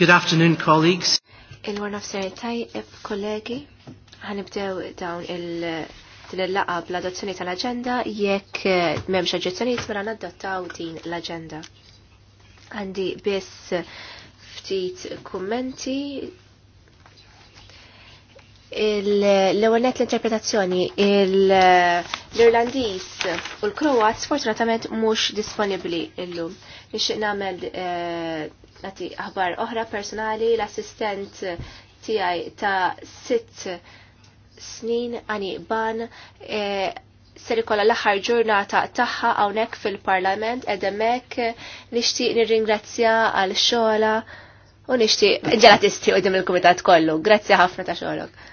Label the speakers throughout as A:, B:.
A: Good afternoon, colleagues.
B: Il-war nafsar tajib, kollegi, ħanibdew dawn il-laqa bl-adozzjoni tal-agenda jekk eh, memx oġġezzjonijiet mela nadottaw din l-agenda. Għandi biss ftit kummenti l-ewenet l-interpretazzjoni l irlandiż u l-Kroat sfortunatament mhux disponibbli illum. Nixtieq nagħmel eh, nagħti aħbar oħra personali l-assistent tiegħi ta' sitt snin għani ban eh, ser ikolla l-aħħar ġurnata tagħha hawnhekk fil-Parlament qed hemmhekk nixtieq nirringrazzja għal xogħla u nixtieq ġelatisti qudiem il-Kumitat kollu. Grazzi ħafna ta' xogħlok.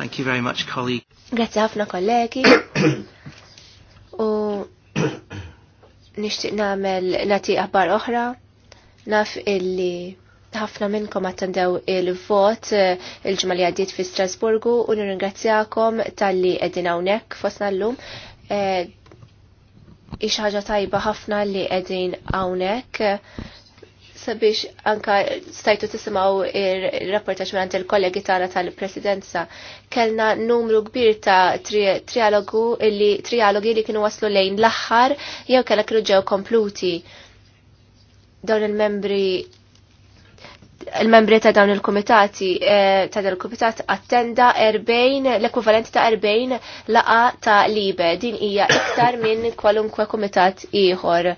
C: Thank you very much, colleague.
B: Grazie ħafna kollegi. U nixtieq nagħmel nagħti aħbar oħra. Naf illi ħafna minnkom attendew il-vot eh, il-ġimgħa li għaddiet fi Strasburgu u nirringrazzjakom talli qegħdin hawnhekk fosna llum. Eh, Ix ħaġa tajba ħafna li qegħdin hawnhekk sabiex anka stajtu tisimaw il rapportax minn il-kollegi tara tal-presidenza. Kellna numru kbir ta' trialogu illi trialogi li kienu waslu lejn l-aħħar jew kellha kienu ġew kompluti. Dawn il-membri il-membri ta' dawn il-komitati eh, ta' dawn il-komitat attenda 40 l ekwivalenti ta' 40 laqa ta' libe din hija iktar minn kwalunkwe komitat ieħor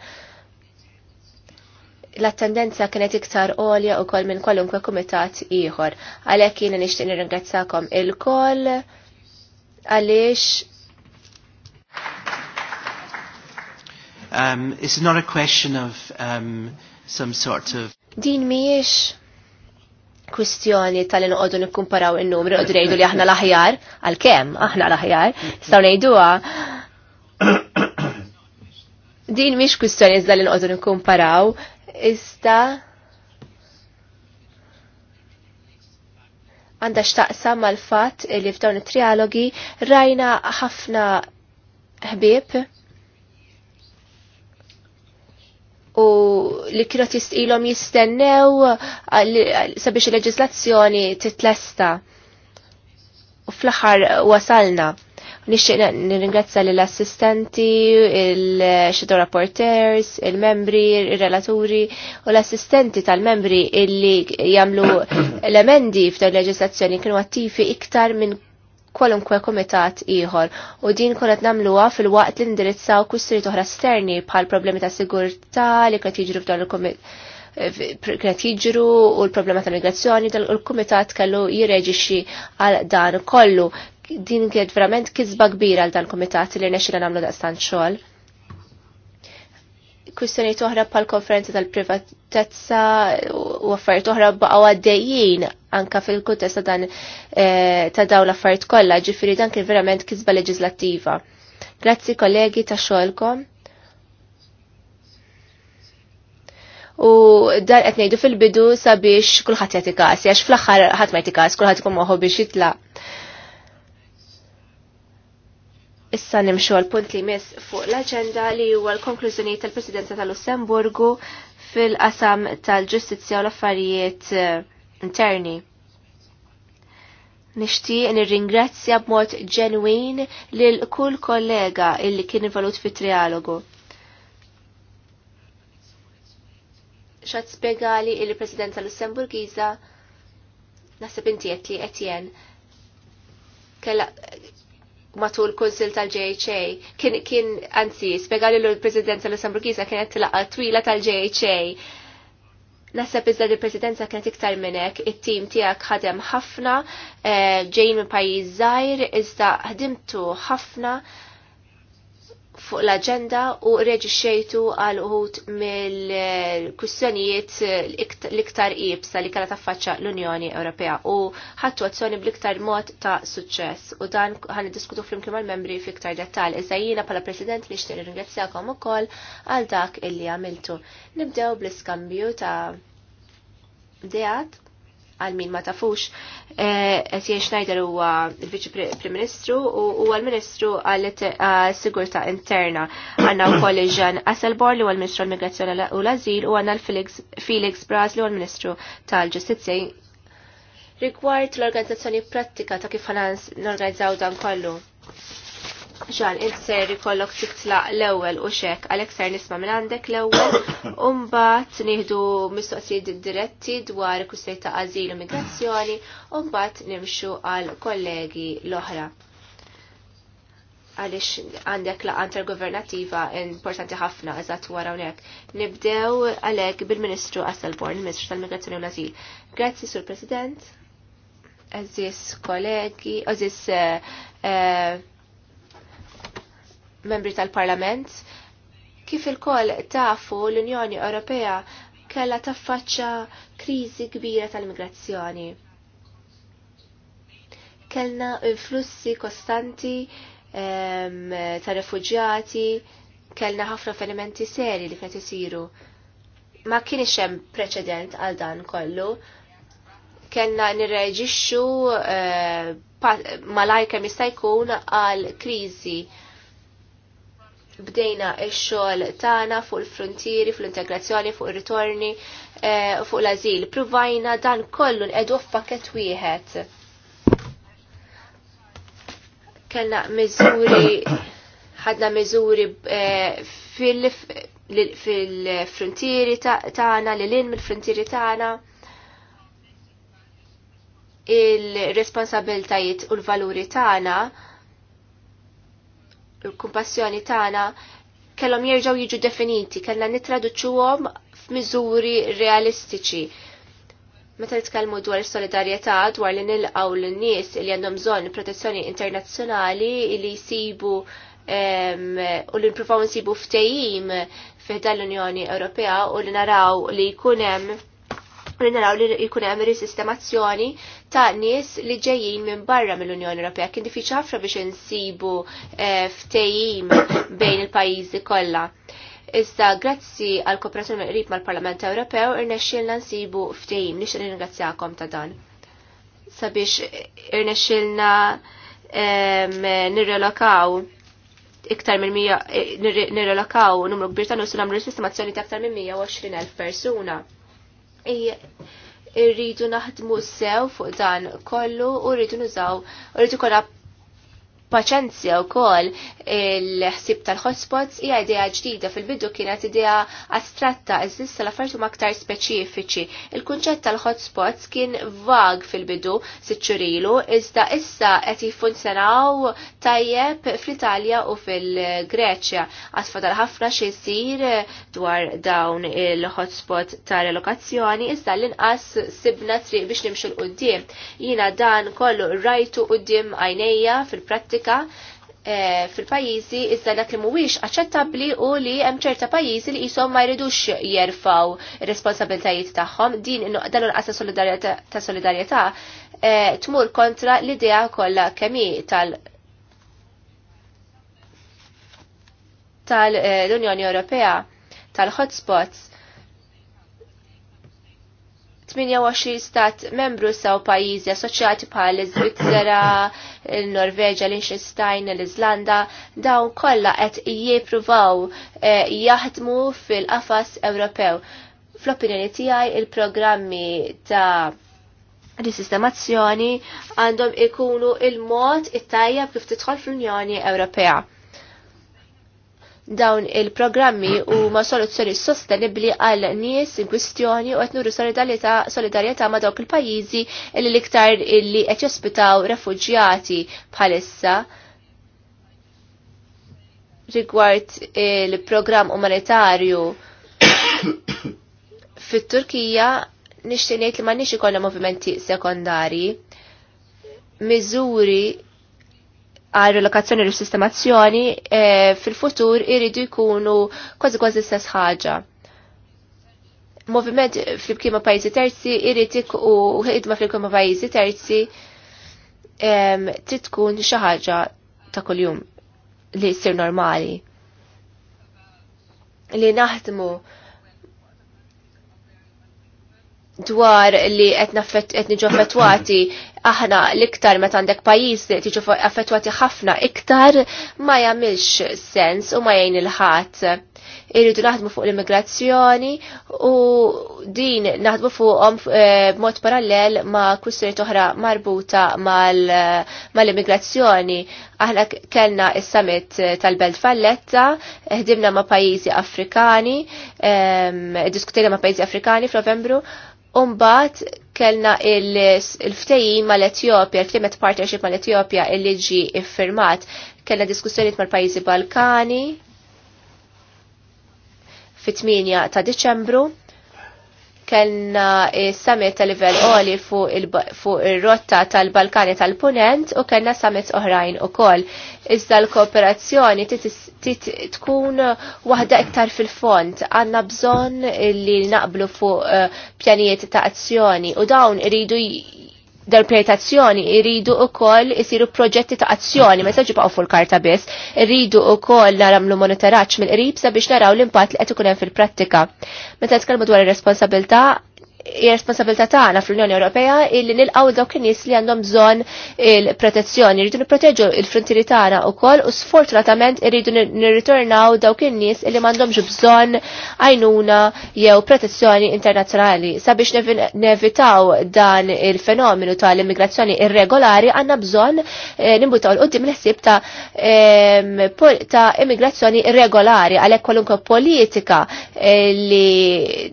B: l-attendenza kienet iktar għolja u kol minn kwalunkwe kumitat iħor. Għalek jina nishtin nirringrazzakom il-kol, għalix.
A: Um, it's not a question of um, some sort of...
B: Din miex kwistjoni tal-inqodu nikkumparaw il-numri u drejdu li aħna l-aħjar, għal-kem aħna l-aħjar, staw nejduwa. Din miex kwistjoni iżda li nqodu nikkumparaw, iżda għandha xtaqsam mal-fatt li f'dawn it-trialogi rajna ħafna ħbieb u li kienu jistqilhom jistennew sabiex il-leġislazzjoni titlesta u fl-aħħar wasalna. Nixtieq nirringrazzja lill assistenti il xitu rapporters, il-membri, il-relaturi u l-assistenti tal-membri illi jagħmlu elementi f'dan leġislazzjoni kienu attivi iktar minn kwalunkwe komitat ieħor u din konet nagħmluha fil-waqt li indirizzaw kussri oħra sterni bħal problemi ta' sigurtà li qed jiġru f'dan il-komitat u l-problema ta' migrazzjoni tal-kumitat kellu jireġixxi għal dan kollu din kienet verament kizba kbira għal dan komitat li nexxina nagħmlu daqstan xogħol. Kwistjonijiet oħra pal konferenza tal-privatezza u affarijiet oħra baqgħu għaddejjin anka fil-kuntest ta' dan eh, ta' dawn l-affarijiet kollha, ġifieri dan kien verament kisba leġislattiva. Grazzi kollegi ta' xogħolkom. U dan qed ngħidu fil-bidu sabiex kulħadd jagħti każ, għax fl-aħħar ħadd ma jagħti każ, kulħadd ikun moħħu biex jitlaq. Issa nimxu għal punt li mis fuq l-agenda li huwa l-konklużjoni tal-Presidenza tal-Lussemburgu fil-qasam tal-ġustizzja u l-affarijiet eh, interni. Nixtieq nirringrazzja b'mod ġenwin lil kull kollega illi kien involut fit-trialogu. xat spiegali il-Presidenza Lussemburgiza nasib inti li Etienne kella matul konsil tal-JHA kien kien anzi spjegali l presidenza sambrukisa kienet tilaqgħa twila tal-JHA. Nasab iżda li presidenza kienet iktar minnek. it-tim tiegħek ħadem ħafna, eh, ġejn minn pajjiż żgħir, iżda ħdimtu ħafna fuq l-agenda u reġiċċejtu għal uħut mill-kussjonijiet l-iktar ibsa li kalla taffaċċa l-Unjoni Ewropea u ħattu azzjoni bl-iktar mod ta' suċċess u dan ħan diskutu fl mal-membri fi iktar dettal. Iżda jina pala President nixtieq ringrazzjakom ukoll għal dak illi għamiltu. Nibdew bl-iskambju ta' dejat għal min ma tafux, e, Etienne Schneider huwa il-Viċi Prim Ministru u għal-Ministru għal-Sigurta Interna. Għanna u kolleġan Jan Asselborn li għal-Ministru għal-Migrazzjoni u l-Azil u għanna Felix Braz li għal-Ministru tal ġustizzi Rigward l-organizzazzjoni pratika ta' kif għanna n-organizzaw dan kollu ġan il ser jikollok titlaq l-ewwel u xek għal-ekser nisma' minn għandek l-ewwel u mbagħad nieħdu mistoqsijiet diretti dwar kwistjoni ta' azil u migrazzjoni u mbagħad nimxu għal kollegi l-oħra għaliex għandek la laqa governativa importanti ħafna eżatt wara hawnhekk. Nibdew għalhekk bil-Ministru Asselborn, Ministru tal-Migrazzjoni u l-Azil. Grazzi, Sur President, eżis kollegi, eżis uh, uh, membri tal-Parlament, kif il-koll tafu l-Unjoni Ewropea kella taffaċċa kriżi kbira tal-immigrazzjoni. Kellna influssi kostanti ehm, ta' refugjati, kellna ħafna avvenimenti seri li qed isiru. Ma kienx hemm preċedent għal dan kollu. Kellna nirreġixxu uh, jista' jkun għal kriżi bdejna x-xogħol tagħna fuq il-frontieri, fuq l-integrazzjoni, fuq ir-ritorni, eh, fuq l-azil. Provajna dan kollu nqedu f'pakket wieħed. Kellna miżuri ħadna miżuri eh, fil-frontieri tagħna, li lin mill-frontieri tana il-responsabiltajiet u l-valuri tagħna il-kumpassjoni tagħna kellhom jerġgħu jiġu definiti, kellna nitraduċuhom f'miżuri realistiċi. Meta nitkellmu dwar is-solidarjetà dwar li nilqgħu lin-nies li għandhom bżonn protezzjoni internazzjonali li jsibu u li nippruvaw nsibu ftehim fih l-Unjoni Ewropea u li naraw li jkun hemm li naraw li jkun hemm sistemazzjoni ta' nies li ġejjin minn barra mill-Unjoni Ewropea. Kien diffiċli ħafna biex insibu eh, ftehim bejn il-pajjiżi kollha. Issa grazzi għal kooperazzjoni qrib mal-Parlament Ewropew irnexxielna nsibu ftehim nixtieq nirringrazzjakom ta' dan. Sabiex irnexxielna nirrelokaw iktar minn eh, nirrelokaw numru kbir ta' nusu namlu sistemazzjoni ta' iktar minn 120.000 persuna irridu naħdmu sew fuq dan kollu u rridu nużaw, rridu kolla paċenzja u kol il-ħsib tal-hotspots hija idea ġdida fil-bidu kienet idea astratta iżissa l-affartu maktar speċifiċi. Il-kunċett tal-hotspots kien vag fil-bidu siċurilu iżda issa qed jiffunzjonaw tajjeb fl-Italja u fil-Greċja. Għasfadal ħafna xi jsir dwar dawn il-hotspot ta' relokazzjoni iżda l-inqas sibna triq biex nimxu l-qudiem. Jina dan kollu rajtu qudiem għajnejja fil-prattika politika eh, fil-pajjiżi iżda dak li mhuwiex aċċettabbli u li hemm ċerta pajjiżi li qishom ma jridux jerfaw responsabiltajiet tagħhom din dan l qasa ta' solidarjetà eh, tmur kontra l-idea kollha kemm tal tal-Unjoni eh, Ewropea tal-hotspots 28 stat membru saw pajjiżi assoċjati bħal iż-Svizzera, il-Norveġa, l-Liechtenstein, l-Iżlanda, dawn kollha qed jippruvaw eh, jaħdmu fil-qafas Ewropew. Fl-opinjoni tiegħi il-programmi ta' risistemazzjoni għandhom ikunu il-mod it-tajjeb kif tidħol fl-Unjoni Ewropea dawn il-programmi u ma soluzzjoni sostenibli għal nies in kwistjoni u għetnuru solidarieta ma dawk il-pajizi li liktar illi eċespitaw refugjati bħalissa rigward il-programm umanitarju fit-Turkija nixtieq ngħid li m'għandniex ikollna movimenti sekondari miżuri għal relokazzjoni u sistemazzjoni e, fil-futur iridu jkunu kważi kważi stess ħaġa. Moviment fil-kima pajjiżi terzi irid u ħidma fil-kima pajjiżi terzi trid tkun xi ħaġa ta' kuljum li jsir normali. Li naħdmu dwar li qed niġu affettwati aħna l-iktar meta għandek pajjiż li tiġu affettwati ħafna iktar ma jagħmilx sens u ma jgħin il-ħadd. Irridu naħdmu fuq l-immigrazzjoni u din naħdmu fuqhom eh, b'mod parallel ma' kwistjoni oħra marbuta eh, mal-immigrazzjoni. Aħna kellna is-summit eh, tal-Belt Falletta, ħdimna ma' pajjiżi Afrikani, ehm, diskutejna ma' pajjiżi Afrikani f'Novembru, Umbat kellna il-ftejji mal-Etjopja, il-Climate Partnership mal-Etjopja il liġi iffirmat, kellna diskussjoniet mal-Pajjiżi Balkani fit-8 ta' Deċembru kellna summit ta' livell oli fuq ir-rotta tal-Balkani tal-Punent u kellna summit oħrajn ukoll. Iżda l-kooperazzjoni tkun waħda iktar fil-font, għanna bżonn li naqblu fuq eh, pjanijiet ta' azzjoni u dawn iridu dal-prioritazzjoni irridu u koll isiru proġetti ta' azzjoni, ma' saġibaw fuq karta biss, irridu u koll naramlu monitoraċ mill-qrib sabiex naraw l-impatt li qed ikun hemm fil-prattika. Meta tkellmu dwar ir-responsabilità, responsabilità tagħna fl-Unjoni Ewropea illi nilqgħu dawk in-nies li għandhom bżonn il-protezzjoni. Irridu nipproteġu l-frontieri tagħna wkoll u sfortunatament irridu nirritornaw dawk in-nies li m'għandhomx bżonn għajnuna jew protezzjoni internazzjonali. Sabiex nevitaw dan il-fenomenu tal-immigrazzjoni irregolari għandna bżonn eh, nimbutaw l-qudiem l-ħsieb ta' ta' immigrazzjoni irregolari għalhekk kwalunkwe politika eh, li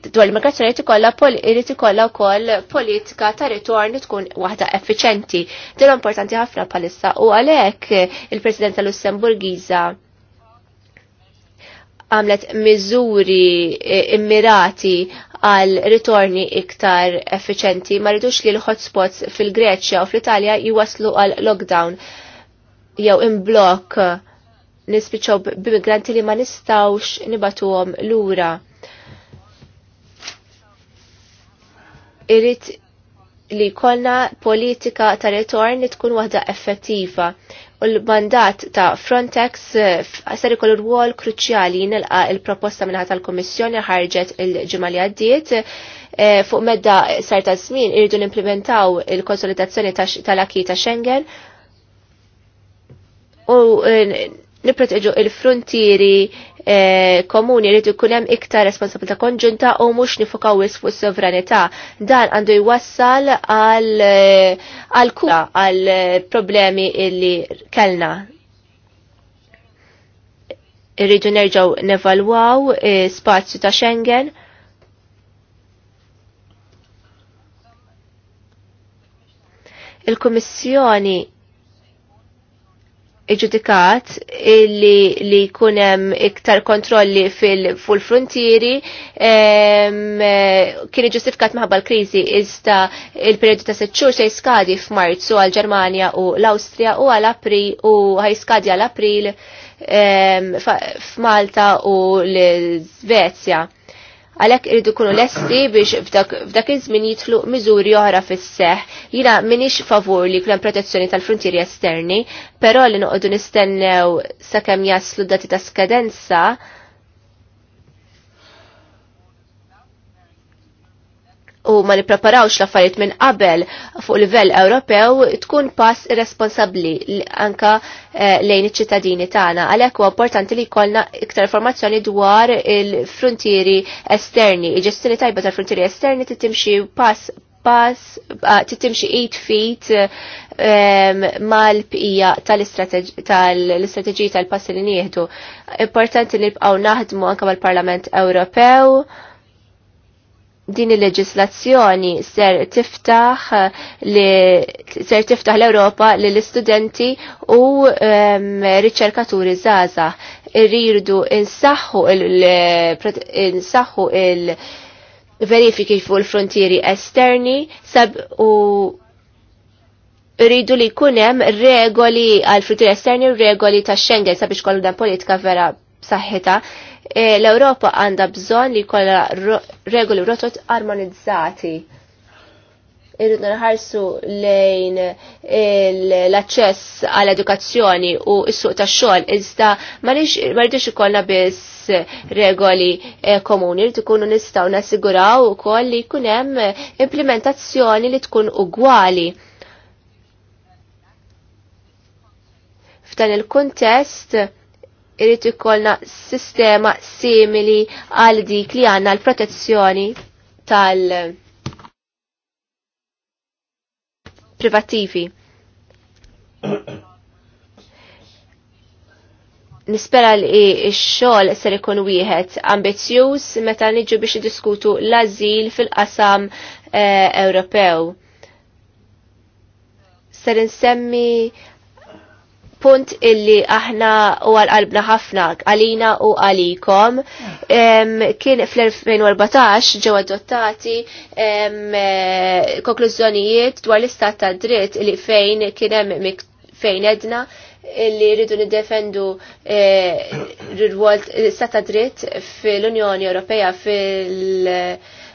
B: dwar l-immigrazzjoni tikollha irid ikollha wkoll politika ta' ritorn tkun waħda effiċenti. Din importanti ħafna bħalissa u għalhekk il-Presidenza Lussemburgiża għamlet miżuri e, immirati għal ritorni iktar effiċenti ma rridux li l-hotspots fil-Greċja u fl-Italja jwaslu għal lockdown jew imblok nispiċaw b'immigranti li ma nistawx nibatuhom lura irrit li kolna politika ta' retorn li tkun waħda effettiva. U l-mandat ta' Frontex eh, ser ikollu rwol kruċjali nilqa il-proposta minna tal-Kommissjoni ħarġet il-ġimgħa li għaddiet eh, fuq medda sar ta' żmien irridu nimplementaw il-konsolidazzjoni tal-aki ta' Schengen u eh, niprotegġu il-frontieri eh, komuni li ikun hemm iktar responsabilità konġunta u mhux nifokaw wis fuq sovranità. Dan għandu jwassal għal eh, għal kura għal eh, problemi illi kellna. Irridu nerġgħu nevalwaw spazju ta' Schengen. Il-Kummissjoni iġudikat li, li kunem iktar kontrolli fil-frontieri kien iġustifikat maħba l-krizi iżda il-periodu ta' setxur se jiskadi f'Marzu għal ġermanja u l-Austria u għal april u ħajskadi għal april f'Malta u l-Svezja. Għalhekk irridu kunu lesti biex f'dak iż-żmien jitlu miżuri oħra fis-seħ. Jiena m'iniex favur li kien protezzjoni tal-frontieri esterni, però li noqogħdu nistennew sakemm jaslu dati ta' skadenza u ma nippreparawx l-affarijiet minn qabel fuq livell Ewropew tkun pass irresponsabbli anka eh, lejn iċ-ċittadini tagħna. Għalhekk huwa importanti li jkollna iktar informazzjoni dwar il-frontieri esterni. Il-ġestjoni tajba tal-frontieri esterni titimxi pass pass ah, titimxi 8 feet ehm, mal-bqija tal-istrateġija tal-pass li nieħdu. Importanti li nibqgħu naħdmu anke mal-Parlament Ewropew din il-leġislazzjoni ser tiftaħ li ser tiftaħ l-Ewropa li l-istudenti u um, riċerkaturi zaza irridu insaħħu il-insaħħu il verifiki fuq il-frontieri esterni sab u rridu li kunem regoli għal frontieri esterni u regoli ta' Schengen sabiex kollu dan politika vera saħħita Eh, l-Ewropa għandha bżonn li jkollha regoli rotot armonizzati. Irridu nħarsu lejn eh, l-aċċess għall edukazzjoni u s-suq tax-xogħol iżda ma rridux ikollna biss regoli eh, komuni li tkunu nistgħu nassiguraw ukoll li jkun hemm implementazzjoni li tkun ugwali. F'dan il-kuntest irrit ikollna sistema simili għal dik li għanna l-protezzjoni tal privattivi. Nispera li x-xogħol ser ikun wieħed ambizzjuż meta niġu biex diskutu l-azil fil-qasam eh, Ewropew. Ser insemmi punt illi aħna u għal-qalbna ħafna għalina u għalikom kien fl-2014 ġew adottati konklużjonijiet dwar l-istat ta' dritt li fejn kien hemm fejn edna li rridu niddefendu eh, l-istat ta' dritt fil-Unjoni Ewropea fil-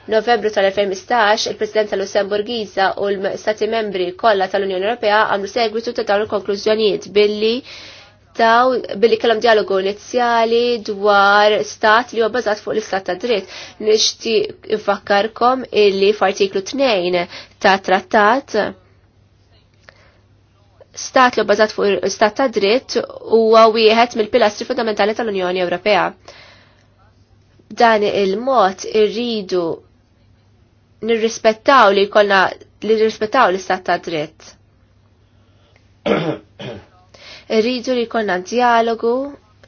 B: Novembru tal 2016 il-President tal-Lussemburgiza u l-Stati membri kollha tal-Unjoni Ewropea għamlu segwitu ta' dawn il-konklużjonijiet billi taw billi kellhom dialogu inizjali dwar stat li huwa bażat fuq l-istat ta' dritt. Nixtieq infakkarkom illi f'artiklu 2 ta' trattat stat li huwa bażat fuq istat ta' dritt huwa wieħed mill-pilastri fundamentali tal-Unjoni Ewropea dan il-mod irridu nirrispettaw li jkollna li nirrispettaw l-istat ta' dritt. Irridu li jkollna dialogu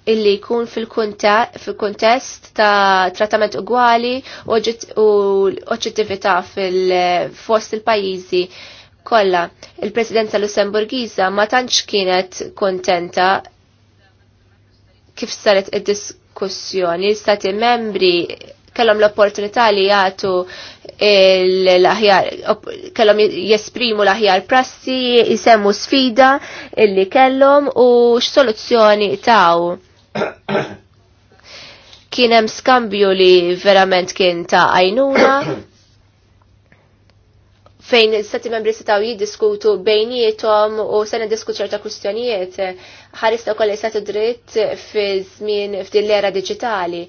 B: illi jkun fil-kuntest ta' trattament ugwali u oċċettività fil-fost il-pajjiżi kollha. Il-Presidenza Lussemburgiza ma tantx kienet kontenta kif saret id-diskussjoni, stati membri kellhom l-opportunità li jagħtu l-aħjar kellhom jesprimu l-aħjar prassi, jisemmu sfida illi kellhom u x'soluzzjoni taw. kien hemm skambju li verament kien ta' għajnuna fejn stati membri setaw jiddiskutu bejnietom u se diskutu ċerta kwistjonijiet ħarista wkoll stati dritt fi żmien f'din l-era diġitali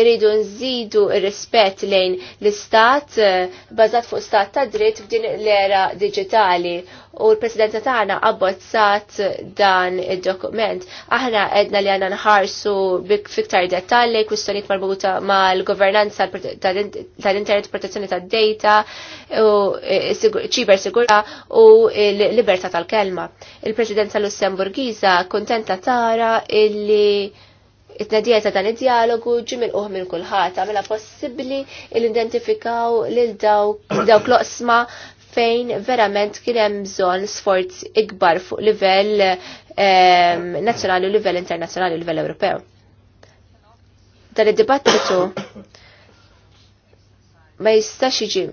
B: irridu nżidu rispett lejn l-istat eh, bazat fuq stat ta' dritt f'din l-era digitali u l-presidenza tagħna abbozzat dan id-dokument. Aħna edna li għandna nħarsu fiktar dettalji kwistjonijiet marbuta mal-governanza tal-internet protezzjoni tad-data u ċiber eh, sigurta u l-libertà tal-kelma. Il-presidenza Lussemburgiża kuntenta tara illi it-nedija ta' dan id-dialogu ġimil uħ minn kullħat, għamela possibbli l identifikaw lil dawk loqsma fejn verament kien hemm bżonn sforz ikbar fuq livell ehm, nazzjonali u livell internazzjonali u livell Ewropew. Dan id-dibattitu ma jistax jiġi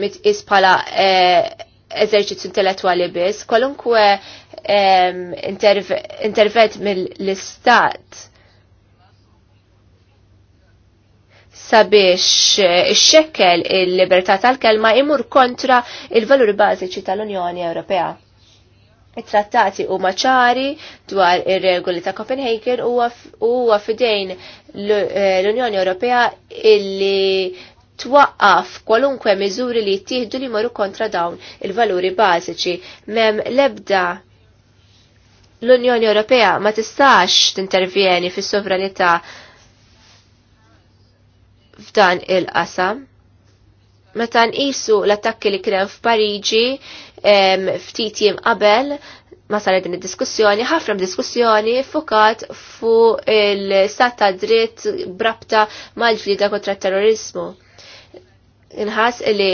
B: mitqis bħala eh, eżerċizzju intellettwali biss, kwalunkwe ehm, intervent mill-istat sabiex eh, xekkel il-libertà tal-kelma imur kontra il-valuri bażiċi tal-Unjoni Ewropea. It-trattati huma ċari dwar ir-regoli ta' Copenhagen huwa fidejn eh, l-Unjoni Ewropea illi twaqqaf kwalunkwe miżuri li jittieħdu li moru kontra dawn il-valuri bażiċi mem lebda l-Unjoni Ewropea ma tistax tintervjeni fis-sovranità f'dan il-qasam. Meta nqisu l-attakki li kien f'Pariġi ftit jiem qabel, ma saret din id-diskussjoni, ħafna diskussjoni fukat fu il-stat ta' dritt brabta mal-ġlida kontra terrorizmu. Inħas li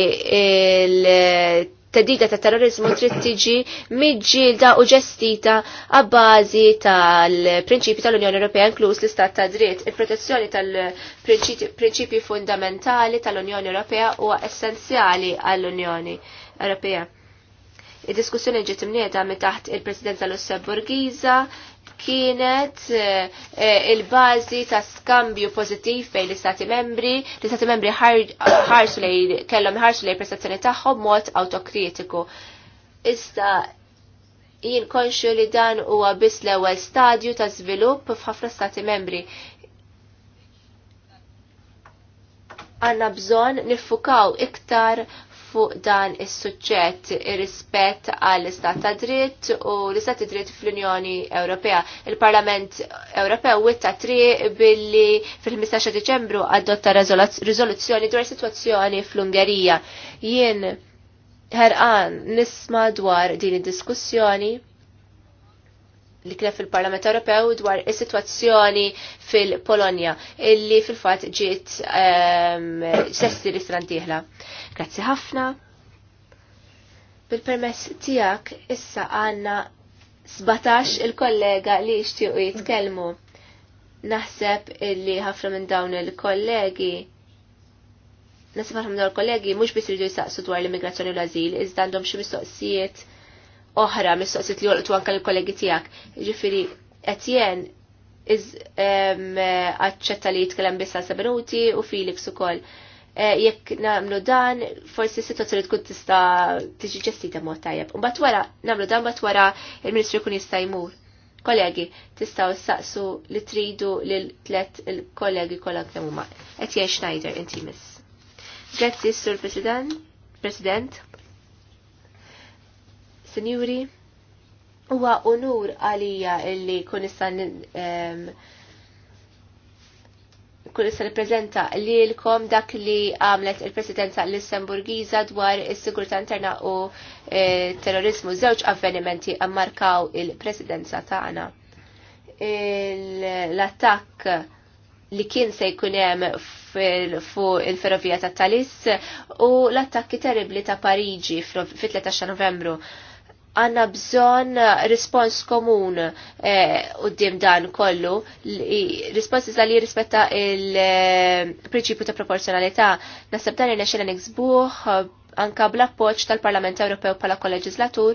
B: tedida ta' terrorizmu trid tiġi miġġielda u ġestita għabbażi tal-prinċipi tal-Unjoni Ewropea inkluż l-istat ta' dritt. Il-protezzjoni tal-prinċipi fundamentali tal-Unjoni Ewropea huwa essenzjali għall-Unjoni Ewropea. Id-diskussjoni ġiet imnieta minn taħt il-Presidenza Lussemburgiża, kienet eh, eh, il-bazi ta' skambju pozittiv bejn l-istati membri, l-istati membri ħarsu lej, kellhom ħarsu lej prestazzjoni tagħhom mod autokritiku. Issa jien konxu li dan huwa biss l-ewwel stadju ta' żvilupp f'ħafna stati membri. Għanna bżon nifukaw iktar fuq dan is suċċett ir-rispett għall istat ta' dritt u l-istat ta' dritt fl-Unjoni Ewropea. Il-Parlament Ewropew witta tri billi fil-15 Deċembru adotta riżoluzzjoni dwar situazzjoni fl-Ungerija. Jien ħerqan nisma dwar din id-diskussjoni li kien fil-Parlament Ewropew dwar is-sitwazzjoni fil-Polonja illi fil-fatt ġiet ehm, sessi li strantieħla. Grazzi ħafna. Bil-permess tijak issa għanna 17 il-kollega li jixtiequ jitkellmu. Naħseb illi ħafna minn dawn il-kollegi Nasib ħafna minn dawn il-kollegi mhux biss iridu jsaqsu dwar l-immigrazzjoni u l-azil, iżda għandhom xi mistoqsijiet oħra mistoqsit li jolqtu anka l-kollegi tiegħek. Ġifiri, Etienne iz aċċetta li jitkellem bissa għal minuti u Felix ukoll. Eh, jekk nagħmlu dan, forsi situazzjoni tkun tista' tiġi ġestita mod tajjeb. bat wara nagħmlu dan bat wara il-Ministru jkun jista' jmur. Kollegi, tistgħu saqsu li tridu lil tlet il-kollegi kollha kemm huma. Etienne Schneider intimis. Grazzi, Sur President. President. Sinjuri, huwa unur għalija illi kun issa kun issa nippreżenta lilkom dak li għamlet il-Presidenza Lussemburgiża dwar is-sigurtà interna u e, terrorizmu. Żewġ avvenimenti ammarkaw il-Presidenza tagħna. L-attakk li kien se jkun hemm fuq il-ferrovija ta' Talis u l-attakki terribli ta' Pariġi fit 13 novembru għanna bżon eh, rispons komun eh, u dim dan kollu, rispons iżda li rispetta il-prinċipju eh, ta' proporzjonalità. Nasab dan irna xena nixbuħ anka bl-appoċ tal-Parlament Ewropew pala kol-leġislatur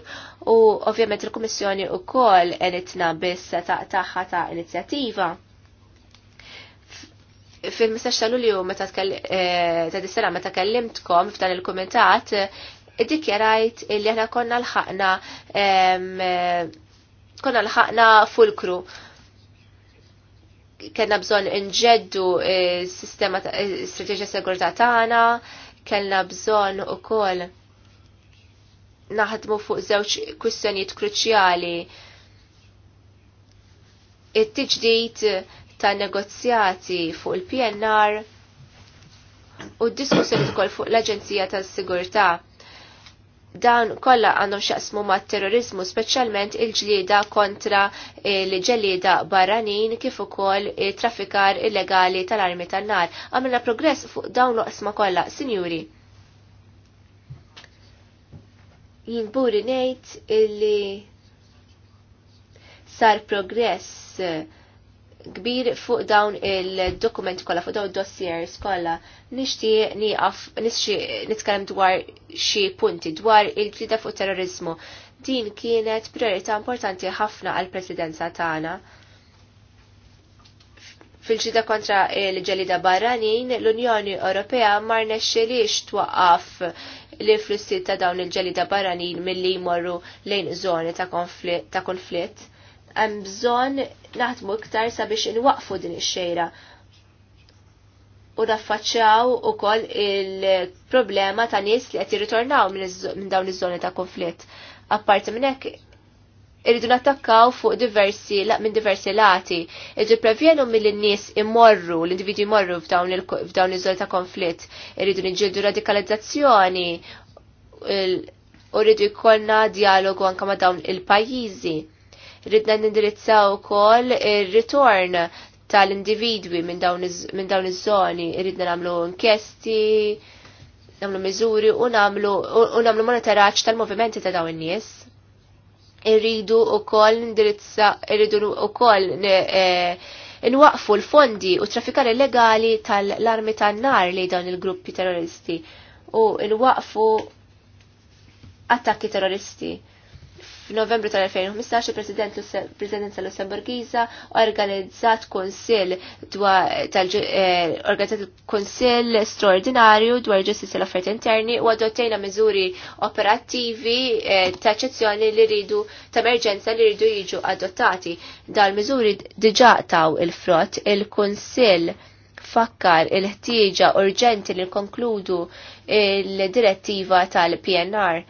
B: u ovvjament il-Kummissjoni u kol enitna biss taħħa ta' inizjattiva fil-mistax tal-ulju ta' Dissera ma' meta kellimtkom f'dan il-kumitat iddikjarajt illi aħna konna l ħakna konna l ħakna fulkru kena bżon nġeddu s-sistema strategja segurta tagħna, kellna bżon ukoll naħdmu fuq żewġ kwistjonijiet kruċjali. It-tiġdid ta' negozjati fuq il-PNR u d-diskussjoni ukoll fuq l-Aġenzija tas-Sigurtà dan kollha għandhom xaqsmu ma' terrorizmu speċjalment il-ġlieda kontra eh, l-ġelieda barranin kif ukoll traffikar illegali tal-armi tan-nar. Għamilna progress fuq dawn l-oqsma kollha, sinjuri. Jinburi ngħid li. sar progress eh, kbir fuq dawn il-dokumenti kollha fuq dawn dossiers kollha nixtieq nieqaf nitkellem dwar xi punti dwar il-ġlida fuq terrorizmu. Din kienet priorità importanti ħafna għall presidenza tagħna. fil ġida kontra l-ġelida barranin, l-Unjoni Ewropea mar nexxilix twaqqaf li flussi ta' dawn il-ġelida barranin milli jmorru lejn żoni ta' konflitt hemm bżonn naħdmu iktar sabiex inwaqfu din ix-xejra u raffaċċaw ukoll il-problema ta' nies li qed jirritornaw minn dawn iż-żoni ta' konflitt. Apparti minn hekk irridu nattakkaw fuq diversi minn diversi lati, irridu prevjenu mill-nies immorru, l-individwi immorru f'dawn iż-żoni ta' konflitt, irridu niġġieldu radikalizzazzjoni, u rridu jkollna dialogu anke ma' dawn il-pajjiżi ridna nindirizzaw kol il ritorn tal-individwi minn dawn iż-żoni, ridna nagħmlu inkjesti, nagħmlu miżuri u nagħmlu monitoraġġ tal-movimenti ta' dawn in-nies. Irridu ukoll indirizza irridu ukoll e, nwaqfu l-fondi u t-trafikar illegali tal-armi tan-nar li dawn il-gruppi terroristi u nwaqfu attakki terroristi F'Novembru tal-2015 il-President Presidenza Lussemburgiża organizzat konsil eh, organizzat konsil straordinarju dwar ġustizja l-affarijiet interni u adottejna miżuri operattivi eh, ta' eccezzjoni li ridu ta' emerġenza li ridu jiġu adottati. Dal-miżuri diġa taw il-frott il-konsil fakkar il-ħtieġa urġenti li konkludu il-direttiva tal-PNR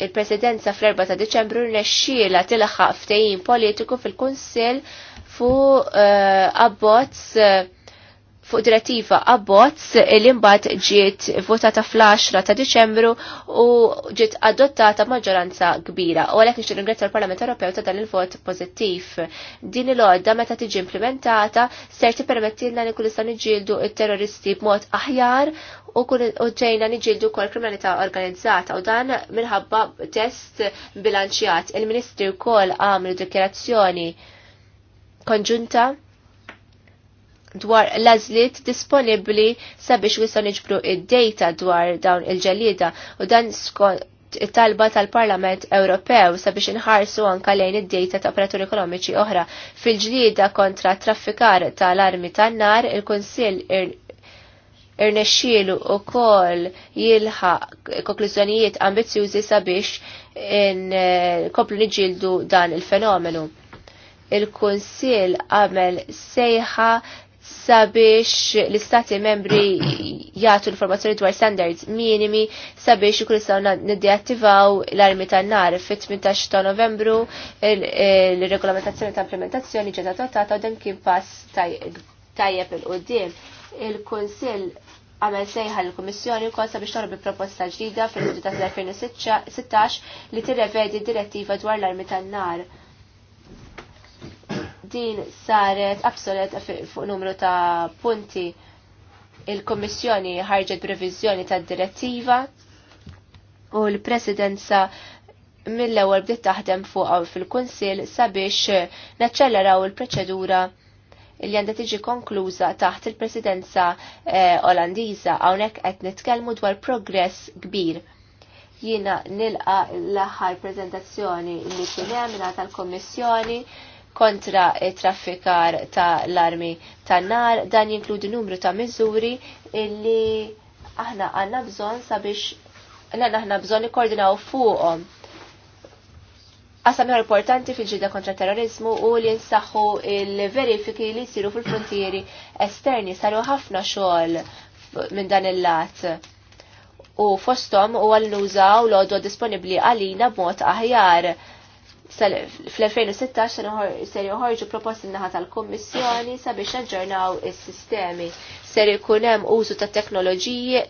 B: il-presidenza fl-4 ta' Deċembru rnexxiela tilaħħaq ftehim politiku fil-Kunsill fuq eh, abbozz eh, fuq direttiva abbozz li mbagħad ġiet votata fl-10 ta' Diċembru u ġiet adottata maġġoranza kbira. U għalhekk nixtieq ringrazzja l-Parlament Ewropew ta' dan il-vot pożittiv. Din il-għodda meta tiġi implementata ser tippermettilna li kull niġildu niġġieldu t-terroristi b'mod aħjar u ġejna niġildu kol kriminalità organizzata u dan minħabba test bilanċjat. Il-Ministri wkoll għamlu dikjerazzjoni konġunta dwar l-azliet disponibli sabiex wisa niġbru id-data dwar dawn il-ġelida u dan skont talba tal-Parlament Ewropew sabiex inħarsu anka lejn id-data ta' operatori ekonomiċi oħra fil-ġlieda kontra traffikar tal-armi tan-nar, il-Kunsill irnexxielu u kol jilħaq konklużjonijiet ambizzjużi sabiex koplu niġildu dan il-fenomenu. Il-Kunsil għamel sejħa sabiex l-istati membri jgħatu l-informazzjoni dwar standards minimi sabiex ikun jistgħu niddeattivaw l-armi tan-nar fit-18 ta' Novembru l-regolamentazzjoni ta' implementazzjoni ġeta trattata u dem kien pass tajjeb il-qudiem. Il-Kunsill għamel sejħa l-Komissjoni wkoll sabiex torbi proposta ġdida fil-ħudu ta' 2016 li tirrevedi direttiva dwar l-armi tan-nar din saret absolet fuq numru ta' punti. Il-Kommissjoni ħarġet previżjoni ta' direttiva u l-Presidenza mill-ewwel bdiet taħdem fuq fil-Kunsill sabiex naċċelleraw il-proċedura li għandha tiġi konkluża taħt il-Presidenza eh, Olandiża hawnhekk qed nitkellmu dwar progress kbir. Jiena nilqa l-aħħar prezentazzjoni li kien hemm tal-Kommissjoni kontra traffikar ta' l-armi tan-nar dan jinkludi numru ta' miżuri illi aħna għanna bżon sabiex l aħna bżon ikkoordinaw fuqom. Qasam importanti fil-ġida kontra terrorizmu u li nsaħħu il-verifiki li jsiru fil-frontieri esterni saru ħafna xogħol minn dan il-lat u fostom u għal nużaw l-għodwa disponibli għalina b'mod aħjar fl-2016 ser joħorġu proposti naħat tal-Kommissjoni sabiex aġġornaw is-sistemi seri ikun hemm użu ta' teknoloġiji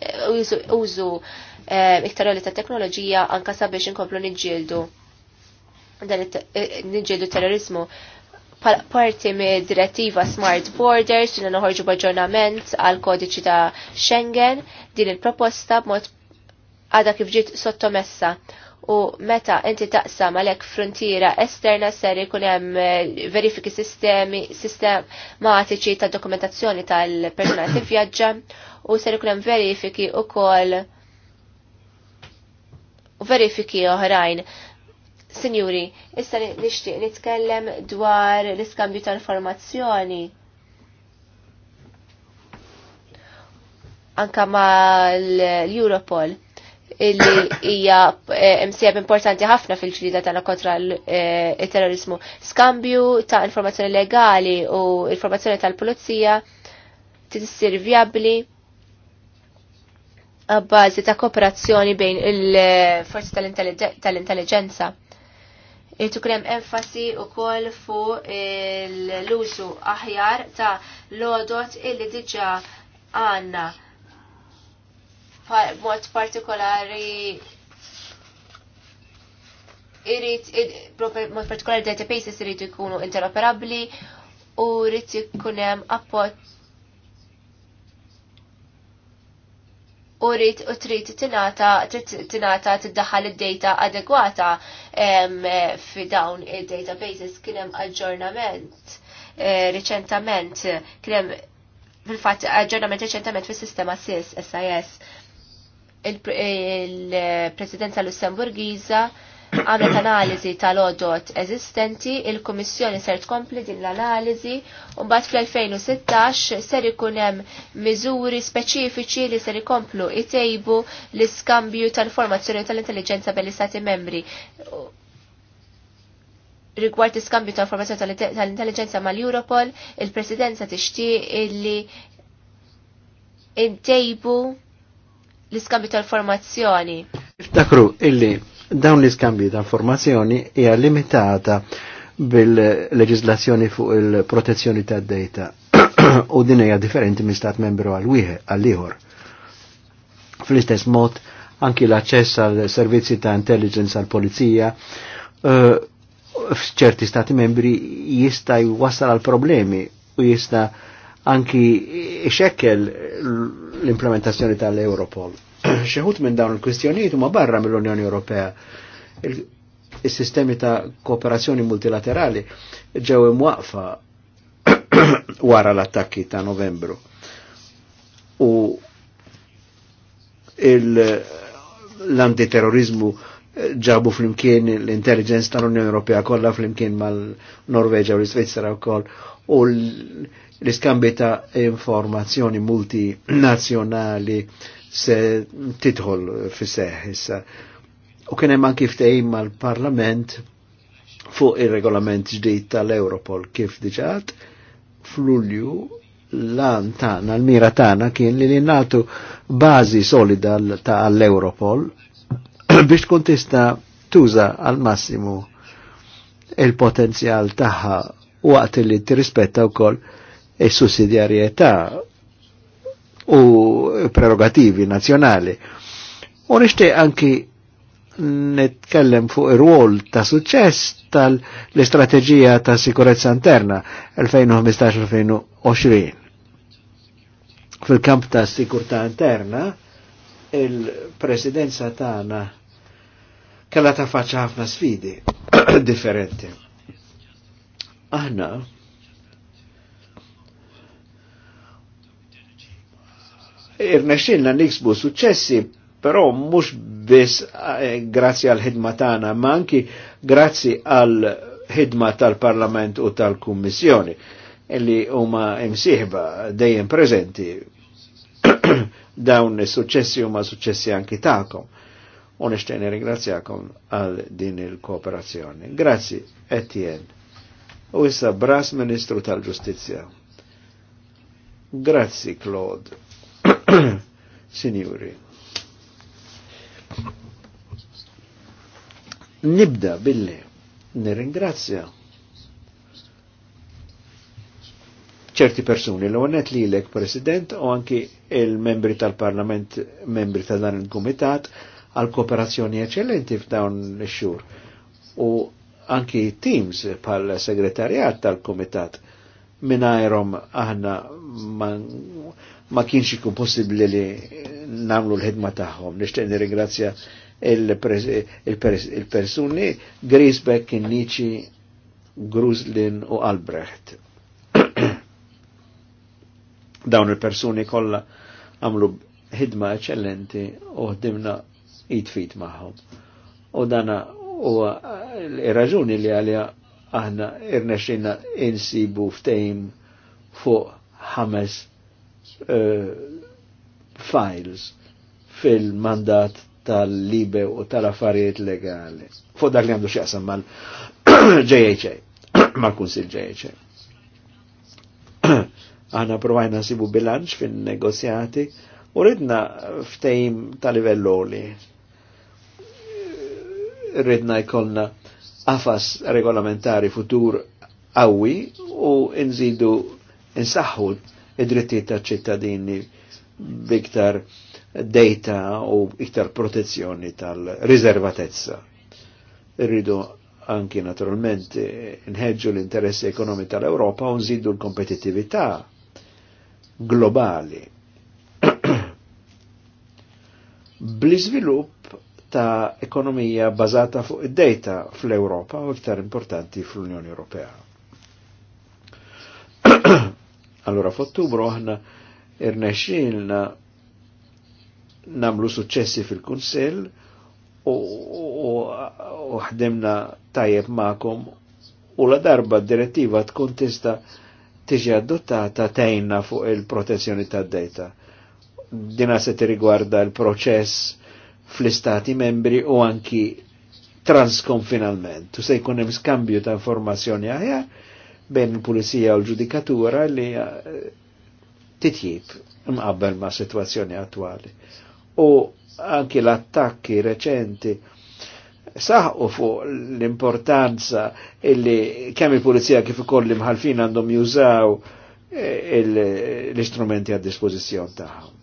B: użu eh, iktar ta' teknoloġija anka sabiex inkomplu niġġieldu dan eh, niġġieldu terrorizmu parti me direttiva Smart Borders li noħorġu b'aġġornament għal kodiċi ta' Schengen din il-proposta b'mod għada kif ġiet sottomessa u meta inti taqsam għalhekk frontiera esterna ser ikun hemm eh, verifiki sistemi sistematiċi ta' dokumentazzjoni tal-persuna li vjaġġa u ser ikun hemm verifiki ukoll u verifiki oħrajn. Sinjuri, issa nixtieq nitkellem dwar l-iskambju ta' informazzjoni. Anka ma l-Europol illi hija eh, msieb importanti ħafna fil-ġlida tagħna kontra eh, il-terrorizmu. Skambju ta' informazzjoni legali u informazzjoni tal-pulizija tissir vjabbli għabbażi ta' kooperazzjoni bejn il-forzi tal-intelligenza. Irtu krem enfasi u koll fu l-użu aħjar ta' lodot illi diġa għanna mod partikolari irrit, mod partikolari databases irrit ikunu interoperabli u irrit ikunem appot u u trid tinata tiddaħħal id-data adegwata fi dawn id-databases kien hemm aġġornament eh, riċentament kien hemm fil-fatt aġġornament riċentament fis-sistema SIS SIS il-Presidenza Lussemburgiża għamlet analiżi tal-odot eżistenti, il-Kummissjoni ser tkompli din l-analiżi u mbagħad fl-2016 ser ikun hemm miżuri speċifiċi li ser ikomplu itejbu l-iskambju tal-informazzjoni tal-intelligenza bel istati membri rigward iskambju tal informazzjoni tal-intelligenza mal-Europol, il-Presidenza tixtieq illi intejbu l-iskambju tal-formazzjoni.
C: Iftakru illi dawn l-iskambju tal-formazzjoni hija limitata bil-leġislazzjoni fuq il-protezzjoni tad-data u din hija differenti minn stat membru għal wieħed għal ieħor. Fl-istess mod anki l-aċċess għal servizzi ta' intelligence għal polizija uh, f'ċerti stati membri jista' jwassal għal problemi u jista' anki xekkel l-implementazzjoni tal-Europol. Xeħut minn dawn il-kwistjonijiet ma barra mill-Unjoni Ewropea. Il-sistemi ta' kooperazzjoni multilaterali ġew imwaqfa wara l-attakki ta' novembru. U l-antiterrorizmu ġabu flimkien l-intelligence tal-Unjoni Ewropea kollha flimkien mal-Norveġa u l-Svizzera wkoll u l-iskambi ta' informazzjoni multinazzjonali se titħol fis-seħ issa. U kien hemm anki ftehim mal-Parlament fuq ir-regolament ġdid tal-Europol kif diġat f'Lulju l-an tagħna, l-mira tagħna kien li nagħtu bażi solida ta' l-Europol biex tkun tista tuża għal massimu il-potenzjal tagħha waqt li tirrispetta wkoll is-sussidjarjetà u prerogativi nazzjonali. U nixtieq anki nitkellem fuq ir-rwol ta' suċċess tal-istrateġija ta' sikurezza interna 2015-2020. Fil-kamp ta' sikurtà interna, il-presidenza tagħna kalla ta' faċa ħafna sfidi differenti. Aħna irna xinna niksbu suċċessi, pero mux bis eh, grazzi għal ħidma tagħna, ma anki grazzi għal ħidma tal-Parlament u tal-Kummissjoni illi huma imsieħba dejjem preżenti dawn is-suċċessi huma suċċessi anki tagħkom u nishtiqni ringrazzjakom għal din il-kooperazzjoni. Grazzi, Etienne. U issa Bras Ministru tal ġustizja Grazzi, Claude. Signori. Nibda billi nirringrazzja ċerti persuni, l-għonet li l-ek president u anki il-membri tal-parlament, membri tal-dan il-komitat, parlament membri tal dan il komitat għal kooperazzjoni eccellenti f'dawn ix-xhur. U anki teams pal segretarjat tal-komitat minnajrom aħna ma, ma kienx ikun possibbli li namlu l-ħidma tagħhom. Nixtieq nirringrazzja il-persuni Grisbeck, Kinnici, Gruslin u Albrecht. Dawn il-persuni kollha għamlu ħidma eccellenti u ħdimna jitfit maħħom. U dana u raġuni li għalja aħna irnexxina insibu ftejm fuq ħames uh, files fil-mandat tal-libe u tal-affarijiet legali. Fuq dak li għandu xieqsam mal-JHA, mal-Kunsil JHA. Aħna provajna nsibu bilanċ fin-negozjati u ridna ftejm tal-livell ridna jkollna afas regolamentari futur għawi u nżidu nsaħħu id-drittijiet ta' ċittadini biktar data u iktar protezzjoni tal-riservatezza. Rridu anki naturalment nħedġu l-interessi ekonomi tal-Europa u nżidu l-kompetitività globali. Bli izvilupp ta' ekonomija bazata fuq id-data fl-Europa u iktar importanti fl-Unjoni Ewropea. allora f'Ottubru aħna irnexxilna namlu successi fil-Kunsell u ħdemna tajjeb ma'kom u la darba direttiva tkun tista' tiġi adottata tajna fuq il-protezzjoni tad-data. Dina se tirigwarda l-proċess fl-istati membri u anki transkonfinalment. U se jkun hemm skambju ta' informazzjoni aħjar bejn il-pulizija u l-ġudikatura li eh, titjib mqabbel ma' situazzjoni attwali. U anki l-attakki reċenti saħqu fuq l-importanza illi kemm il-pulizija kif ukoll mħalfin għandhom jużaw eh, l-istrumenti għad disposizjon tagħhom.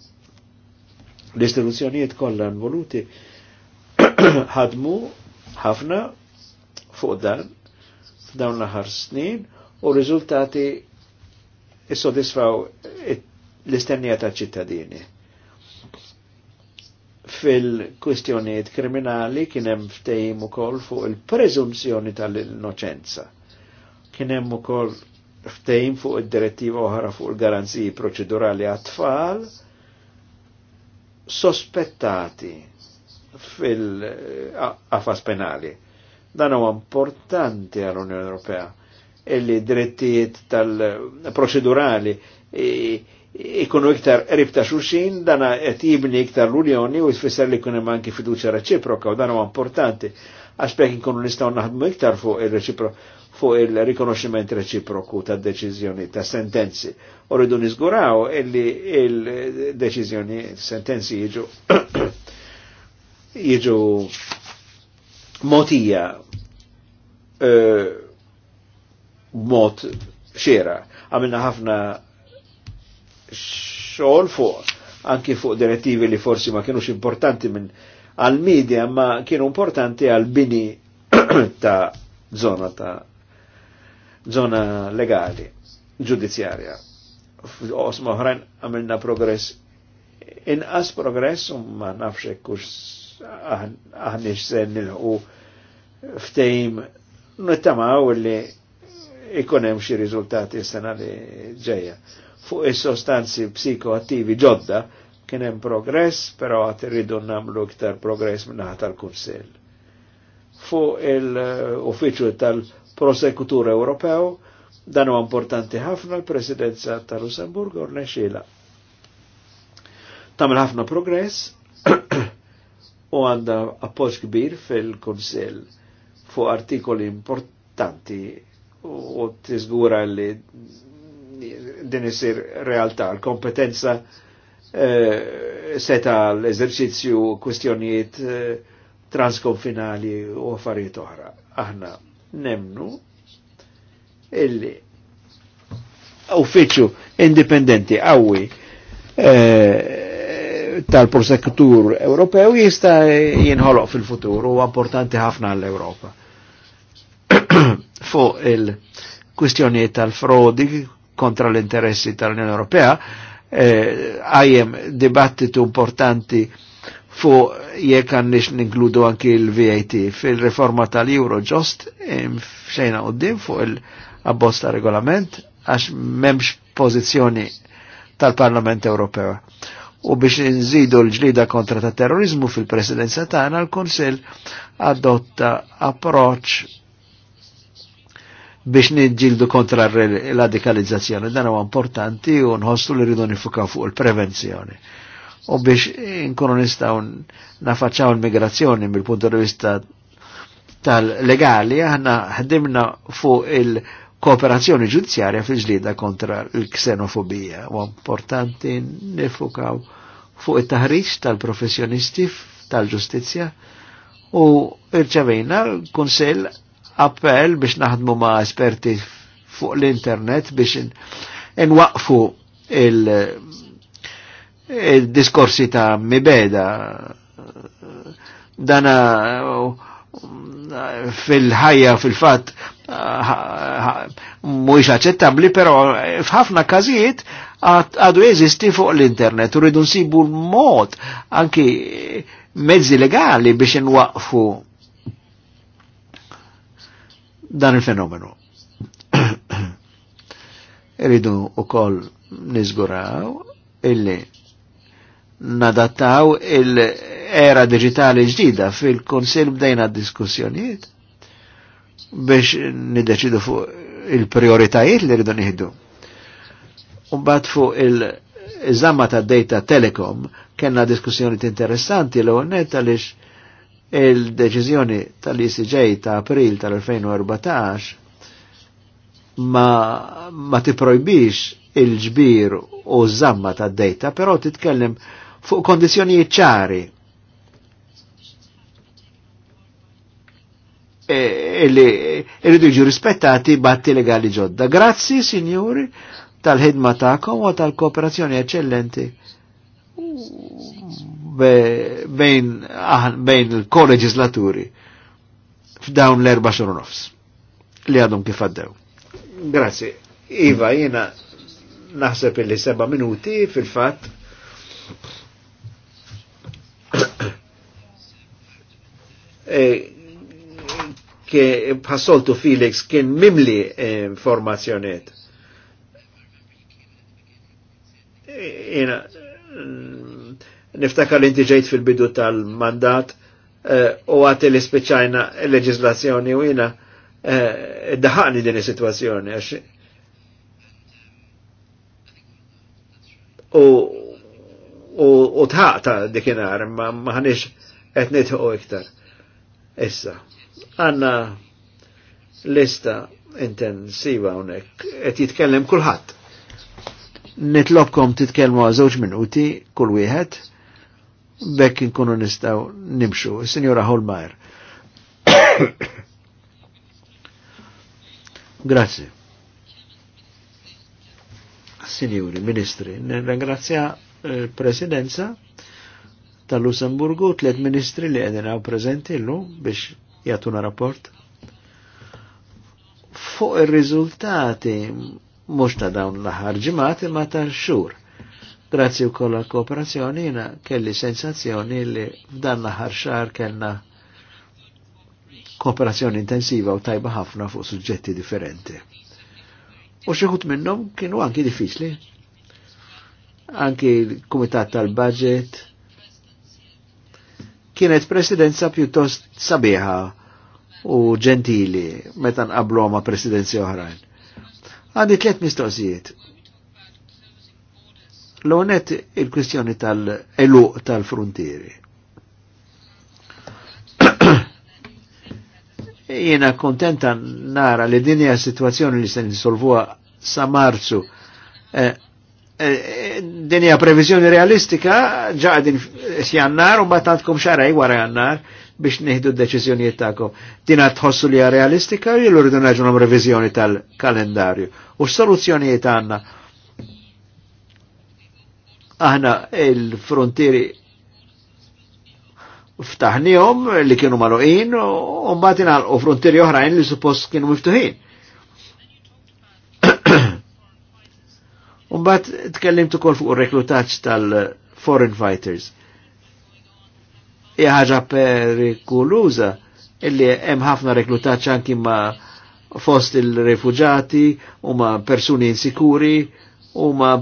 C: L-istituzzjonijiet kollha involuti ħadmu ħafna fuq dan f'dawn l-aħħar snin u riżultati issodisfaw l-istennija tal-ċittadini. Fil-kwistjonijiet kriminali kien hemm ftehim ukoll fuq il-preżumzjoni tal-innoċenza. Kien hemm ukoll ftehim fuq id-direttiva oħra fuq il-garanziji proċedurali għat-tfal sospettati fil affas penali. Dan huwa importanti għall-Unjoni Ewropea li drittijiet tal-proċedurali ikunu iktar ribta xuxin, dana qed jibni iktar l-Unjoni u jfisser li kunem anki fiduċa reċiproka u dan huwa importanti għax bekk nkunu nistgħu naħdmu iktar fuq ir-reċiproka fuq il-rikonoxximent reċiproku ta' deċiżjoni ta' sentenzi. U rridu illi il-deċiżjoni sentenzi jiġu jiġu motija uh, mod xera. Għamilna ħafna xogħol fuq anki fuq direttivi li forsi ma kienux importanti minn għal-medja ma kienu importanti għal-bini ta' zona ta' zona legali, ġudizzjarja. Osma oħrajn għamilna progress. Inqas progress u ma nafx kux aħnix se nilħu ftejm nittamaw li ikonem xie rizultati s-sena li ġeja. Fuq il sostanzi psikoattivi ġodda kienem progress, pero għat rridu namlu iktar progress minn naħa tal-Kunsell fuq il-Uffiċċju tal-Prosekutur Ewropew, dan huwa importanti ħafna l-Presidenza tal-Lussemburgu lussemburg rnexxiela. Tamil ħafna progress u għanda appoġġ kbir fil-Kunsill fuq artikoli importanti u tiżgura li din isir realtà l-kompetenza eh, seta l-eżerċizzju kwistjonijiet eh, transkonfinali u affarijiet oħra. Aħna nemnu illi uffiċċju indipendenti qawwi eh, tal-prosekutur Ewropew jista jinħoloq fil-futur u importanti ħafna għall europa Fuq il-kwistjonijiet tal-frodi kontra l-interessi tal-Unjoni Ewropea, eh, għajem dibattitu importanti fuq jekk għandix ninkludu anki l-VAT fil-reforma tal-Euro ġost xejna qoddim fuq il abbosta regolament għax memx pożizzjoni tal-Parlament Ewropew. U biex nżidu l-ġlida kontra ta' terrorizmu fil-presidenza tagħna l-Kunsill adotta approċċ biex nġildu kontra l-radikalizzazzjoni. Dan huwa importanti u nħossu li rridu nifukaw fuq il-prevenzjoni u biex nkunu nistaw nafacċaw l migrazzjoni mill punto di vista tal-legali, aħna ħdimna fuq il-kooperazzjoni ġudizzjarja fil-ġlida kontra l-ksenofobija. U importanti nifukaw fuq it-taħriġ tal-professjonisti tal-ġustizja u l kunsel appell biex naħdmu ma' esperti fuq l-internet biex nwaqfu il- diskorsi ta' mibeda. Dana fil-ħajja fil-fat mhuwiex aċċettabbli, pero f'ħafna kazijiet għadu jeżisti fuq l-internet u rridu nsibu l-mod anki mezzi legali biex nwaqfu dan il-fenomenu. Rridu u koll nizguraw illi nadattaw il-era digitali ġdida fil-konsil bdejna diskussjonijiet biex nideċidu fuq il-prioritajiet li rridu nieħdu. Umbat fuq il-żamma ta' data telekom kena diskussjoni interessanti l għonnet għaliex il-deċizjoni tal-ICJ ta' april tal-2014 ma, ma tiprojbix il-ġbir u żamma ta' data, però titkellem fuq kondizjonijiet ċari. Eli e, irridu rispettati batti legali ġodda. Grazzi, signori, tal-ħidma ta'kom u tal-kooperazzjoni eccellenti bejn ah, il-koreġislaturi f'dawn l-erba xorunofs li għadhom kif għaddew. Grazzi. Iva, jena naħseb il-li seba minuti fil fat bħassoltu e, Felix kien mimli e, informazzjoniet. E, jena, mm, niftakar li inti ġejt fil-bidu tal-mandat u għati li speċajna leġislazzjoni u jena daħani din is-situazzjoni għax u tħaqta dikinar ma ħanix etnitħu iktar. Issa, għanna lista intensiva unek, et jitkellem kullħat. Nitlobkom titkellmu għazoċ minuti, kull wieħed, bekk nkunu nistaw nimxu. Signora Holmeyer. Grazie. Signori, ministri, ringrazja il-presidenza eh, tal-Lussemburgu tliet ministri li qegħdin hawn preżenti llum biex jagħtuna rapport fuq ir-riżultati mhux ta' dawn l-aħħar ġimgħat imma ta' xur. Grazzi wkoll kolla kooperazzjoni jina kelli sensazzjoni li f'dan l-aħħar xar kellna kooperazzjoni intensiva u tajba ħafna fuq suġġetti differenti. U xieħut minnhom kienu anki diffiċli. Anki l-Kumitat tal-Budget, Kienet presidenza pjuttost sabiħa u ġentili meta nqablu ma' presidenzi oħrajn. Għandi tliet mistoqsijiet. L-onet il-kwistjoni tal-eluq tal-frontieri. Jiena kontenta nara li dinja situazzjoni li se nisolvuha sa marzu. Eh, eh, eh, dinja previżjoni realistika ġaħdin jannar u batantkom xarej wara jannar biex neħdu d-deċizjoniet ta'kom. Dina tħossu li realistika u jillu rridu naġunom revizjoni tal-kalendarju. U soluzzjonijiet għanna. Aħna il-frontieri ftaħnijom li kienu maluqin u għal u frontieri oħrajn li suppost kienu miftuħin. Umbat tkellimt kol fuq ir tal-foreign fighters hija ħaġa perikuluza illi hemm ħafna reklutat ċanki ma' fost il refugġati u ma' persuni insikuri u ma'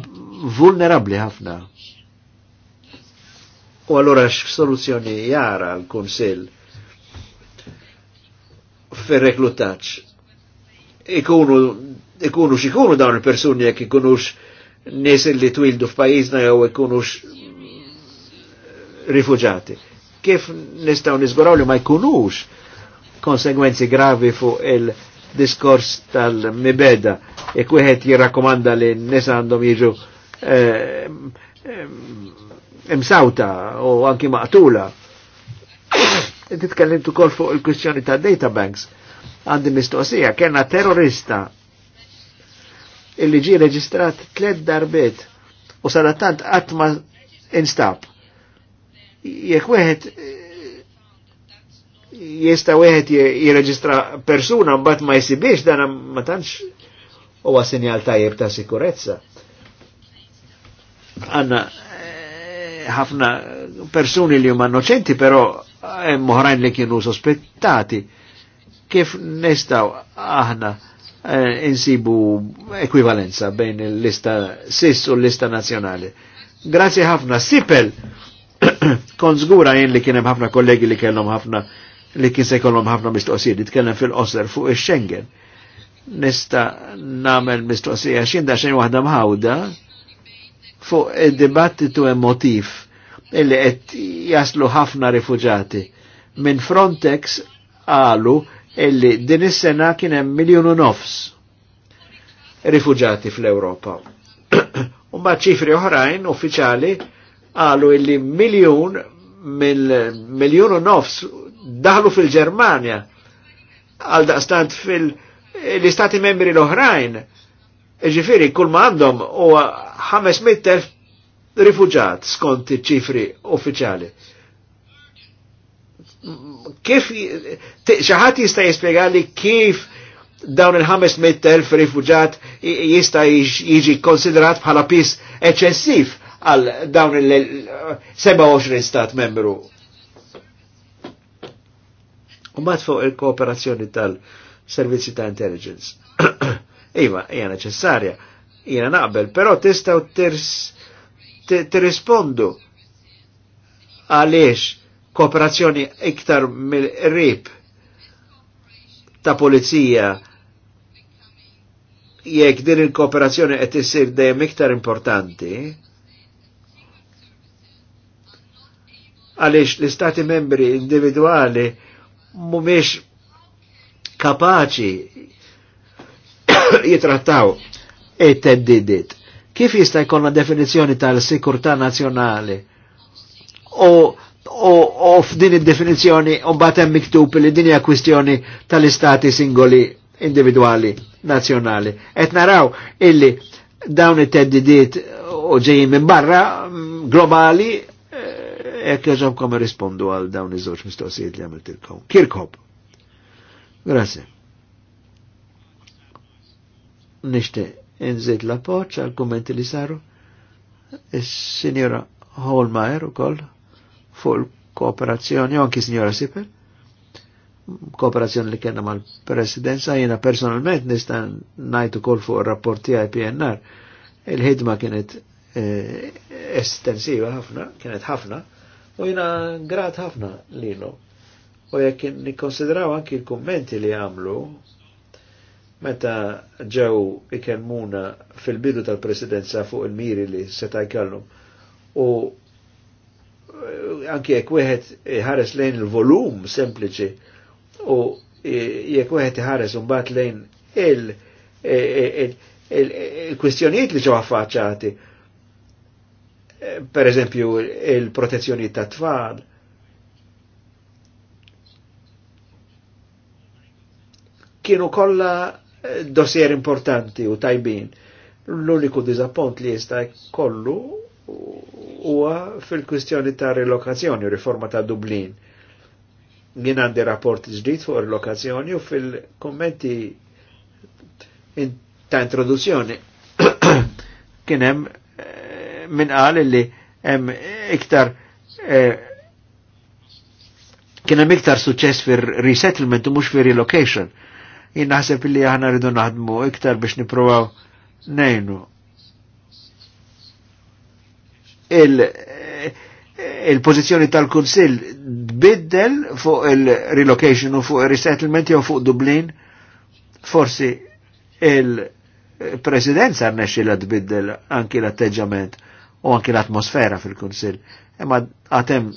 C: vulnerabli ħafna. U allora x-soluzzjoni jara l-Konsil fil-reklutaċ. Ikunu, ikunu xikunu dawn il-persuni jek ikunux nis li twildu f'pajizna jew ikunux rifugġati kif nistaw nizguraw li ma jkunux konsegwenzi gravi fuq il-diskors tal-mibeda e kwiħet jirrakomanda li nisa għandhom jiġu eh, imsawta u anki maqtula. Titkellim kol fuq il-kwistjoni ta' data banks. Għandi mistoqsija, kena terrorista illi ġi reġistrat tlet darbet u sadattant għatma instab jekk wieħed jista wieħed jirreġistra persuna mbagħad ma jsibiex dan ma tantx huwa sinjal tajjeb ta' sikurezza. Għanna eh, ħafna persuni li huma innoċenti però hemm oħrajn li kienu sospettati. Kif nistgħu aħna eh, insibu ekwivalenza bejn il-lista SIS u l-lista nazjonali. Grazie ħafna. Sipel, Kon zgura jen li kienem ħafna kollegi li kellhom ħafna li kien se jkollhom ħafna mistoqsijiet, nitkellem fil-qosor fuq ix-Schengen. Nista nagħmel mistoqsija x'inda xejn waħda mħawda fuq id-dibattitu emotiv illi qed jaslu ħafna rifuġati. Minn Frontex qalu illi din is-sena kien hemm miljun u nofs rifuġati fl-Ewropa. Umba ċifri oħrajn uffiċjali għalu illi miljon mill miljonu nofs daħlu fil-Germania għal daqstant fil-istati membri l-oħrajn. Ġifiri, kull ma għandhom u 500.000 rifugġat skont ċifri uffiċjali. Kif, xaħat jista jispiegali kif dawn il-500.000 rifugġat jista jiġi konsiderat bħala pis eċessiv? għal dawn il-27 stat membru. U mat fuq il-kooperazzjoni tal-servizzi ta' intelligence. iva, hija neċessarja, hija naqbel, però tistgħu tirrispondu għaliex kooperazzjoni iktar mill-rib ta' polizija jekk din il-kooperazzjoni qed issir dejjem iktar importanti, għaliex l-istati membri individuali mumiex kapaċi jitrattaw it-teddidit. Kif jista' jkollna definizjoni tal-sikurtà nazzjonali? O u f'din id-definizzjoni u batem miktub li dinja kwistjoni tal-istati singoli individuali nazjonali. Et naraw illi dawn it-teddidiet u ġejjin minn barra mm, globali Ekk jaġamkom rispondu għal dawn iż żoċ mistoqsijiet li għamiltilkom. Kirkob. Grazie. Nishti nżid la poċ għal kommenti li saru. Is-Sinjora Holmeyer koll fuq il-kooperazzjoni, anki Sinjora Sipel kooperazzjoni li kena mal-presidenza, jena personalment nista najtu kol fuq il-rapport tijaj PNR, il-ħidma kienet eh, estensiva ħafna, kienet ħafna, u jina grat ħafna lilu. U jekk nikkonsidraw anki l kommenti li għamlu meta ġew ikelmuna fil-bidu tal-presidenza fuq il-miri li setaj kallu, u anki jek weħet ħares lejn il-volum sempliċi u jekk wieħed iħares mbagħad lejn il-kwistjonijiet li ġew affaċċati per eżempju il-protezzjoni ta' tfal. Kienu kolla eh, dossier importanti u tajbin. L-uniku dizappont li jista' kollu huwa fil-kwistjoni ta' relokazzjoni, riforma ta' Dublin. Jien għandi rapport ġdid fuq relokazzjoni u fil-kommenti ta' introduzzjoni kien hemm min qal li hemm iktar e, kien hemm iktar suċċess fir-resettlement u mhux fir-relocation. Jien naħseb li aħna rridu naħdmu iktar biex nippruvaw nejnu. Il-pożizzjoni il pożizzjoni tal kunsill tbiddel fuq il-relocation u fuq il-resettlement jew fuq Dublin forsi il- presidenza għannexi la tbiddel anki l-atteġġament u anki l-atmosfera fil-Kunsil. Imma għatem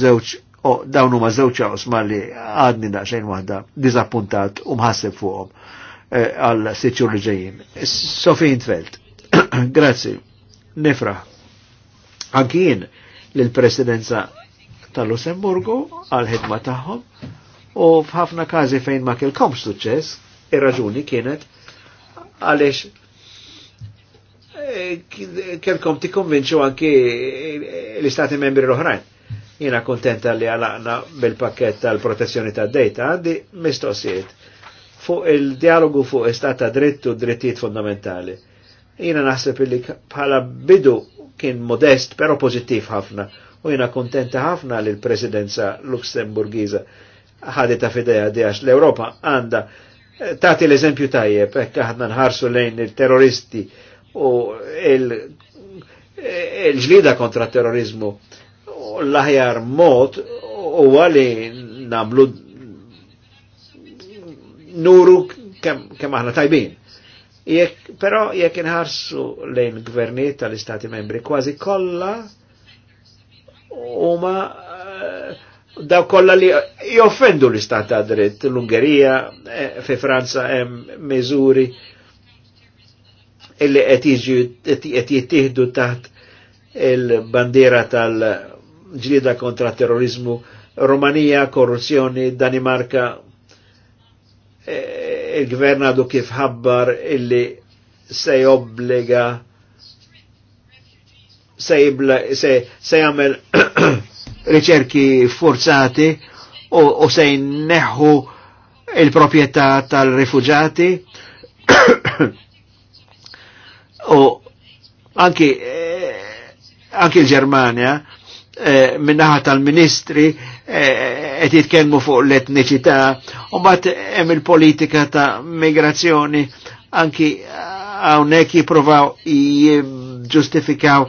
C: zewċ, o dawn huma zewċa osma li għadni daqsxejn waħda dizappuntat u mħasseb fuqhom eh, għal sitxur li ġejjin. Sofin Tfelt, grazzi, nifra. Anki jien l-presidenza tal-Lussemburgu għal-ħidma tagħhom u f'ħafna każi fejn ma kelkomx suċċess, ir-raġuni kienet għaliex kelkom ti konvinċu anki l-istati membri l-oħrajn. Jena kontenta li għalaqna bil-pakket tal-protezzjoni ta' data għaddi mistoqsijiet fuq il-dialogu fuq istata drittu drittijiet fundamentali. Jena naħseb li bħala bidu kien modest pero pozittiv ħafna u jena kontenta ħafna li l-presidenza Luxemburgiza ħadi ta' fideja di għax l-Europa għanda eh, tati l-eżempju tajjeb, ekk aħna nħarsu lejn il-terroristi u il-ġlida kontra terrorizmu u l-aħjar mod u għali namlu nuru kem, aħna tajbin. Jek, pero jek inħarsu lejn gvernijiet tal-Istati membri kważi kollha huma eh, daw kollha li joffendu l-Istat ta' dritt, l-Ungerija, eh, fi Franza hemm miżuri illi qed jittieħdu taħt il-bandiera tal ġlieda kontra terrorizmu Romanija, korruzzjoni, Danimarka, e, il-gvern għadu kif ħabbar illi se jobbliga se se, jagħmel riċerki forzati u, u se jneħħu il-proprjetà tal-rifuġati u anki eh, anki l-Germania eh, minnaħa tal-ministri eh, qed jitkellmu fuq l-etniċità u bat hemm il-politika ta' migrazzjoni anki hawnhekk jippruvaw jiġġustifikaw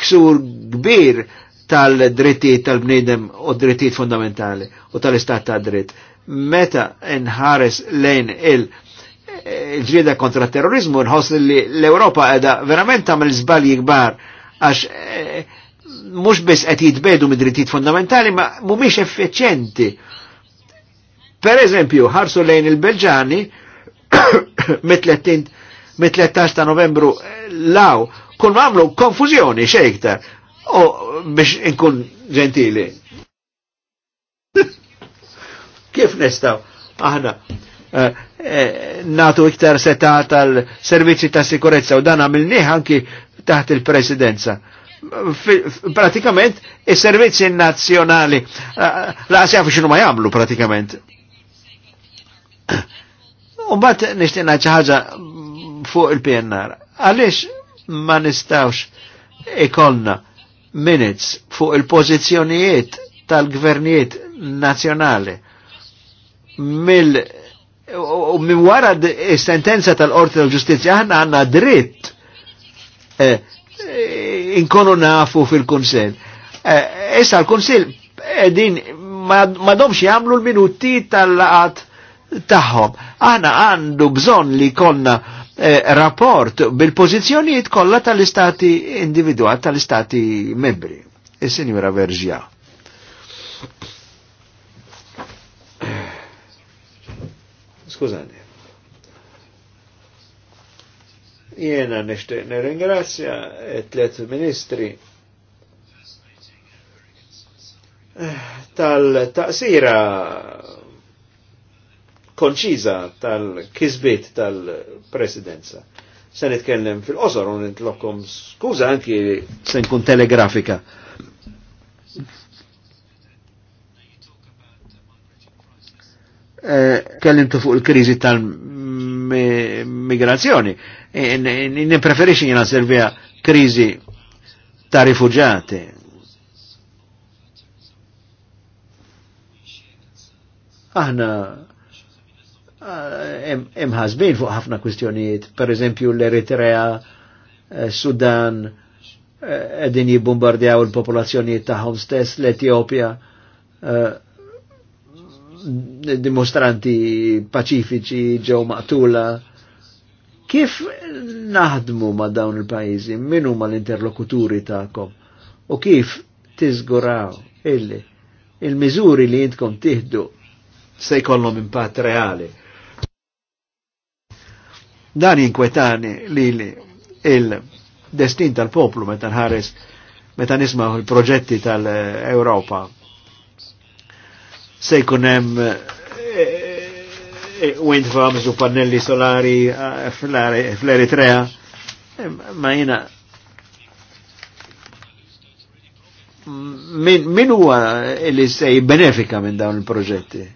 C: ksur kbir tal-drittijiet tal-bniedem u drittijiet fundamentali u tal-istat ta' dritt. Meta nħares lejn il- il-ġlieda kontra terrorizmu nħosni li l-Ewropa għedha verament tagħmel żbalji kbar għax mux eh, mhux biss qed jitbedu mid-drittijiet fundamentali ma mhumiex effeċenti. Per eżempju, ħarsu lejn il-Belġani mit-13 ta' novembru law, kun għamlu konfuzjoni xejktar, O biex inkun ġentili. Kif nistaw? Aħna, Eh, eh, natu iktar seta tal-servizzi ta' sikurezza u dan għamilniħ anki taħt il-presidenza. Pratikament, il-servizzi nazjonali, eh, la' sjaf xinu ma jamlu pratikament. Umbat nishtina ċaħġa fuq il-PNR. Għalix ma nistawx ikonna minutes fuq il-pozizjonijiet tal-gvernijiet nazjonali mill u minn wara sentenza tal-Qorti tal-Ġustizzja aħna għandna dritt eh, eh, inkonu nafu fil-Kunsell. Eh, issa l-Kunsell din ma domx jagħmlu l-minuti tal-laqat tagħhom. Aħna għandu bżonn li konna rapport bil-pożizzjonijiet kollha tal-istati individuat tal-istati membri. Is-Sinjura Verġja. Skużani. Jena nishtiq nirringrazzja tlet ministri tal-taqsira konċiza tal kizbit tal-presidenza. Se nitkellem fil-qosor un nitlokkom skuza anki se nkun telegrafika. Eh, kellimtu fuq il-krizi tal-migrazzjoni. E, Nipreferixi jina servija krizi ta' rifugiati. Aħna imħazbin eh, fuq ħafna kwistjonijiet, per eżempju l-Eritrea, eh, Sudan, edin jibbombardjaw il-popolazzjonijiet tagħhom stess, l-Etjopja, dimostranti paċifiċi ġew maqtula. Kif naħdmu ma' dawn il-pajjiżi? Min huma l-interlokuturi tagħkom? U kif tiżguraw illi il-miżuri li jintkom tieħdu se jkollhom impatt reali? Dan jinkwetani li il-destin tal-poplu meta nħares meta nisma' il-proġetti tal-Ewropa se jkunem eh, eh, eh, wind farms u pannelli solari fl-Eritrea, ma jina mm, min, huwa li se jibbenefika minn dawn il-proġetti?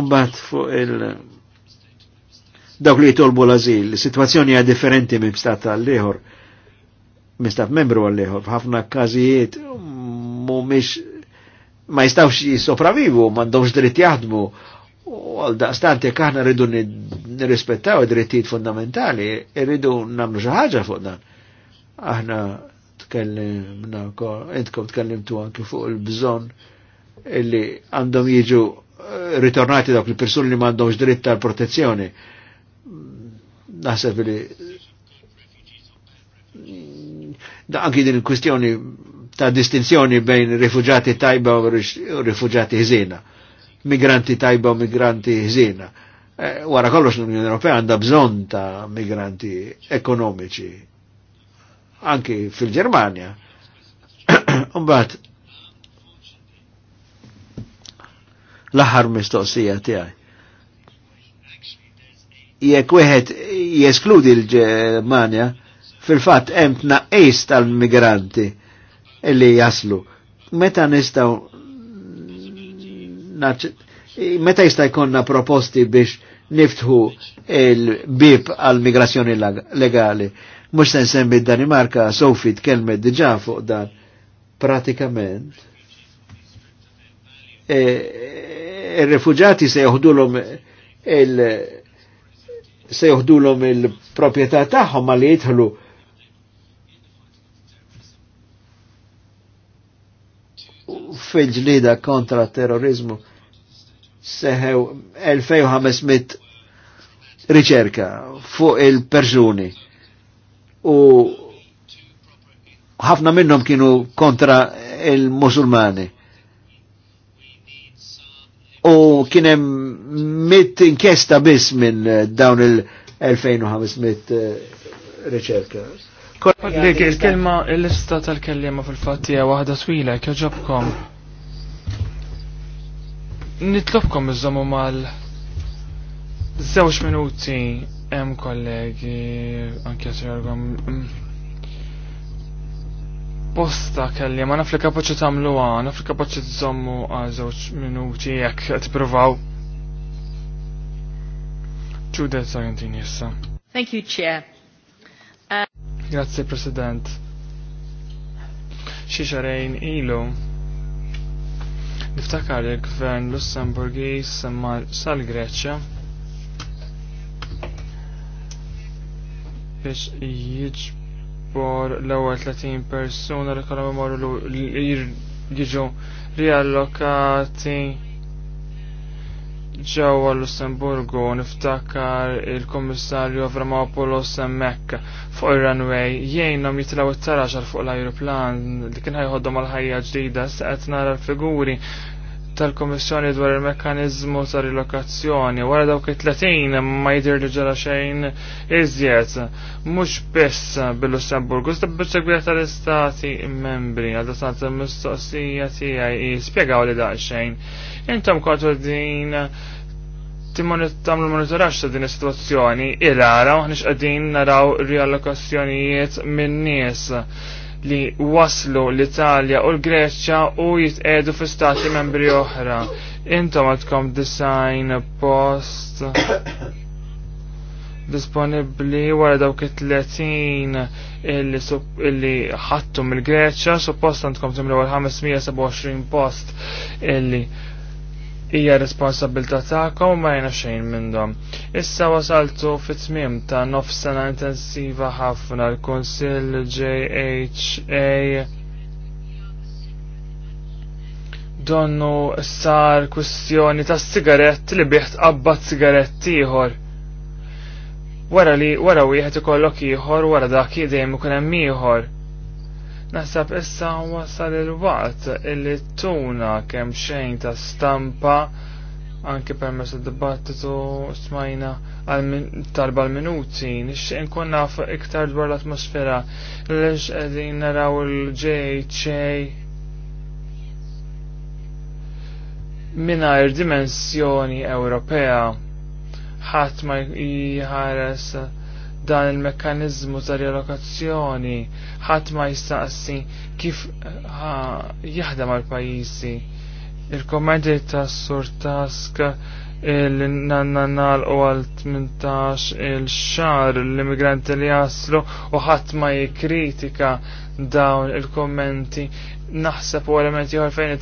C: Umbat fuq il- dawk li jitolbu l-azil, situazzjoni għad differenti minn stat għall-ieħor, minn stat membru għall-ieħor, f'ħafna mu miex ma jistawx jisopravivu, mandomx dritt jaħdmu u għal daqstanti kħana rridu nirrispettaw id-drittijiet fundamentali, rridu namlu xaħġa fuq dan. Aħna tkellimna, intkom tkellimtu anki fuq il-bżon illi għandhom jiġu eh, ritornati dawk il-persuni li mandomx dritt tal-protezzjoni. Naħseb li anki din il-kwistjoni ta' distinzjoni bejn rifugjati tajba u rifugjati ħżina, migranti tajba u migranti ħżina. Eh, wara kollox l-Unjoni Ewropea għandha bżonn ta' migranti ekonomiċi, anki fil germania Umbat, l-aħħar mistoqsija tiegħi. Jekk wieħed jeskludi l germania fil-fatt hemm tnaqqis tal-migranti illi jaslu. Meta nistaw meta jista' jkollna proposti biex niftħu il-bib għal-migrazzjoni legali. Mux se nsemmi Danimarka, sofit kelmet diġa fuq dan. Pratikament, il-refugġati e, e se juhdulom il- se juhdulom il propieta tagħhom għal jitħlu. fil-ġlida kontra terrorizmu seħew 2500 riċerka fuq il-perżuni u ħafna minnhom kienu kontra il-Musulmani. U kienem mit inkjesta biss minn dawn il-2500 eh, riċerka. Kollegi, il-kelma,
D: l lista tal-kellima fil-fatti għahda twila, kħagġabkom. Nitlobkom iżommu mal żewġ minuti hemm kollegi anke jargom posta mm, kelli ma naf li kapaċi tagħmlu għan, naf li kapaċi tżommu għal żewġ minuti jekk qed provaw. Ġudet Sargentini issa.
A: Thank you, Chair. Uh,
D: Grazie, President. Xi xarejn ilu Niftakar il-gvern Lussemburgis sal-Greċja biex jiġbor l-ewwel 30 persuna li kollha li jiġu riallokati Ġew għal Lussemburgu niftakar il-Kummissarju Avramopoulos hemmhekk fuq ir-runway jgħinhom jitlaw it taraġar fuq l-ajruplan li kien ħajħoddom għal ħajja ġdida se qed nara l-figuri tal-Komissjoni dwar il-mekkanizmu ta' rilokazzjoni wara dawk it-30 ma jidher li ġara xejn iżjed mhux biss bil-Lussemburg u bil-segwija tal-istati membri għal sant mistoqsija tiegħi spjegaw li daqsxejn. Intom kontu din tamlu monitoraġġ ta' din is-sitwazzjoni il-ara u ħniex qegħdin naraw riallokazzjonijiet minn nies li waslu l-Italja u l-Greċja u jitqedu fi stati membri oħra. Intom għadkom design post disponibli wara dawk it-30 illi ħattu mill-Greċja, suppost għandkom timlu għal 527 post illi hija responsabilità tagħkom ma jiena xejn minnhom. Issa wasaltu fit-tmiem ta' nofsena intensiva ħafna l-Kunsill JHA donnu sar kwistjoni ta' sigarett li biħt qabba sigarett ieħor. Wara li wara wieħed ikollok ieħor wara dak dejjem ikun hemm ieħor Naħseb issa wasal il-waqt illi tuna kemm xejn ta' stampa anke permess il dibattitu smajna talba l-minuti, nixtieq konna iktar dwar l-atmosfera lex qegħdin naraw il-JHA mingħajr dimensjoni Ewropea ħadd ma jħares dan il-mekkanizmu ta' rilokazzjoni ħadd ma jistaqsi kif jaħdem għal pajjiżi. Il-komedi ta' Sur Task il-nannanal u għal 18 il-xar l-immigranti li jaslu u ħadd ma jikritika dawn il-kommenti naħseb u elementi għal fejn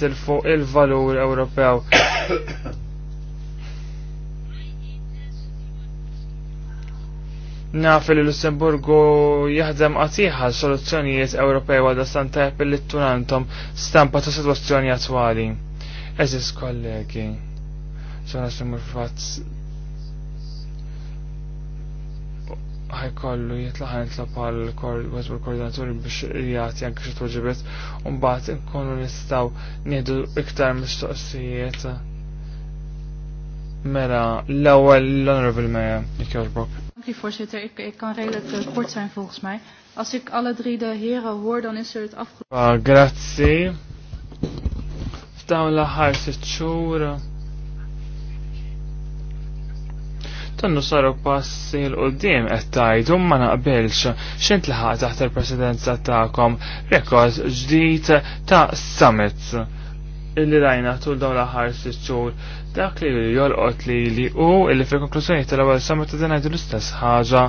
D: il-valur Ewropew. Naf li Lussemburgu jaħdem għatiħa soluzzjonijiet Ewropej għadha stantajb li tunantom stampa ta' situazzjoni attwali. Eżis kollegi, ċana s semur fatz kollu jitlaħan jitlaħ għazbur koordinaturi biex jgħati għanki xe tuġibet un-bat nkunu nistaw njedu iktar mistoqsijiet mela l-ewel l-honorable mayor jikjorbok
B: u, voorzitter. Ik, ik kan redelijk uh, kort zijn, volgens mij. Als ik
A: alle drie de heren hoor, dan is er het afgelopen.
D: Ah, grazie. Staan F'dawn l-aħħar sitt Dan nu sarok passi l-qoddim et-tajdu ma naqbilx x'int laħaq taħt il-presidenza tagħkom rekord ġdijt ta' summits illi rajna tul dawn l-aħħar sitt xhur dak li jolqot li li u illi fil-konklużjoni tal-ewwel summit din ngħidu l-istess ħaġa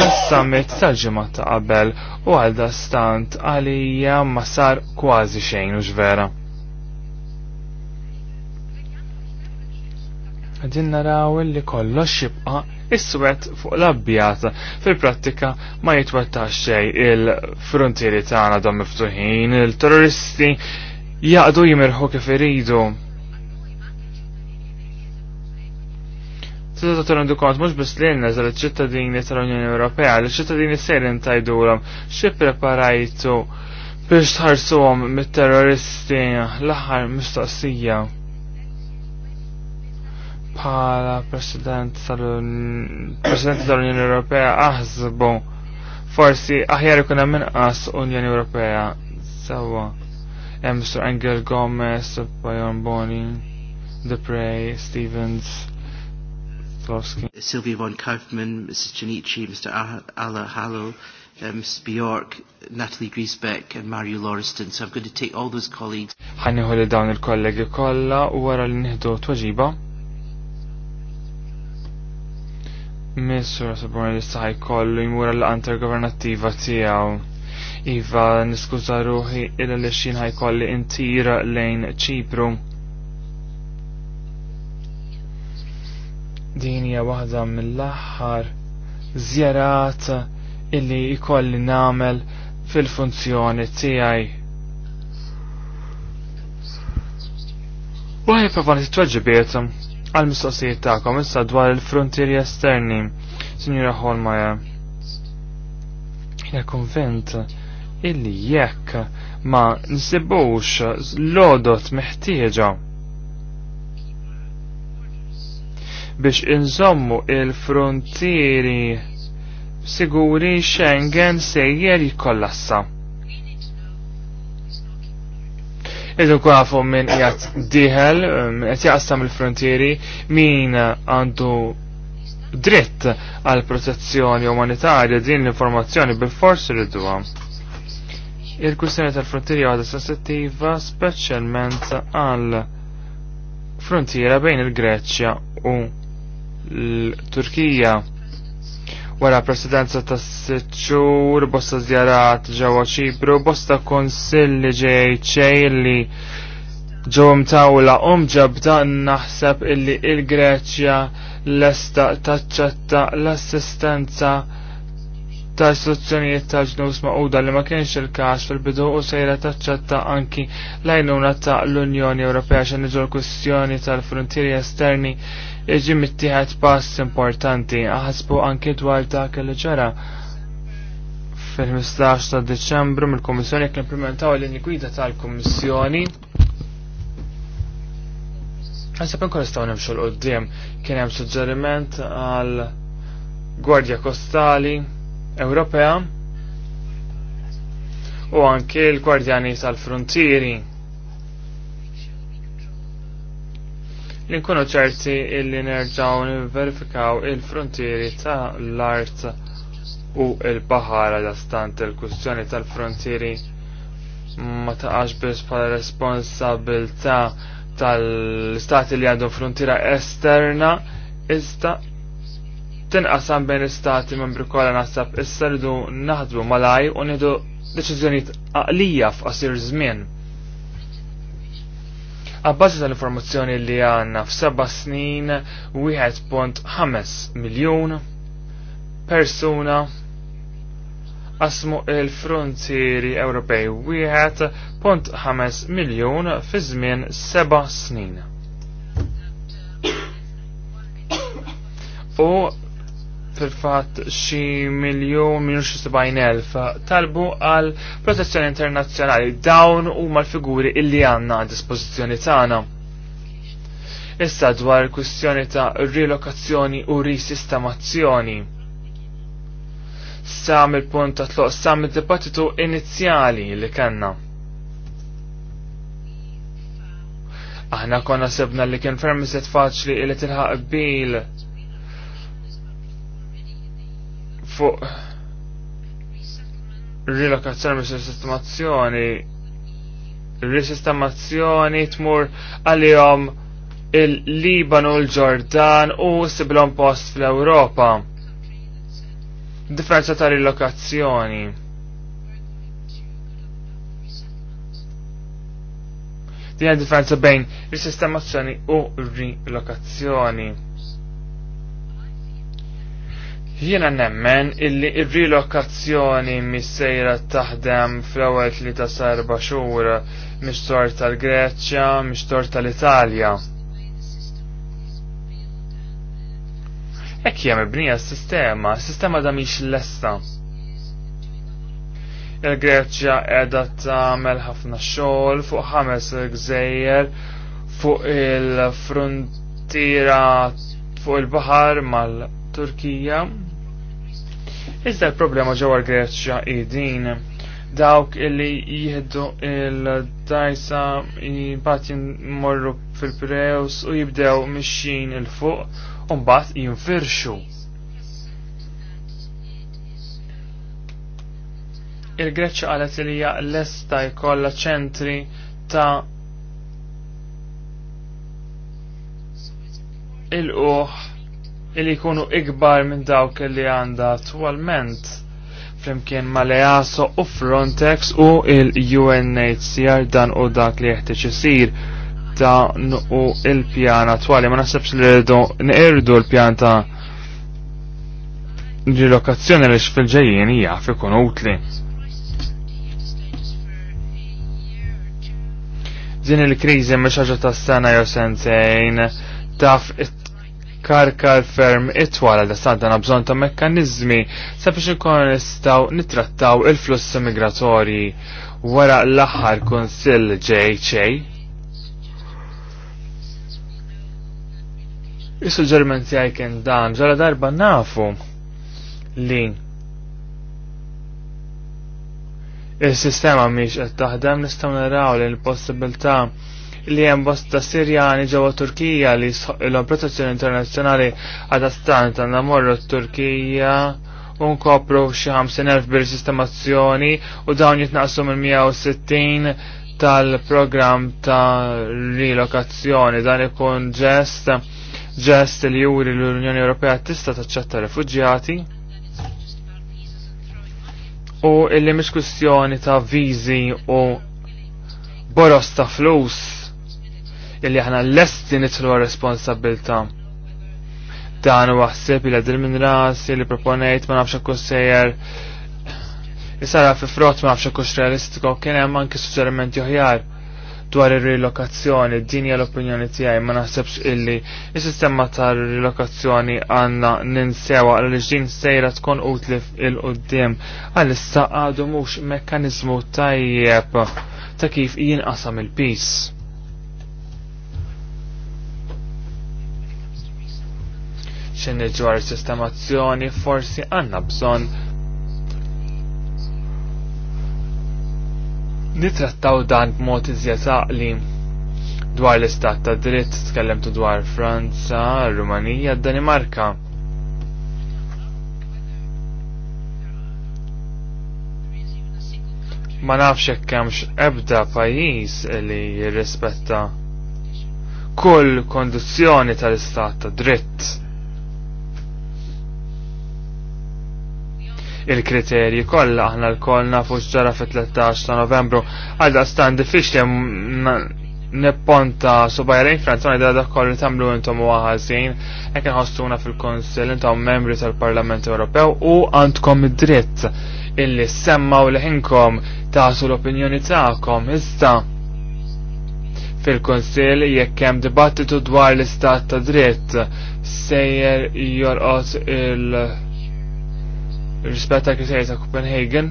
D: tas-summit tal-ġimgħa ta' qabel u għal dastant għalija ma sar kważi xejn u vera. Għadin naraw li kollox jibqa' is-swet fuq l-abbjat. Fil-prattika ma jitwettax xej il-frontieri tagħna dom miftuħin, il-terroristi jaqdu jimirħu kif iridu. Tista' ta' rendu kont mhux biss li jenna iċ-ċittadini tal-Unjoni Ewropea, li ċittadini serin tajdulhom xie preparajtu biex tħarsuhom mit-terroristi l-aħħar mistoqsija. Pala President tal-Unjoni Ewropea aħsbu forsi aħjar ikun hemm inqas Unjoni Ewropea sewwa um, Mr. Angel Gomez, Bayon Boni, Depre, Stevens, Slavsky. Sylvia von Kaufman, Mrs. Janici, Mr. Ala Hallow, uh, Mrs. Bjork,
A: Natalie Griesbeck and Mario Lauriston. So I'm going to take all those colleagues.
D: Ħanniħu li dawn il-kollegi kolla u wara li nieħdu tweġiba. Missur Sabrina li saħi kollu jimura l antar governativa tijaw. Iva, niskuża ruħi li lexin ħajkolli intira lejn ċipru. Din hija waħda mill-aħħar zjarat illi ikolli namel fil-funzjoni tiegħi. Waħi provan t-tweġibiet għal-mistoqsijiet tagħkom issa dwar il-frontieri esterni, Signora Holmaja. Jina konvent illi jekk ma nsibux l-odot meħtieġa biex inżommu il-frontieri siguri Schengen sejjer jikollassa. Idu kwafu minn jgħat diħel, um, jgħat jgħastam il-frontieri, min għandu dritt għal protezzjoni umanitarja din l-informazzjoni bil-forsi rridu għam. Il-kwistjoni tal-frontiera għadha sensittiva speċjalment għal frontiera bejn il-Greċja u l-Turkija. Wara presidenza ta' s-sitxur, bosta zjarat ġewwa ċipru, bosta konsilli ġejċej li ġew mtawla omġabda naħseb illi il-Greċja l-esta taċċetta l-assistenza ta' istruzzjonijiet ta' ġnus maquda li ma kienx il-każ fil-bidu u sejra taċċetta anki lajnuna ta' l-Unjoni Ewropea xa niġu l-kwistjoni tal-frontieri esterni iġi mittieħed pass importanti aħasbu anki dwar ta' kelli ġara fil-15 ta' Deċembru mill komissjoni kien implementaw l-linji gwida tal-Kummissjoni Għasab nkun istaw nimxu l-qoddim kien hemm suġġeriment għal Gwardja Kostali Ewropea u anke l-Gwardjani tal-Frontieri. Linkunu ċerti illi nerġaw nivverifikaw il-frontieri ta' l-art u il-bahara da stant il-kustjoni tal-frontieri ma ta' għaxbis pala responsabilta tal-stati li għandhom frontiera esterna ista' tinqasam bejn l-istati membri kollha naħseb issa rridu naħdmu malaj u nieħdu deċiżjonijiet għalija f'qasir żmien. Għabbażi tal-informazzjoni li għanna f'seba' snin 1.5 miljun persuna qasmu il-frontieri Ewropej 1.5 miljun fi żmien seba' snin. U fil-fat xi miljon minn elf talbu għal protezzjoni internazzjonali dawn huma l-figuri illi għandna għad dispożizzjoni tagħna. Issa dwar kwistjoni ta' rilokazzjoni u risistamazzjoni. Sam il-punt ta' tloq sam id-dibattitu inizjali li kellna. Aħna konna sebna li kien set faċli li tilħaq bil fuq rilokazzjoni mis sistemazzjoni risistemazzjoni tmur għalihom il-Libanu, l-Ġordan u siblom post fl-Europa. Differenza ta' rilokazzjoni. Din differenza bejn risistemazzjoni u rilokazzjoni. Jiena nemmen illi ir-rilokazzjoni mis-sejra taħdem fl-ewwel li ta' sarba xhur mhix tal-Greċja, mhix tal-Italja. Hekk hija mibnija s-sistema, s-sistema da mhix lesta. Il-Greċja qiegħda tagħmel ħafna xogħol fuq ħames gżejjer fuq il fruntiera fuq il-baħar mal-Turkija Iżda l-problema ġewwa l-Greċja qegħdin dawk illi jieħdu il-dajsa jimbat jimmorru fil-prews u jibdew mixin il-fuq u mbagħad jinfirxu. il greċja qalet li hija lesta jkollha ċentri ta' il-uħ illi jkunu ikbar minn dawk li għanda attualment flimkien ma leaso u Frontex u il-UNHCR dan u dak li jeħtieġ isir dan u il-pjan attwali ma naħsebx li rridu nqerdu l-pjan ta' rilokazzjoni li fil-ġejjien hija ikun utli. Din il-kriżi mhix ta' tas-sena jew sentejn taf it karkar ferm itwal għal sandan bżon ta' mekkanizmi sabiex ikun nistaw nittrattaw il-flussi migratorji wara l-aħħar kunsill JHA. Is-suġġerimenti għaj kien dan ġara darba nafu li il-sistema miex qed taħdem nistgħu naraw li l-possibilità li hemm bosta Sirjani ġewwa Turkija li l protezzjoni internazzjonali għadastant għandna morru Turkija u nkopru xi 50,000 bil-sistemazzjoni u dawn jitnaqsu minn 160 tal-programm ta' rilokazzjoni dan ikun ġest ġest li juri l-Unjoni Ewropea tista' taċċetta refuġjati u illi mhix kwistjoni ta' viżi u boros ta' flus illi aħna lesti nitlu responsabilta. Dan u għasib illa għadil minn rasi li proponejt ma nafxa kussejjer jisara fi frott ma nafxa kux realistiko kien hemm anki suġġerimenti oħjar dwar ir-rilokazzjoni, din hija l-opinjoni tiegħi ma naħsebx illi is-sistema tar-rilokazzjoni għandna ninsewa għal din sejra tkun utli il qudiem issa għadu mhux mekkaniżmu tajjeb ta' kif jinqasam il-peace. xinni ġwar sistemazzjoni forsi għanna bżon nitrattaw dan b'mod iżjed aqli dwar l-istat ta' dritt tkellemtu dwar Franza, Rumanija, Danimarka. Ma nafx jekk hemmx ebda pajjiż li jirrispetta kull kondizzjoni tal-istat ta' dritt. il-kriterji kollha aħna l-koll nafu ġara fit-13 ta' Novembru għadda stan diffiċli nipponta subajrejn franzoni da dak li tamlu intom u għazin, ekk nħossuna fil-Konsil intom membri tal-Parlament Ewropew u għandkom id-dritt illi semma u liħinkom taħsu l-opinjoni taħkom, issa fil-Konsil jekk hemm dibattitu dwar l-istat ta' dritt sejjer jorqot il- rispetta kriterji ta' Copenhagen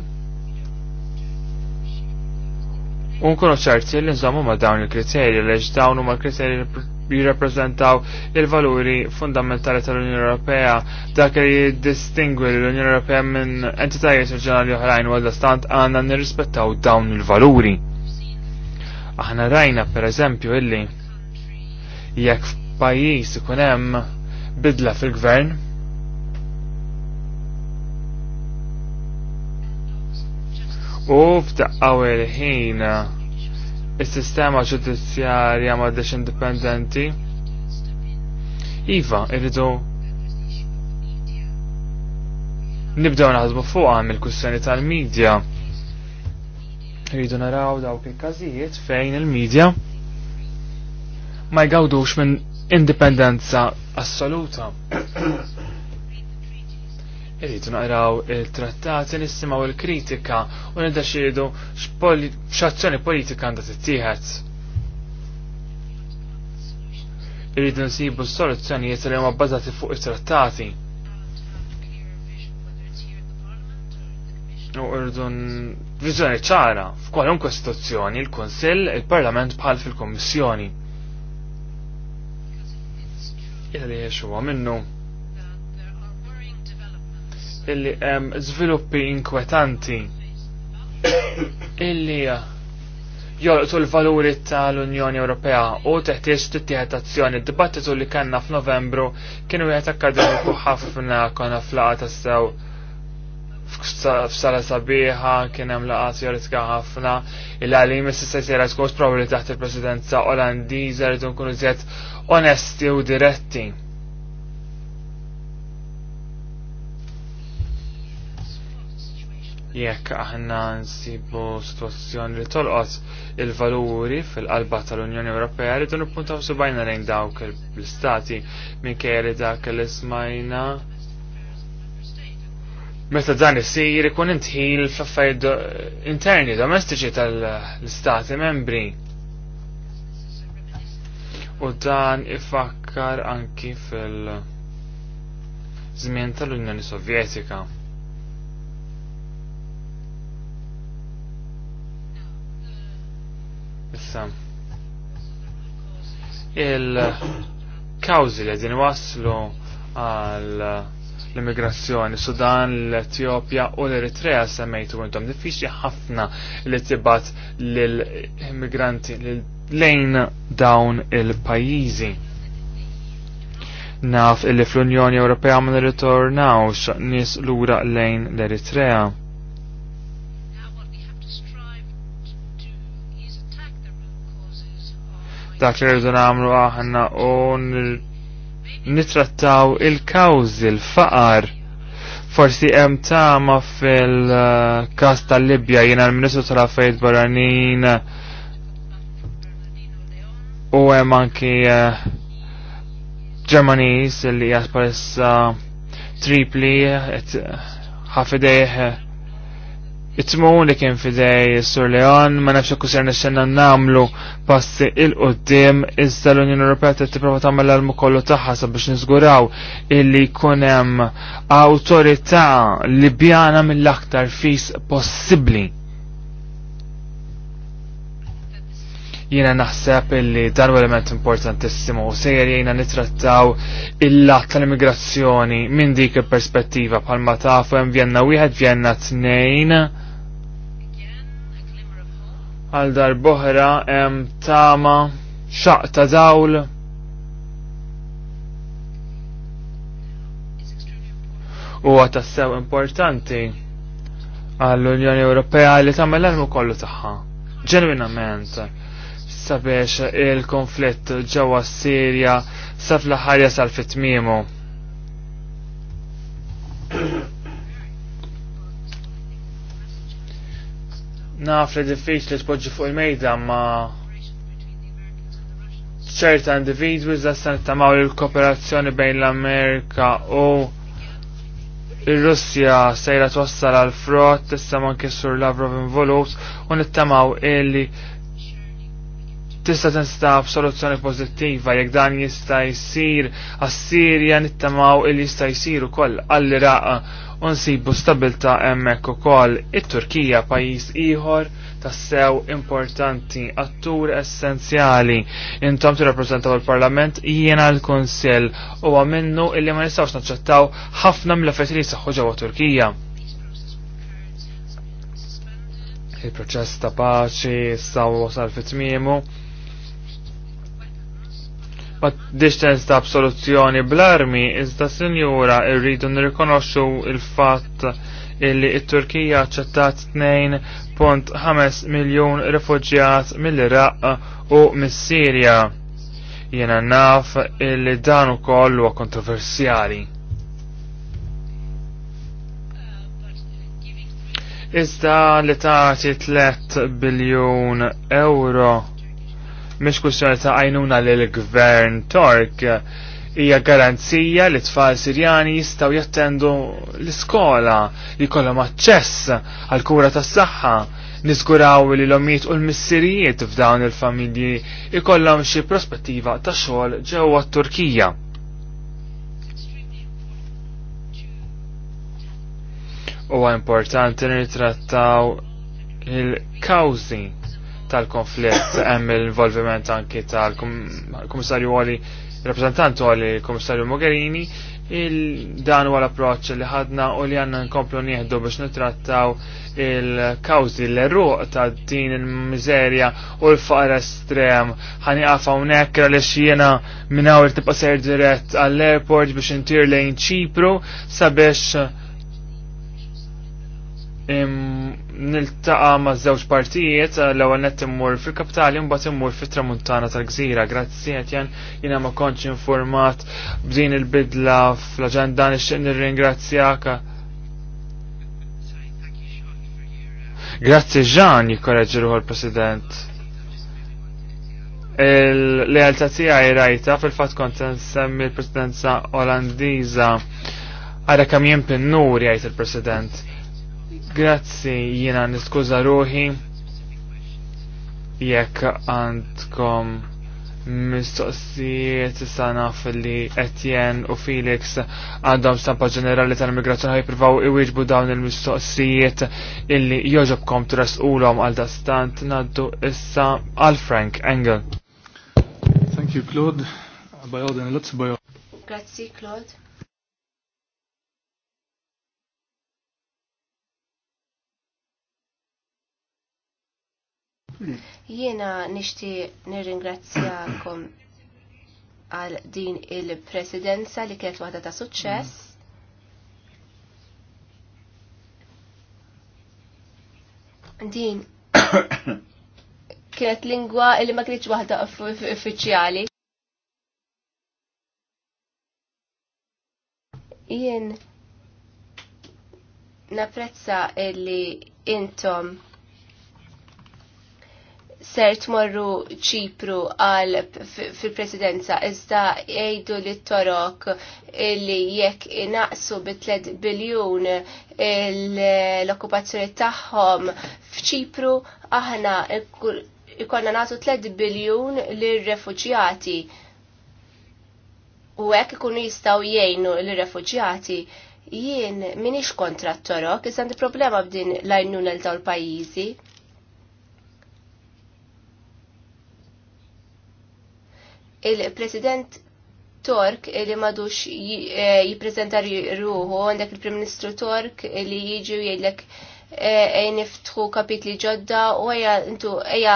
D: unkunu ċerti e li nżommu ma' dawn il-kriterji leġ dawn huma kriterji li jirrappreżentaw il-valuri fundamentali tal-Unjoni Ewropea dak li jiddistingwi l-Unjoni Ewropea minn entitajiet reġjonali oħrajn u stant għandna nirrispettaw dawn il-valuri. Aħna rajna pereżempju illi jekk f'pajjiż ikun hemm bidla fil-gvern u f'ta' għawel ħin is-sistema ġudizzjarja m'għadex indipendenti. Iva, irridu nibdew naħdmu fuqha mill-kussjoni tal-medja. Rridu naraw dawk il-każijiet fejn il-medja ma jgawdux minn indipendenza assoluta. Irridu naqraw il-trattati nisimgħu il-kritika u nidaxiedu x'azzjoni politika għandha tittieħed. Irridu nsibu s soluzzjonijiet li huma bbażati fuq it-trattati. U irridu viżjoni ċara f'kwalunkwe istituzzjoni, il-Kunsill, il-Parlament bħal fil-Kommissjoni. Jgħalli jiexu minnu illi hemm żviluppi inkwetanti illi jolqtu l-valuri tal-Unjoni Ewropea u teħtieġ tittieħed azzjoni. Dibattitu li kellna f'Novembru kienu wieħed akademiku ħafna konna flaqa sew f'sala sabiħa kien hemm laqgħa teorika ħafna il-għalim issa jsejra tkun probabbli taħt il-Presidenza Olandiża rridu nkunu ziet onesti u diretti. jekk aħna nsibu situazzjoni li tolqot il-valuri fil-qalba tal-Unjoni Ewropea li dun ippuntaw subajna lejn dawk l-istati minkejja li dak li smajna. Meta dan isir ikun intħil f'affarijiet interni domestiċi tal-istati membri. U dan ifakkar anki fil-żmien tal-Unjoni Sovjetika. Issa. Il-kawzi li għedin waslu għal l-immigrazzjoni Sudan, l-Etjopja u l-Eritrea semmejtu għintom diffiċli ħafna li tibat l-immigranti lejn dawn il-pajjiżi. Naf illi fl-Unjoni Ewropea ma nirritornawx nies lura lejn l-Eritrea. dak li rridu nagħmlu aħna u nitrattaw il kawzi il faqar Forsi hemm tama fil-każ tal-Libja jiena l-Ministru tal-Affarijiet Barranin u hemm anki eh, Ġermanis li jasparissa tripli ħafidejh it-tmun li kien fidej Sur Leon ma nafx kusir nisċenna namlu passi il-qoddim iżda l-Unjoni Ewropea qed tipprova tagħmel l-almu kollu tagħha sabiex niżguraw illi jkun hemm awtorità Libjana mill-aktar fis possibbli. Jiena naħseb illi dan element importantissimo u sejjer jina nitrattaw il-lat tal-immigrazzjoni minn dik il-perspettiva bħalma tafu hemm Vjenna wieħed, Vjenna tnejn għal darboħra em tama xaq ta' dawl. U tassew importanti għall-Unjoni Ewropea li tagħmel l-armu kollu tagħha. Ġenwinament sabiex il-konflitt ġewwa Sirja sa fl-ħarja sal-fitmimu. Naf li diffiċ li tpoġġi fuq il-mejda ma ċerta individwi zastan tamaw il-kooperazzjoni bejn l-Amerika u il-Russja sejra twassal għal frott, issa man kissur Lavrov involut, u nittamaw illi tista tinstab soluzzjoni pozittiva jekk dan jista' jsir għas-Sirja nittamaw illi jista' jsir ukoll għall-Iraq unsibu stabilta emmek u kol it-Turkija pajis iħor tassew importanti, attur essenzjali. Intom t-rappresentaw il-Parlament, jiena l-Konsil u għamennu illi ma nistawx naċċettaw ħafna mill-affetti li saħħu ġewwa Turkija. Il-proċess ta' paċi saw wasal fit-tmiemu ma diċtens ta' absoluzzjoni bl-armi, iżda sinjura irridu nirrikonoxxu il-fatt illi it-Turkija ċettat 2.5 miljon refugjat mill-Iraq u mis-Sirja. Jena naf illi dan ukoll huwa kontroversjali. Iżda li tagħti 3 biljun euro mhix kull xorta għajnuna lil gvern Tork hija garanzija li tfal Sirjani jistgħu jattendu l-iskola li jkollhom aċċess għal kura tas-saħħa niżguraw li l-omiet u l-missirijiet f'dawn il-familji ikollhom xi prospettiva ta' xogħol ġewwa t-Turkija. Huwa importanti nirtrattaw il-kawżi tal-konflitt hemm l-involviment anki tal-Kummissarju għali rappresentant għali kummissarju Mogherini il-dan huwa l-approċċ li ħadna u li għandna nkomplu nieħdu biex nitrattaw il-kawżi l-eruq ta' din il-miżerja u l-faqar estrem. Ħaniqaf hawnhekk għaliex jiena minn hawn tibqa' sejr dirett għall-airport biex intir lejn Ċipru sabiex niltaqa ma' żewġ partijiet l-ewwel nett immur fil-kapitali mbagħad immur fit-tramuntana tal-gżira. Grazzi qed jan jiena ma kontx informat b'din il-bidla fl-aġenda nixtieq nirringrazzjak. Grazzi Ġan jikkoreġġi ruħu l-President. Il-lealtà tiegħi rajta fil-fatt kont nsemmi l-Presidenza Olandiża għara kam jempin nur jgħid il-President Grazzi, jiena niskuża ruħi jekk għandkom mistoqsijiet sana fil-li Etienne u Felix għandhom stampa ġenerali tal-immigrazzjoni ħajpruvaw iwieġbu dawn il-mistoqsijiet illi joġobkom trasqulhom għal dastant naddu issa għal Frank Engel. Thank you Claude. Grazzi
B: Claude. Jiena nixti nirringrazzjakom għal din il-presidenza li kienet waħda ta' suċċess. Din kienet lingwa li ma kienx waħda uffiċjali. Jien napprezza illi intom ser tmorru ċipru għal fil-presidenza iżda jgħidu li torok li jekk inaqsu bi 3 biljun l-okkupazzjoni tagħhom f'ċipru aħna ikonna nagħtu 3 biljun lir-refuġjati u hekk ikunu jistgħu jgħinu lir-refuġjati jien minix kontra t-torok, iżda problema b'din l-għajnuna l-dawl pajizi il-President Tork li madux eh, jiprezenta ruħu, għandek il-Prim Ministru Tork li jiġu jgħidlek eh, niftħu kapitli ġodda u għajja intu għajja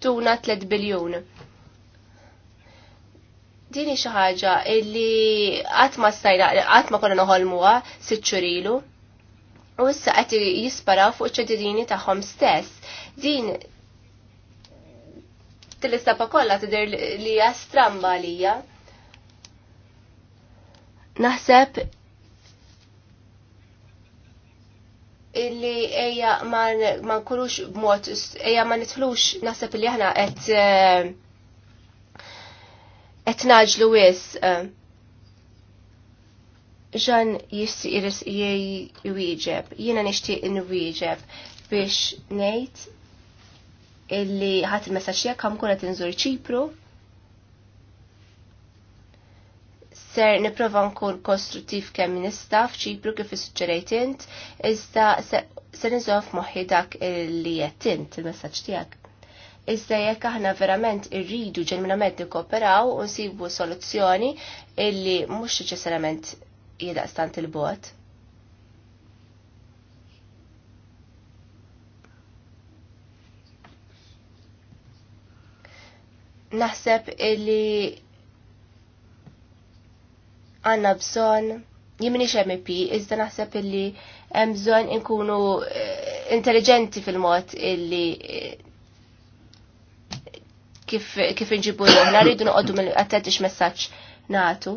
B: tuna 3 biljon. Dini xaħġa li għatma stajna, għatma konna noħolmuwa, sitxurilu, u issa għati jisparaw fuq ċedidini taħħom stess. Din F'dil l kolla kollha tidher li hija stramba għalija. Naħseb illi eja ma nkunux b'mod eja ma nitħlux naħseb li aħna qed qed eh, naġlu wis. Ġan eh, jissi jiris jwieġeb, jiena nixtieq inwieġeb biex ngħid illi ħadd il-messaġġ jekk ħamm kunet inżur Ċipru. Ser nipprova nkun kostruttiv kemm nista' f'Ċipru kif issuġġerejt int, iżda ser nżof moħħi dak li qed int il-messaġġ tiegħek. Iżda jekk aħna verament irridu ġenwinament nikkooperaw u nsibu soluzzjoni illi mhux neċessarjament jidaqstant il-bot. naħseb illi għanna bżon jimnix MP, iżda naħseb illi hemm bżon inkunu eh, intelligenti fil-mod illi eh, kif, kif nġibu l-ħna rridu noqoddu mill-attenti x natu.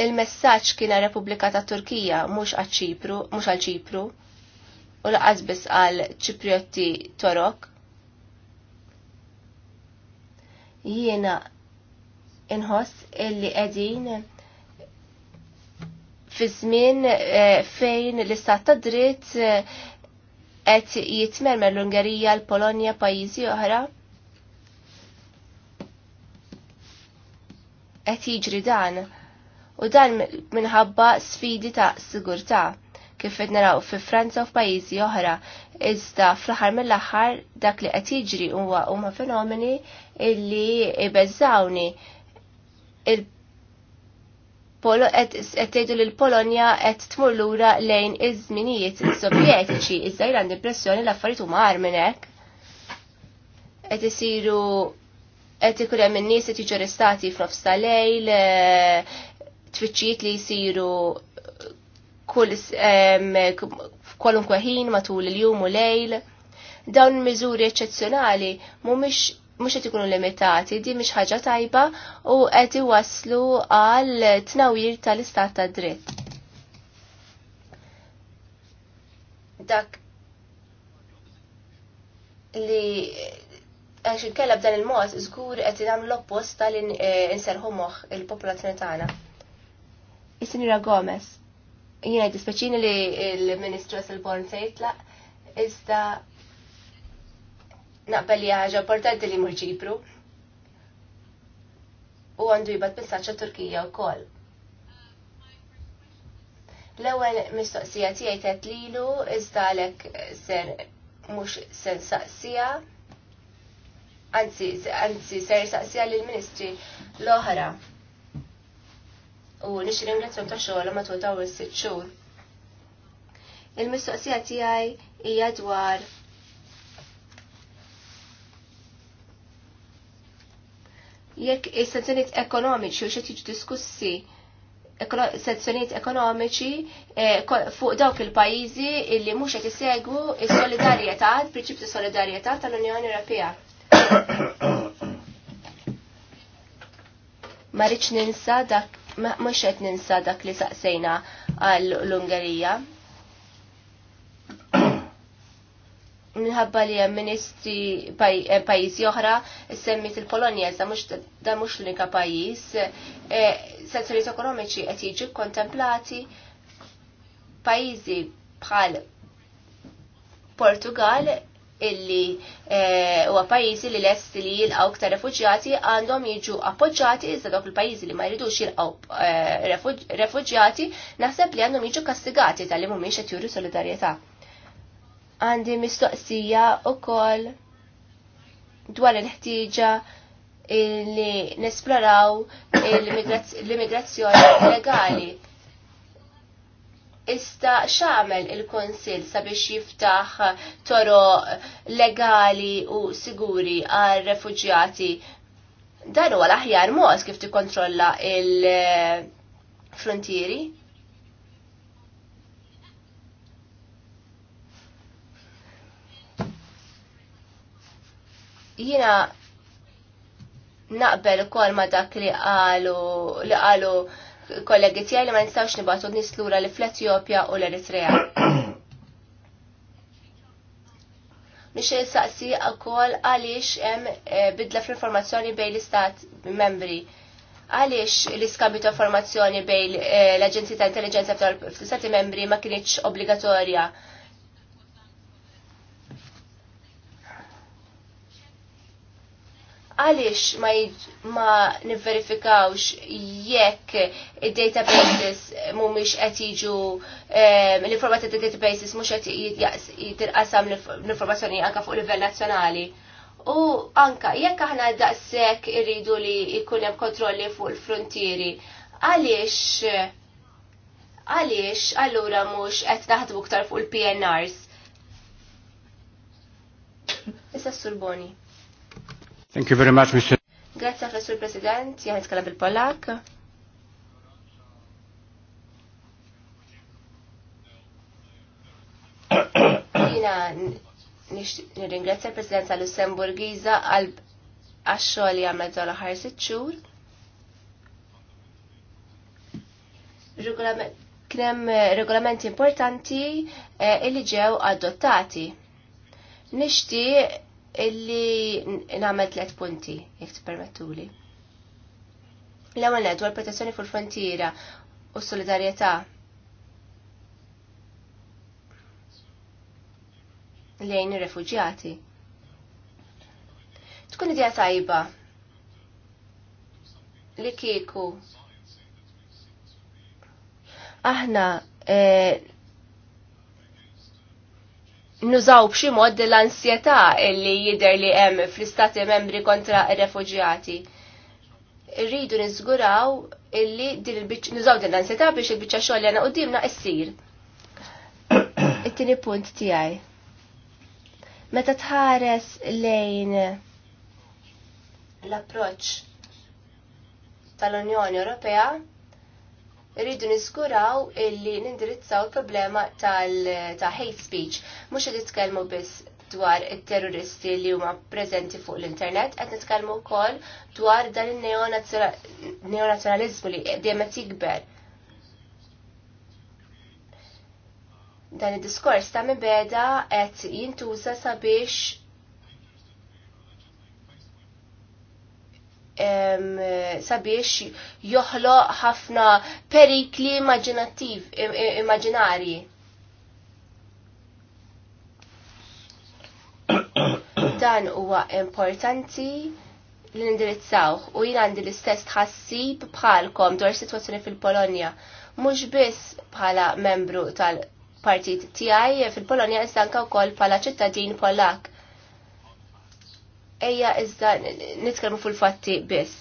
B: il messaċ kiena Repubblika ta' Turkija mhux għal-Ċipru, mux għal-Ċipru, u laqas biss għal Ċipriotti Torok jiena inħoss illi qegħdin fi żmien eh, fejn l-istat ta' dritt eh, qed jitmermer l-Ungerija, l-Polonja, pajjiżi oħra. Qed jiġri dan u dan minħabba sfidi ta' sigurtà kif qed naraw fi Franza u f'pajjiżi oħra. Iżda fl-aħħar mill-aħħar dak li qed jiġri huwa huma fenomeni illi jbeżżawni il qed tgħidu li l-Polonja qed tmur lura lejn iż-żminijiet sovjetiċi iżda jrandi impressjoni l-affarijiet huma għar minn hekk. Qed isiru qed ikun hemm in-nies qed jiġu arrestati f'nofs tal-lejl, eh, tfittxijiet li jsiru kull kwalunkwe ħin matul il-jum u lejl. Dawn miżuri eccezzjonali mhumiex mhux qed ikunu limitati, di mhix ħaġa tajba u qed iwaslu għal tnawir tal-istat ta' dritt. Dak li għax inkella b'dan il-mod żgur qed nagħmlu l-oppost tal-inserħu eh, moħħ il-popolazzjoni tagħna. Is-Sinjura Gomez. Jina dispeċini li il-Ministru Silborn se jitlaq, iżda naqbel li ħaġa importanti li mur u għandu jibad messaċ Turkija u kol. L-ewwel mistoqsija tiegħi tet lilu iżda għalhekk ser mhux sen saqsija, Anzi, anzi ser saqsija lill-Ministri l-oħra u li xirim ta' xogħol matul dawn is-sitt xhur. Il-mistoqsija tiegħi hija dwar jekk is-sanzjonijiet ekonomiċi u xi tiġi diskussi sanzjonijiet ekonomiċi eh, fuq dawk il-pajjiżi illi mhux qed isegwu s-solidarjetà, il prinċip ta' solidarjetà tal-Unjoni Ewropea. Ma rridx ninsa dak mux qed ninsa dak li saqsejna għal l-Ungerija. Minħabba li hemm ministri eh, pajjiżi oħra semmit il-Polonja mhux da mhux l-unika pajjiż. Eh, sezzjonijiet ekonomiċi qed jiġu kontemplati pajjiżi bħal Portugal illi eh, huwa pajjiżi li lest li jilqgħu ktar refuġjati għandhom jiġu appoġġjati iżda dawk il-pajjiżi li ma jridux jilqgħu eh, refuġjati naħseb li għandhom jiġu kastigati tal-li mhumiex qed juru solidarjetà. Għandi mistoqsija wkoll dwar il-ħtieġa li nesploraw l-immigrazzjoni legali Ista xamel il-Konsil sabiex jiftaħ toro legali u siguri għal refugjati dan huwa l-aħjar mod kif tikkontrolla il-frontieri. Jiena naqbel ukoll ma dak li għalu li qalu kollegi tiegħi li ma nistgħux nibatu nislura li fl-Etjopja u l-Eritrea. Nix saqsi wkoll għaliex hemm eh, bidla fl-informazzjoni bejn l-istat membri. Għaliex l-iskambju ta' informazzjoni bejn eh, l-Aġenzija ta' Intelligenza fl-Stati membri ma kienieċ obbligatorja għaliex ma, ma nivverifikawx jekk id-databases mumiex qed jiġu eh, l-informazzjoni ta' databases mhux qed jitilqasam l-informazzjoni anke fuq livell nazzjonali. U anka jekk aħna daqshekk irridu li jkun hemm kontrolli fuq il-frontieri, għaliex għaliex allura mhux qed naħdmu iktar fuq il-PNRs. Issa s-surboni.
A: Thank you very much, Mr.
B: Grazie, Professor President. Jgħan nitkellem polak Jina nirringrazzja l-Presidenza Lussemburgiza għal għaxxol li għamlet dol ħar sitxur. Knem regolamenti importanti eh, illi ġew adottati. Nishti illi nagħmel tliet punti jekk permettuli. L-ewwel ned dwar protezzjoni fuq frontiera u solidarjetà lejn ir-refuġjati. Tkun idea tajba li kieku aħna eh, nużaw b'xi mod l-ansjetà li jidher li hemm fl-istati membri kontra r-refuġjati. Rridu niżguraw illi din il nużaw din l-ansjetà biex il-biċċa xogħol li għandna qudiemna issir. It-tieni punt tiegħi. Meta tħares lejn l-approċċ tal-Unjoni Ewropea rridu niskuraw illi nindirizzaw il-problema ta' hate speech. Mux għed itkellmu biss dwar il-terroristi li huma prezenti fuq l-internet, għed nitkellmu wkoll dwar dan il-neonazjonalizmu li dejjem qed jikber. Dan id-diskors ta' mibeda qed jintuża sabiex sabiex joħloq ħafna perikli immaginativ, immaginari. Dan huwa importanti li nindirizzawh u jien għandi l-istess tħassib bħalkom dwar situazzjoni fil-Polonja. Mhux biss bħala membru tal-partit tiegħi fil-Polonja iżda anke wkoll bħala ċittadin Polak Ejja iżda nitkellmu fil-fatti biss.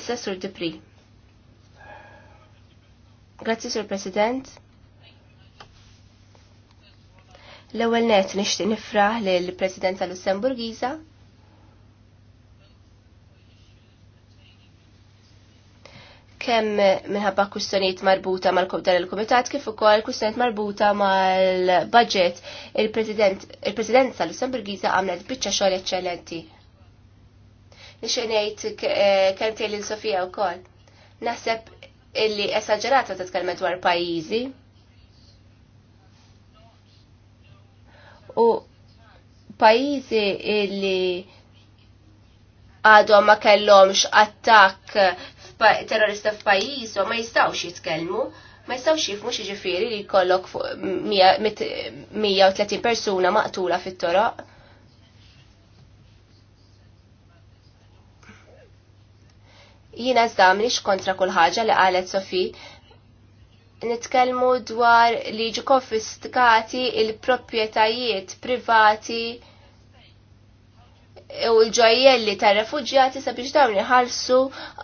B: Issa sur Dipri. Grazzi sur President. L-ewwel net nixtieq nifraħ lill-President tal lussemburgiza kem minħabba kwistjonijiet marbuta mal-dar il-Kumitat kif ukoll kwistjonijiet marbuta mal-budget il-Presidenza Lussemburgiża għamlet biċċa xogħol eċċellenti. Nixi kem eh, kemm tiegħi lil Sofija wkoll. Naħseb illi esaġerata ta' tkellmet dwar pajjiżi. U pajjiżi illi għadhom ma kellhomx attakk terrorista f'pajis ma jistgħux jitkellmu, ma jistgħux jifmu xi ġifieri li jkollok fuq 130 persuna maqtula fit-toroq. Jina zdam kontra kull ħaġa li qalet Sofi, nitkellmu dwar li ġu konfiskati il-propietajiet privati u l-ġojjelli ta' refugjati sabiex dawn iħallsu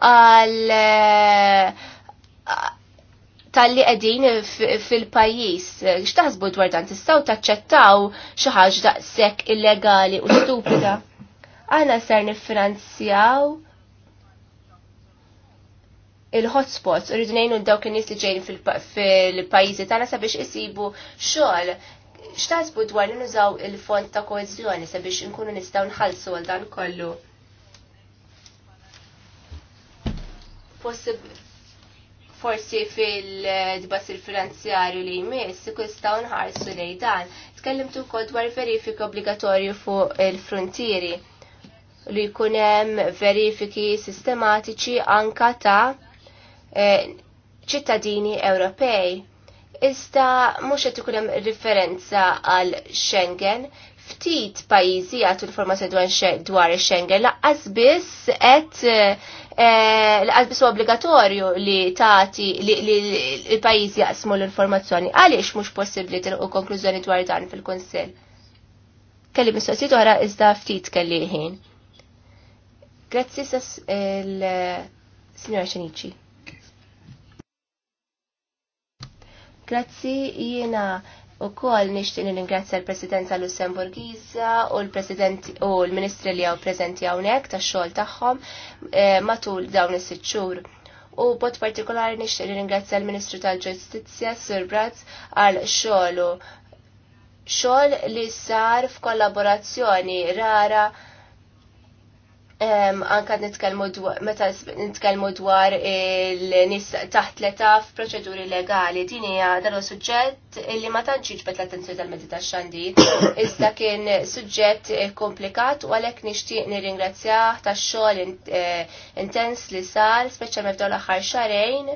B: għal eh, tal-li qegħdin fil-pajjiż. Ixtaħsbu dwar dan tistaw taċċettaw xi ħaġa daqshekk illegali u stupida. Aħna ser niffinanzjaw il-hotspots, rridu nejnu dawk in nis li ġejn fil-pajjiżi tagħna sabiex isibu xogħol xtasbu dwar nużaw il-fond ta' koezjoni sabiex inkunu nistaw nħalsu għal dan kollu. Possib forsi fil il finanzjarju li jmiss, kustaw nħarsu li dan. Tkellimtu kol dwar verifiki obbligatorju fuq il-frontieri li kunem verifiki sistematiċi anka ta' eh, ċittadini Ewropej Ista mhux qed ikun hemm riferenza għal Schengen, ftit pajjiżi għatu l-informazzjoni dwar Schengen laqqas biss qed eh, laqqas biss obbligatorju li taħti li l-pajjiżi jaqsmu l-informazzjoni. Għaliex mhux possibbli tilqu konklużjoni dwar dan fil-Kunsill? Kelli mistoqsijiet oħra iżda ftit kelli ħin. Grazzi sas il-Signora eh, Xenici. Grazzi jiena u kol nishtin ningrazzja l-Presidenza Lussemburgiza u l-President u l-Ministri li għaw prezenti għawnek ta' xol taħħom eh, matul dawn is xhur. U bot partikolari nishtin ningrazzja l-Ministru tal-Ġustizja Sir Brazz għal xolu xol li sar f'kollaborazzjoni rara Anka nitkellmu meta nitkellmu dwar il-nis taħt l-età f'proċeduri legali. Din hija daru suġġett li ma tantx jiġbed l-attenzjoni tal-medita xandit, iżda kien suġġett komplikat u għalhekk nixtieq nirringrazzjah tax-xogħol eh, intens li sar, speċjalment f'dawn l-aħħar xarejn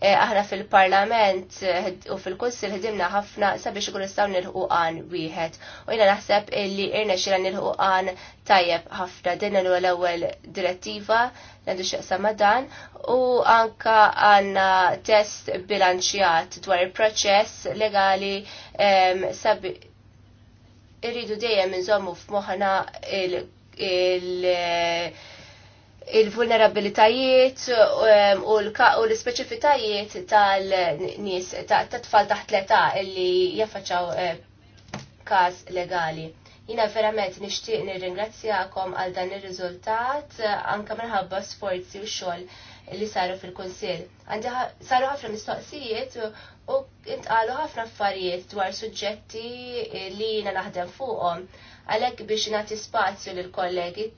B: Eh, aħna fil-parlament eh, u fil-kunsil ħedimna ħafna sabiex ikun nistgħu nilħu qan wieħed. U jiena naħseb illi irna xira nilħu qan tajjeb ħafna din l ewwel direttiva għandu x'jaqsam dan u anka għandna test bilanċjat dwar il-proċess legali sabi irridu dejjem inżommu f'moħħna il- il-vulnerabilitajiet um, u l-speċifitajiet tal-nies tat-tfal taħt l-età illi jaffaċaw eh, każ legali. Jina verament nixtieq nirringrazzjakom għal dan ir-riżultat anke minħabba sforzi u xogħol li saru fil-Kunsill. Għandi saru ħafna mistoqsijiet u intqalu ħafna affarijiet dwar suġġetti li jina naħdem fuqhom. Għalhekk biex nati spazju lil kollegi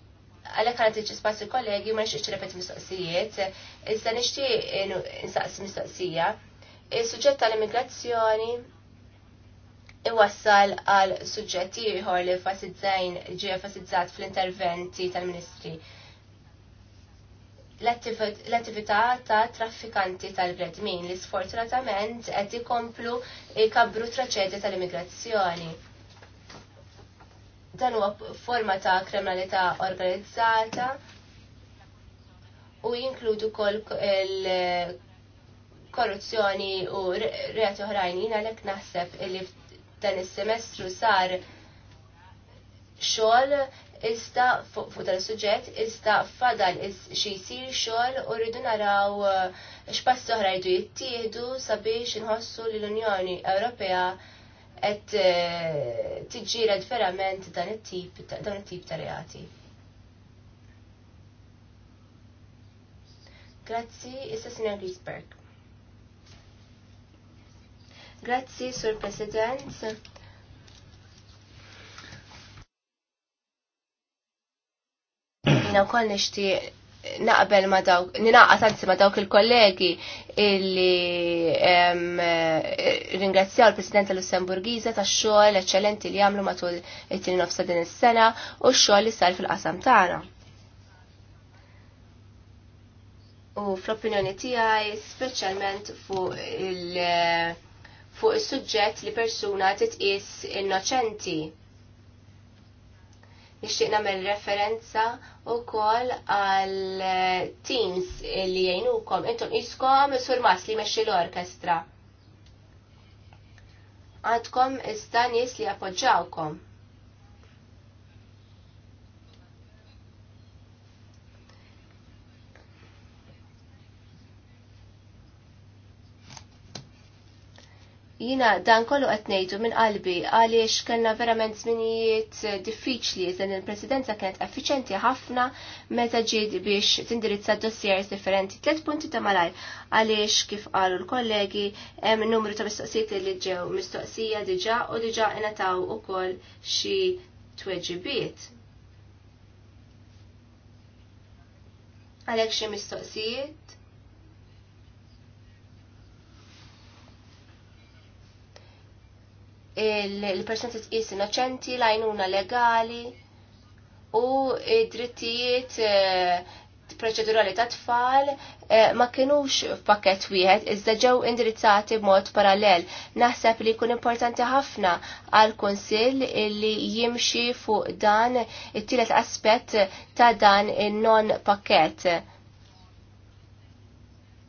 B: għalek għana tiġi spazju kollegi ma nxieċi repet mistoqsijiet, iżda nixtieq nsaqsi mistoqsija. Is-suġġett tal-immigrazzjoni iwassal għal suġġetti ieħor li fasizzajn ġie fasizzat fl-interventi tal-Ministri. L-attività ta' traffikanti tal-bredmin li sfortunatament qed ikomplu ikabru traċedja tal-immigrazzjoni dan huwa forma ta' kriminalità organizzata u jinkludu kol il-korruzzjoni u reati oħrajn jina lek naħseb li dan is-semestru sar xogħol iżda fuq dan is-suġġett iżda fadal xi jsir xogħol u rridu naraw eh, x'pass oħra jdu jittieħdu sabiex inħossu l-Unjoni Ewropea et eh, tiġġieled verament dan it-tip dan tip ta' reati. Grazzi, issa Sinja Grisberg. Grazzi, Sur President. Ina kol nixtieq naqbel ma dawk, ninaqqas anzi ma dawk il-kollegi illi ringrazzjaw il-President Lussemburgiza ta' xogħol eċċellenti li għamlu matul it-tieni nofsa din is-sena u x-xogħol li sar fil-qasam tagħna. U fl-opinjoni tiegħi speċjalment fuq il- fuq is-suġġett li persuna titqis innoċenti nixtieq nagħmel referenza wkoll għal teams li jgħinukom intom iskom sur mas li mexxi l-orkestra. Għandkom istanis li appoġġawkom. Jina dan kollu qed ngħidu minn qalbi għaliex kellna verament żminijiet diffiċli iżda il-Presidenza kienet effiċenti ħafna meta ġiet biex tindirizza dossiers differenti. Tliet punti ta' malaj għaliex kif qalu l-kollegi hemm numru ta' mistoqsijiet li ġew mistoqsija diġà u diġà ingħataw ukoll xi tweġibiet. Għalhekk xi mistoqsijiet il-persuna tqis innoċenti, lajnuna legali u id-drittijiet eh, proċedurali ta' tfal eh, ma kienux pakket wieħed iżda ġew indirizzati b'mod parallel. Naħseb li jkun importanti ħafna għal kunsill li jimxi fuq dan it-tielet aspett ta' dan in-non pakket.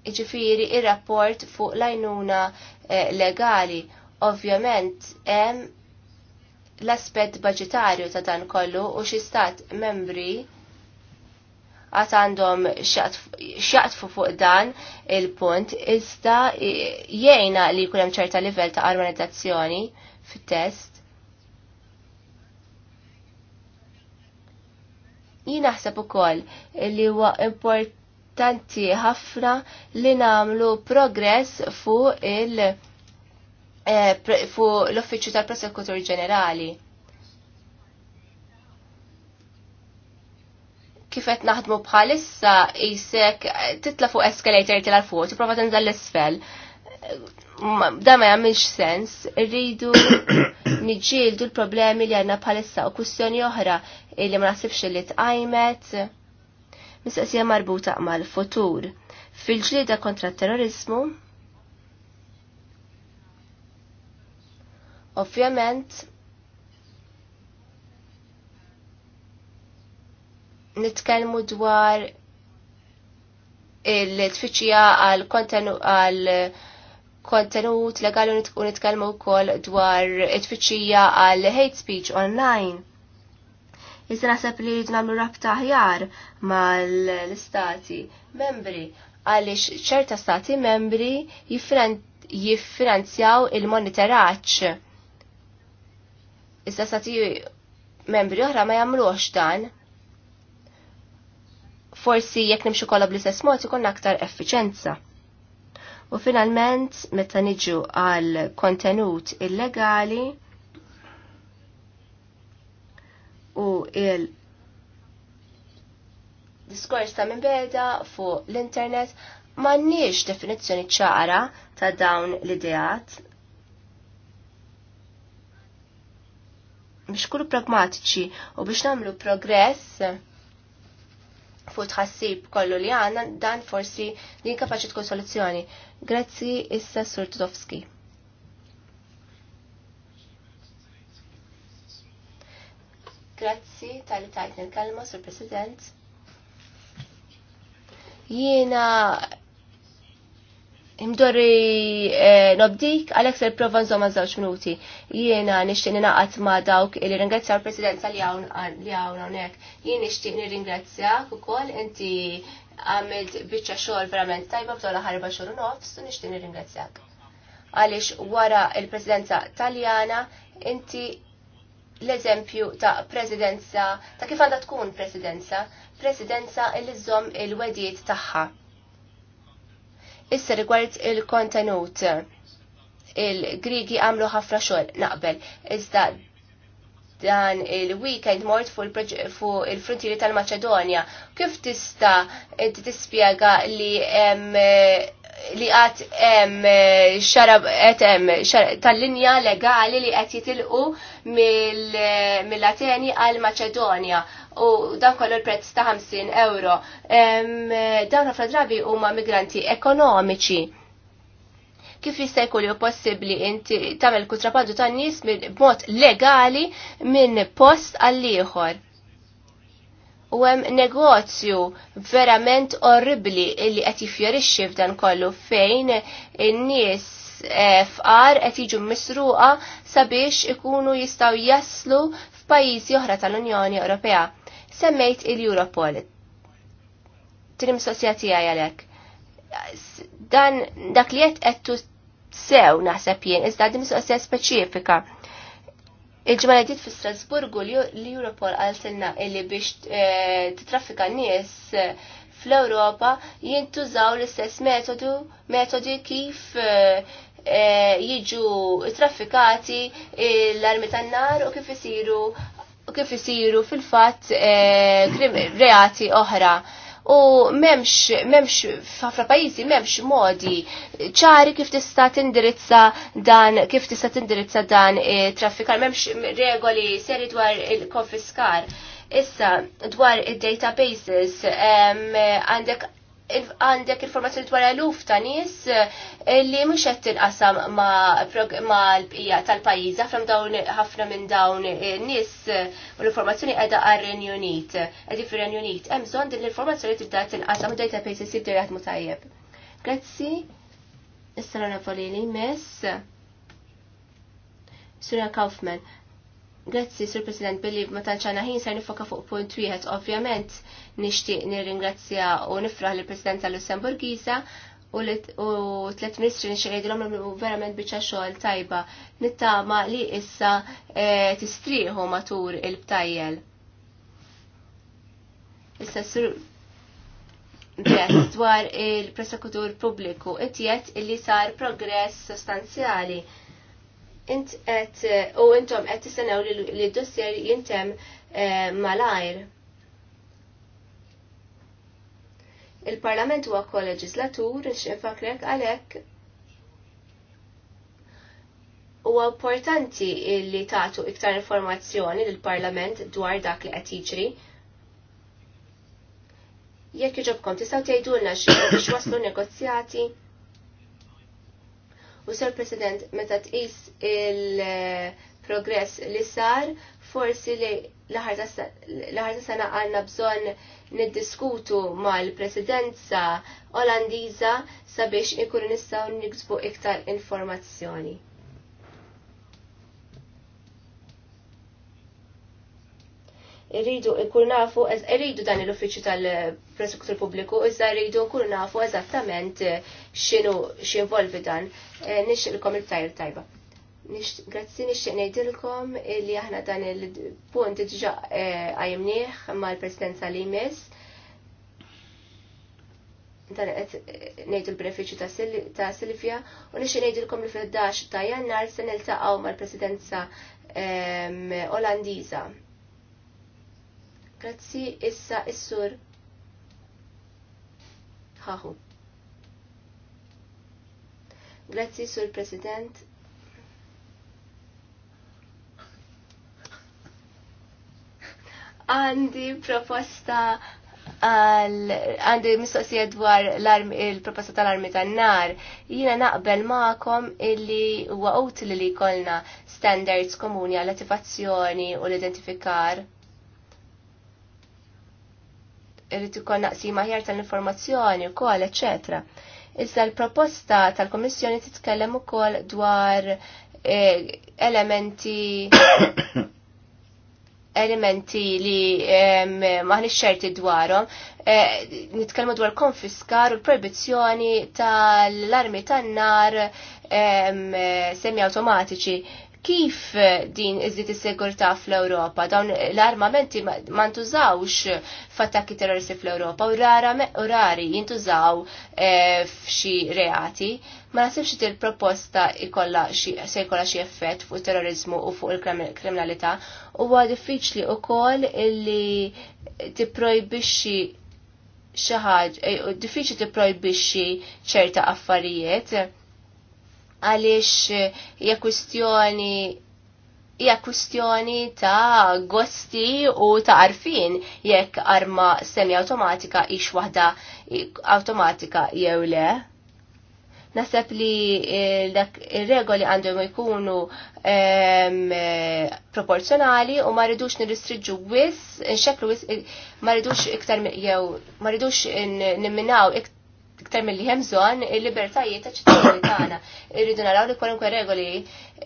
B: Iġifieri ir-rapport fuq lajnuna eh, legali Ovvjament, hemm l-aspett budgetarju ta' dan kollu u xi stat membri għat għandhom xaqtfu fuq dan il-punt, iżda jgħina li kullem ċerta livell ta' armonizzazzjoni fit-test. Jina u ukoll li huwa importanti ħafna li namlu progress fuq il- Eh, fu l-Uffiċċju tal-Prosekutur Ġenerali. kifet naħdmu bħalissa jisek titla fuq escalator tila fuq, prova' tenżal l-isfel. Da ma jgħamilx sens, rridu nġildu l-problemi li għanna bħalissa u kustjoni oħra li ma nasibx li t-għajmet. Mistaqsija marbuta mal-futur. Fil-ġlida kontra terrorizmu, Ovvjament, nitkellmu dwar il-tfittxija għal kontenut legali u nitkellmu wkoll dwar it-tfittxija għal hate speech online. Iżda naħseb li jridu nagħmlu rabta aħjar mal-istati membri għaliex ċerta stati membri jiffinanzjaw il-monitoraġġ Issa sa'ti membri oħra ma jagħmluhx dan. Forsi jekk nimxu kollha bl-istess mod ikun aktar effiċenza. U finalment, meta niġu għal kontenut illegali u il diskors ta' minbeda fuq l-internet m'għandniex definizzjoni ċara ta' dawn l-ideat biex kunu pragmatiċi u biex namlu progress fuq tħassib kollu li għanna dan forsi li kapaċi tkun soluzzjoni. Grazzi issa Sur Tudowski. Grazzi tal tajt nil kalma Sur President. Jiena Imdorri eh, nobdik, għalek fil prova nżomma żewġ minuti. Jiena nixtieq ninaqat ma' dawk li ringrazzja l-Presidenza li hawn hawnhekk. Jien nixtieq nirringrazzjak ukoll inti għamilt biċċa xogħol verament tajba b'tola ħarba xogħol nofs u nixtieq nirringrazzjak. Għaliex wara l-Presidenza Taljana inti l-eżempju ta' presidenza, ta' kif għandha tkun presidenza, presidenza il-żom il-wedijiet tagħha Issa rigward il-kontenut, il-Grigi għamlu ħafna xogħol naqbel, iżda dan il-weekend mort fu il-frontieri tal-Maċedonja. Kif tista' tispjega li hemm li għat em xarab em tal-linja legali li għat jitilqu mill-Ateni għal Macedonia u dan kollu l-prezz ta' 50 euro. Dawn ħafna drabi huma migranti ekonomiċi. Kif jista' jkun possibbli inti tagħmel kutrapandu tan-nies b'mod legali minn post għall ieħor u hemm negozju verament orribli illi qed jifjorixxi f'dan kollu fejn in-nies eh, fqar qed jiġu misruqa sabiex ikunu jistgħu jaslu f'pajjiżi oħra tal-Unjoni Ewropea. Semmejt il-Europol. Trim sosjati għalek. Dan dak li qed qed sew naħseb jien, iżda dim soqsija speċifika Il-ġmaletit fi Strasburgu l-Europol għal-silna illi biex eh, titraffika n-nies eh, fl-Europa jintużaw l-istess metodu, metodi kif eh, jiġu traffikati l-armi tan-nar u kif jisiru kif isiru fil-fatt reati oħra u memx, memx, f'ħafna pajjiżi memx modi ċari kif tista' tindirizza dan, kif tista' tindirizza dan e, traffikar, memx regoli seri dwar il-konfiskar. Issa, dwar il-databases, għandek għandek informazzjoni dwar eluf ta' nies eh, li mhux qed tinqasam ma' l-bqija tal-pajjiż ħafna dawn ħafna minn dawn eh, nies eh, u l-informazzjoni qiegħda għar-Renju Unit. Qegħdi fir-Renju Unit hemm bżonn din l-informazzjoni tibda tinqasam u databases jibdew jaħdmu tajjeb. Grazzi. Issa l miss. mess. Sura Kaufman. Grazzi, Sur President, billi ma tantxana ħin ser nifoka fuq punt wieħed, ovvjament nixtieq nirringrazzja u nifraħ lill presidenza Lussemburgisa u tliet ministri nixtieq ngħidilhom li verament biċċa xogħol tajba nittama li issa e, tistrieħu matur il-btajjel. Issa Brett, dwar il-prosekutur pubbliku, itjet illi sar progress sostanzjali. Int et, u intom qed tistennew li d-dossier jintem e, malajr. Il-Parlament huwa koleġislatur x'infakrek għalhekk huwa importanti li tagħtu iktar informazzjoni lill-Parlament dwar dak li qed jiġri. Jekk iġobkom tistgħu tgħidulna waslu negozjati. U Sir President, meta tqis il-progress eh, li sar, forsi li l-ħar sena għanna bżon niddiskutu mal-presidenza olandiza sabiex ikun nistaw niksbu iktar informazzjoni. Irridu ikun nafu, irridu dan l-uffiċċju tal-prosektur pubbliku, iżda irridu ikun nafu eżattament xinu xinvolvi dan. Eh, Nix il-tajr tajba. Grazzi nixtieq ngħidilkom li aħna dan il-punt diġà qajmnieh eh, mal-Presidenza li jmiss. Dan qed eh, ngħidu l-benefiċċju ta' Silvia u nixtieq ngħidilkom li fil-11 ta' Jannar se niltaqgħu mal-Presidenza ehm, Olandiża. Grazzi issa is-sur ħaħu. Grazzi sur President. Għandi proposta għal għandi mistoqsija dwar il-proposta tal-armi tan-nar. Jiena naqbel magħkom illi huwa utli li jkollna standards komuni għall attivazzjoni u l-identifikar. Irrid ikoll naqsima ħjar tal-informazzjoni wkoll, eċċetera. Issa l-proposta tal kommissjoni titkellem ukoll dwar eh, elementi elementi li maħni xerti dwarom, eh, nitkellmu dwar konfiskar u l-proibizzjoni tal-armi tan-nar eh, semi-automatiċi kif eh, din iżdiet is-sigurtà fl-Ewropa, dawn l-armamenti ma ntużawx f'attakki terroristi fl-Ewropa u rari jintużaw eh, f'xi reati. Ma nasibx li l-proposta se jkollha xi effett fuq terrorizmu u fuq il-kriminalità huwa diffiċli wkoll li tipprojbixxi xi ħaġa eh, diffiċli tipprojbixxi ċerta affarijiet għaliex eh, hija kwistjoni hija ta' gosti u ta' arfin jekk arma semi automatika ix waħda automatika jew le. Naseb li eh, dak ir-regoli għandhom ikunu eh, proporzjonali u ma ridux nirristriġġu wis, nxeklu wis, ma ridux iktar jew ma ridux nimminaw iktar aktar mill-li hemm bżonn il-libertajiet ta' ċittadini tagħna. Irridu naraw li kwalunkwe regoli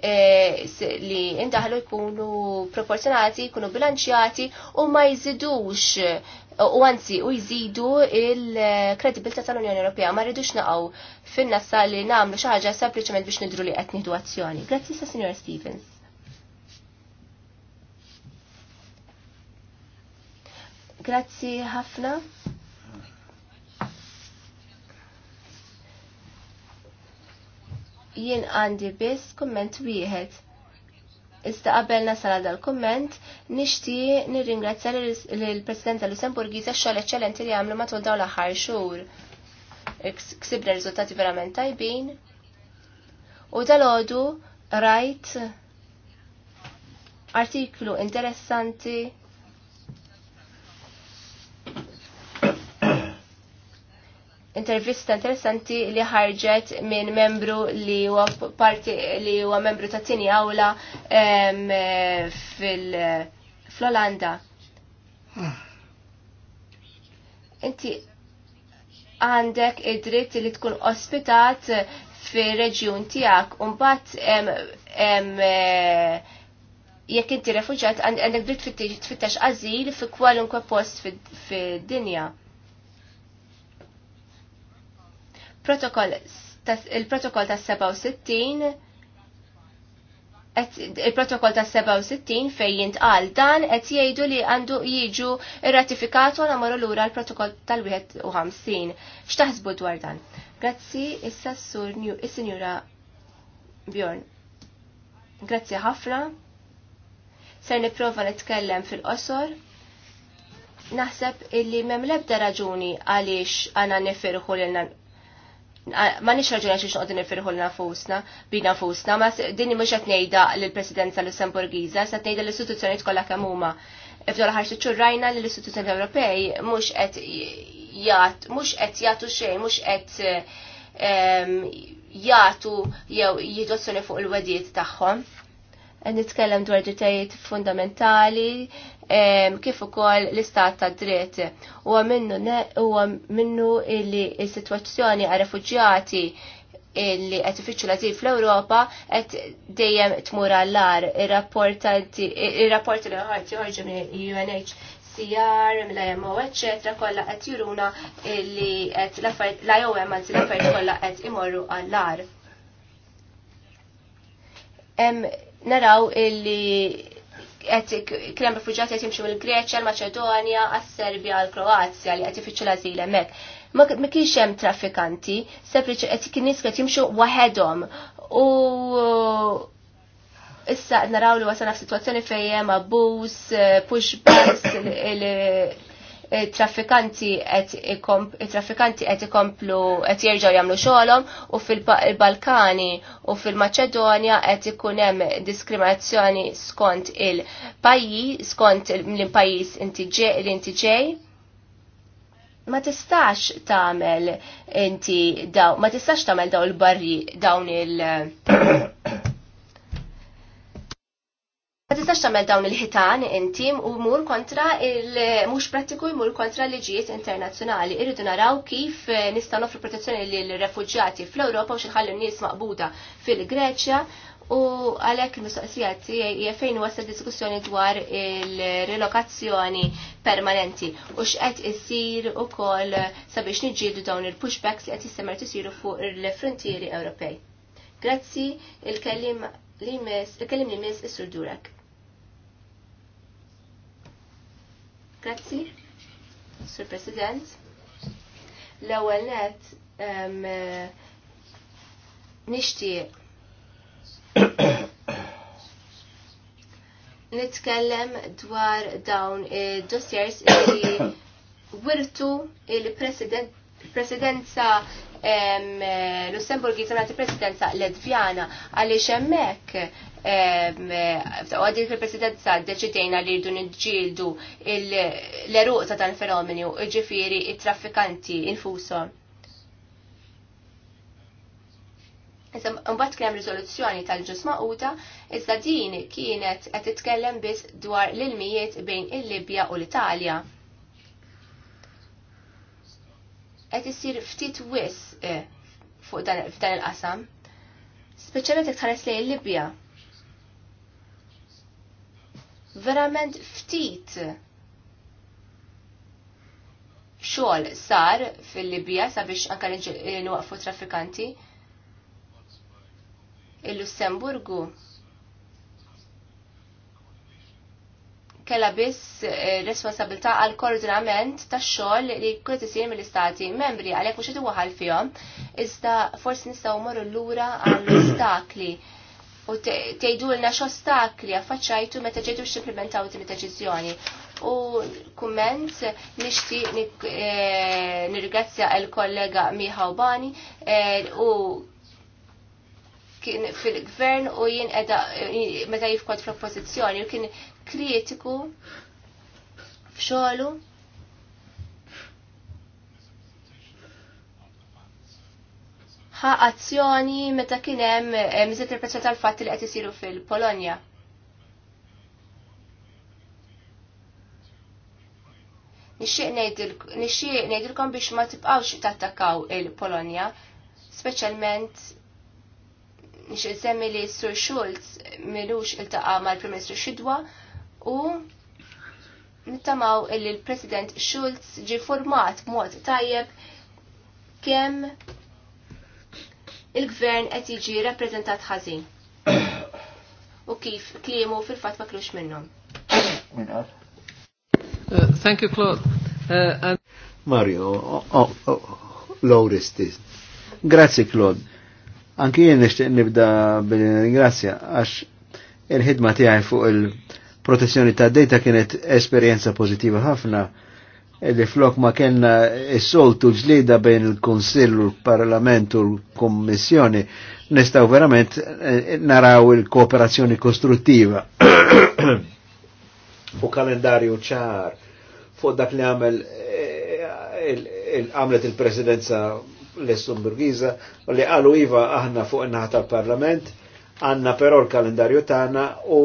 B: eh, li indaħlu jkunu proporzjonati, jkunu bilanċjati u ma jżidux u għanzi u jżidu il kredibilta tal-Unjoni Ewropea ma rridux naqgħu fin-nassa li nagħmlu xi ħaġa sempliċement biex nidru li qed nieħdu azzjoni. Grazzi sa' Signor Stevens. Grazzi ħafna. jien għandi biss kumment wieħed. Iżda qabel sala dal-kumment, nixtieq nirringrazzja lill-President tal-Lussemburgiża xogħol eċċellenti li għamlu matul dawn l-aħħar xhur. Ksibna riżultati verament tajbin. U dal-għodu rajt artiklu interessanti intervista interessanti li ħarġet minn membru li huwa parti li huwa membru ta' tini awla fil-Olanda. Inti għandek id-dritt li tkun ospitat fir-reġjun tiegħek u mbagħad jekk inti refuġat għandek dritt tfittex għażil fi kwalunkwe post fid-dinja. fid dinja il-protokoll ta' 67 il-protokoll tas 67 fej jintqal dan qed jgħidu li għandu jiġu irratifikatu għal lura l-protokoll tal-51. X'taħsbu dwar dan? Grazzi issa s-sur is-sinjura Bjorn. Grazzi ħafna. Ser nipprova nitkellem fil-qosor naħseb illi l-ebda raġuni għaliex għana nifirħu l ma nix raġuna xiex noqdu nifirħu l-nafusna, bina fusna, ma dinni mux għatnejda l-presidenza Lussemburgiza, sa għatnejda l-istituzzjoni kolla kamuma. Ifdol ħarċi ċurrajna li l-istituzzjoni Ewropej mux għet jgħat, mux għet jgħatu xej, mux ehm, għet jgħatu jew jidozzjoni fuq il-wedijiet tagħhom. Eh, nitkellem dwar ġitajiet fundamentali, kif ukoll l-istat ta' dritt. U minnu illi s-situazzjoni għal refugjati illi qed ifittxu l-azil fl-Ewropa qed dejjem tmur għall-ar ir-rapport li ħarti ħorġu minn UNHCR, l imo etc. kollha qed juruna li qed l-IOM anzi l-affarijiet kollha qed imorru għall-ar naraw illi qed krem rifuġjati qed jimxu mill-Greċja, l-Maċedonja, għas-Serbja, l-Kroazja li qed ifittxu l azile hemmhekk. Ma kienx hemm traffikanti, sempliċi qed nies jimxu waħedhom u issa naraw li wasana f'sitwazzjoni fejn hemm abus, eh, pushbacks, traffikanti qed ikomplu qed jerġgħu jagħmlu xogħolhom u fil-Balkani u fil-Maċedonja qed ikun hemm diskriminazzjoni skont il-pajjiż skont il pajjiż inti li inti ġej. Ma tistax tagħmel inti daw ma tistax tagħmel daw il-barri dawn il- Ma tistax tagħmel dawn il-ħitan inti u mur kontra il-mhux prattiku jmur kontra liġijiet internazzjonali. Irridu naraw kif eh, nistgħu nofru protezzjoni lill-refuġjati fl-Ewropa u xi nies maqbuda fil-Greċja u għalhekk il-mistoqsija tiegħi fejn wasal diskussjoni dwar il-relokazzjoni permanenti u x'qed isir ukoll sabiex niġġieldu dawn il-pushbacks li qed jissemmer tisiru fuq il-frontieri Ewropej. Grazzi, il-kellim li mis, il-kellim li mis is-sur Durek. Grazzi, Sur President. L-ewwel net um, nitkellem dwar dawn dossiers li wirtu il-presidenza Lussemburgi sanati presidenza Ledvjana għaliex hemmhekk Eh, għaddi il-presidenza deċidejna li rridu nġildu l-eruq ta' tal-fenomeni u ġifiri il-traffikanti infuso. Iżda mbagħad kien hemm riżoluzzjoni tal-ġus maquta, iżda din kienet qed titkellem biss dwar l-ilmijiet bejn il-Libja u l-Italja. Qed isir ftit wis eh, fuq dan il-qasam, speċjalment qed tħares lejn Libja verament ftit xogħol sar fil-Libja sabiex anka eh, nwaqfu traffikanti. Il-Lussemburgu kella biss eh, responsabilità għal koordinament ta' xogħol li kull mill-istati membri għalhekk mhux qed waħal fihom, iżda forsi nistgħu morru lura għall-ostakli u tgħidu lna x'ostakli affaċċajtu meta ġejtu x'implementaw din id-deċiżjoni. U kumment nixtieq eh, nirgrazzja l kollega Miha Bani eh, u kien fil-gvern u jien edha eh, meta jifkod fl-oppożizzjoni u kien kritiku f'xogħlu ħa azzjoni meta kien hemm eh, miżiet il-prezzo tal fatti li qed isiru fil-Polonja. Nixxieq ngħidilkom biex ma tibqgħux tattakkaw il-Polonja, speċjalment nixxieq semmi li Sur Schulz milux iltaqa' mal-Prim Ministru Xidwa u nittamaw illi l-President Schulz ġi format b'mod tajjeb kemm il-gvern qed jiġi rappreżentat ħażin. U kif kliemu fil-fatt ma klux minnhom.
A: Uh, thank you, Claude. Uh,
C: Mario, oh, oh, oh, Lauristis. Grazzi, Claude. Anki jien nixtieq nibda bil ingrazzja għax il-ħidma tiegħi fuq il-protezzjoni ta' data kienet esperjenza pozitiva ħafna Edi flok ma kena s-soltu ġlida bejn il konsillu l-Parlament l-Kommissjoni, nistaw verament eh, naraw il-kooperazzjoni kostruttiva. Fu kalendarju ċar, fuq dak li għamel eh, għamlet il presidenza l essumburgiza u li għalu iva aħna fuq il-naħat tal-Parlament, għanna però l-kalendarju tagħna u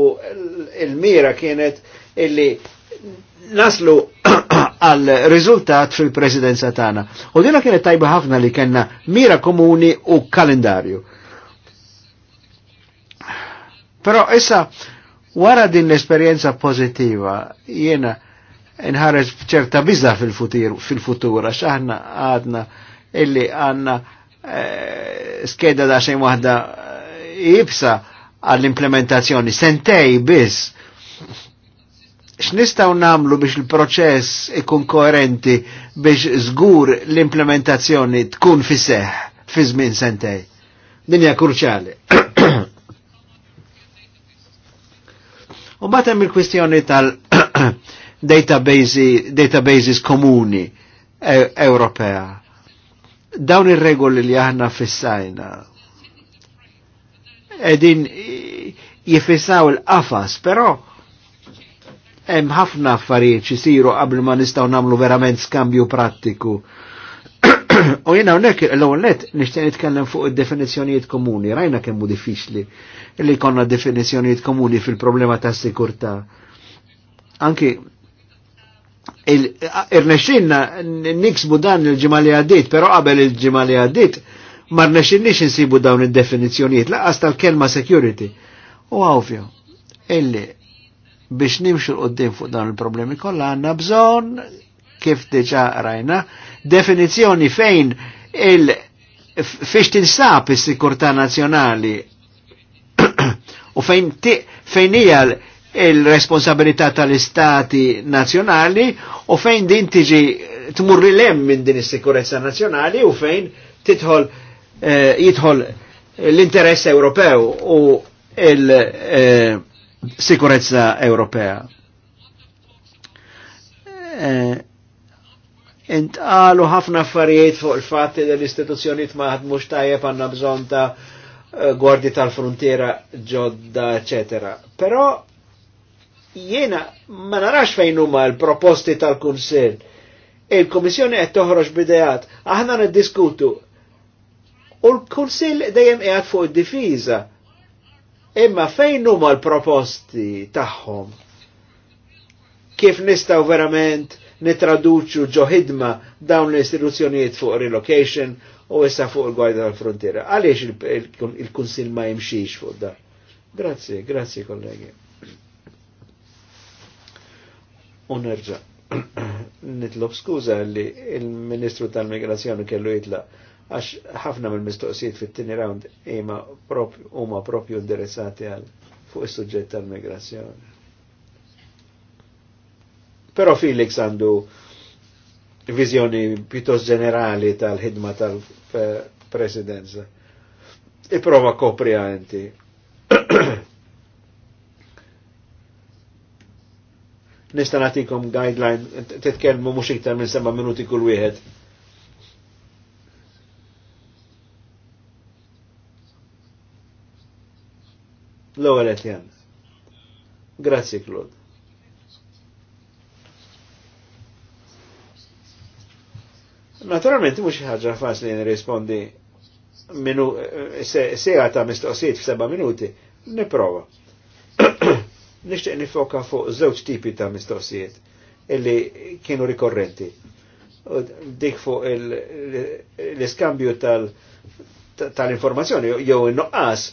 C: il-mira kienet illi naslu għal rizultat fil-presidenza tana. U dina kienet tajba ħafna li kellna mira komuni u kalendarju. Però issa wara din l-esperjenza pozitiva jena nħares ċerta bizza fil-futur fil għax għadna illi għanna eh, skeda da xejn wahda jibsa eh, għall-implementazzjoni sentej biss x'nistgħu namlu biex il-proċess ikun koerenti biex żgur l-implementazzjoni tkun fi fi żmien sentej. Din hija kruċjali. U mbagħad hemm il-kwistjoni tal databases, databases komuni e-, Ewropea. Dawn ir-regoli li aħna fissajna. Edin jifissaw il-qafas, però hemm ħafna affarijiet isiru qabel ma nistgħu nagħmlu verament skambju prattiku. U jiena hawnhekk l-ewwel nett nixtieq nitkellem fuq id-definizzjonijiet komuni, rajna kemm hu diffiċli li jkollna definizzjonijiet komuni fil-problema tas-sikurtà. Anki il-rnexxinna niksbu dan il-ġimali għaddit, pero qabel il-ġimali għaddit, ma rnexxinnix insibu dawn id-definizzjonijiet, laqqas tal-kelma security. U għawfja, illi biex nimxu l-qoddim fuq dan il-problemi kollha għandna bżonn kif diġà rajna definizzjoni fejn il fiex tinsab is-sikurtà nazzjonali u fejn fejn hija il-responsabilità tal-istati nazzjonali u fejn din tiġi tmur lem minn din is-sikurezza nazzjonali u fejn titħol eh, jidħol l-interess Ewropew u il- eh, sikurezza Ewropea. E, intqalu ħafna affarijiet fuq il-fatt li l istituzzjoni tmaħad mhux tajjeb għandna bżonn ta' e, gwardi tal-frontiera ġodda, eccetera. Però jiena ma narax fejn huma l-proposti tal-Kunsill. Il-Komissjoni qed toħroġ bidejat, aħna niddiskutu. U l-Kunsill dejjem qiegħed fuq id-difiża Imma fejn huma l-proposti tagħhom? Kif nistgħu verament nitraduċu ġoħidma dawn l-istituzzjonijiet fuq relocation u issa fuq il-gwajda tal-frontiera. Għaliex il-Kunsil ma jimxiex fuq da? Grazzi, grazzi kollegi. Unerġa. Nitlob skuża li il-Ministru tal-Migrazzjoni kellu jitla' għax ħafna mill-mistoqsijiet fit-tieni round huma propju huma propju interessati għal fuq is-suġġett tal-migrazzjoni. Però Felix għandu viżjoni pjuttost ġenerali tal-ħidma tal-presidenza. Iprova kopri għanti. Nista nagħtikom guideline, titkellmu mux iktar minn seba minuti kull wieħed L-ewwel Etienne. Grazzi Claude. Naturalment mhux xi ħaġa faċli nirrispondi minu sejħa ta' mistoqsijiet f'seba' minuti, nipprova. Nixtieq nifoka fuq żewġ tipi ta' mistoqsijiet illi kienu rikorrenti. Dik fuq l-iskambju tal- tal-informazzjoni jew in-noqqas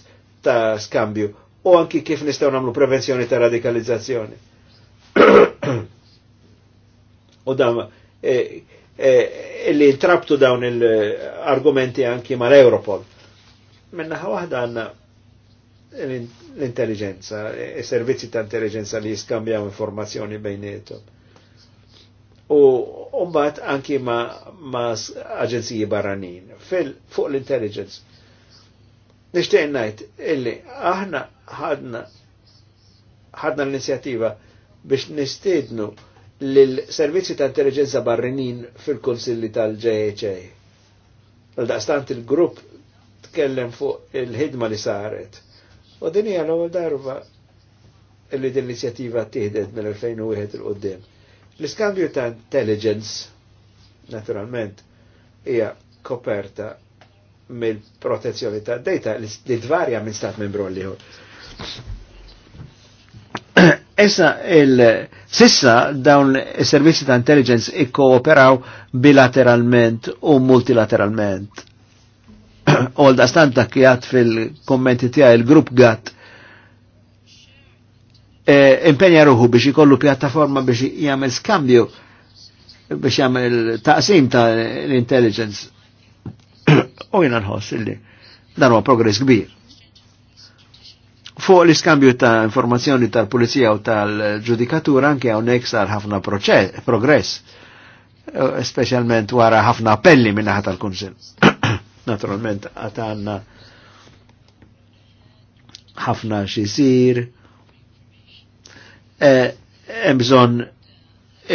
C: ta' skambju u anki kif nistgħu nagħmlu prevenzjoni ta' radikalizzazzjoni. u dam e, e, li dawn il-argumenti anki mal-Europol. Minnaħa waħda għanna l-intelligenza, e, servizzi ta' intelligenza li jiskambjaw informazzjoni bejnietom. U umbat anki ma, ma aġenziji barranin fuq l-intelligence. Nixtieq illi aħna ħadna ħadna l-inizjattiva biex nistednu l-servizzi ta' intelligenza barrinin fil-konsilli tal-JHA. l daqstant il-grupp tkellem fuq il-ħidma li saret. U din hija l-ewwel darba li din l-inizjattiva tieħdet mill-2001 il qudiem L-iskambju ta' intelligence, naturalment, hija koperta mill-protezzjoni ta' data li tvarja minn stat membru l Essa il-sissa dawn il-servizzi ta' intelligence ikkooperaw bilateralment u multilateralment. Għol da stanta kjat fil-kommenti tija il-grupp GATT e, impenja ruħu biex ikollu pjattaforma biex jgħamil skambju biex jgħamil taqsim ta' l-intelligence. u jgħan nħoss illi dan huwa progress kbir. Fuq l-iskambju ta' informazzjoni tal-Pulizija u tal-Ġudikatura anke hawnhekk sar ħafna progress, eh, speċjalment wara ħafna appelli minn naħa tal-Kunsil. Naturalment għatanna ħafna xi jsir. Eh, hemm bżonn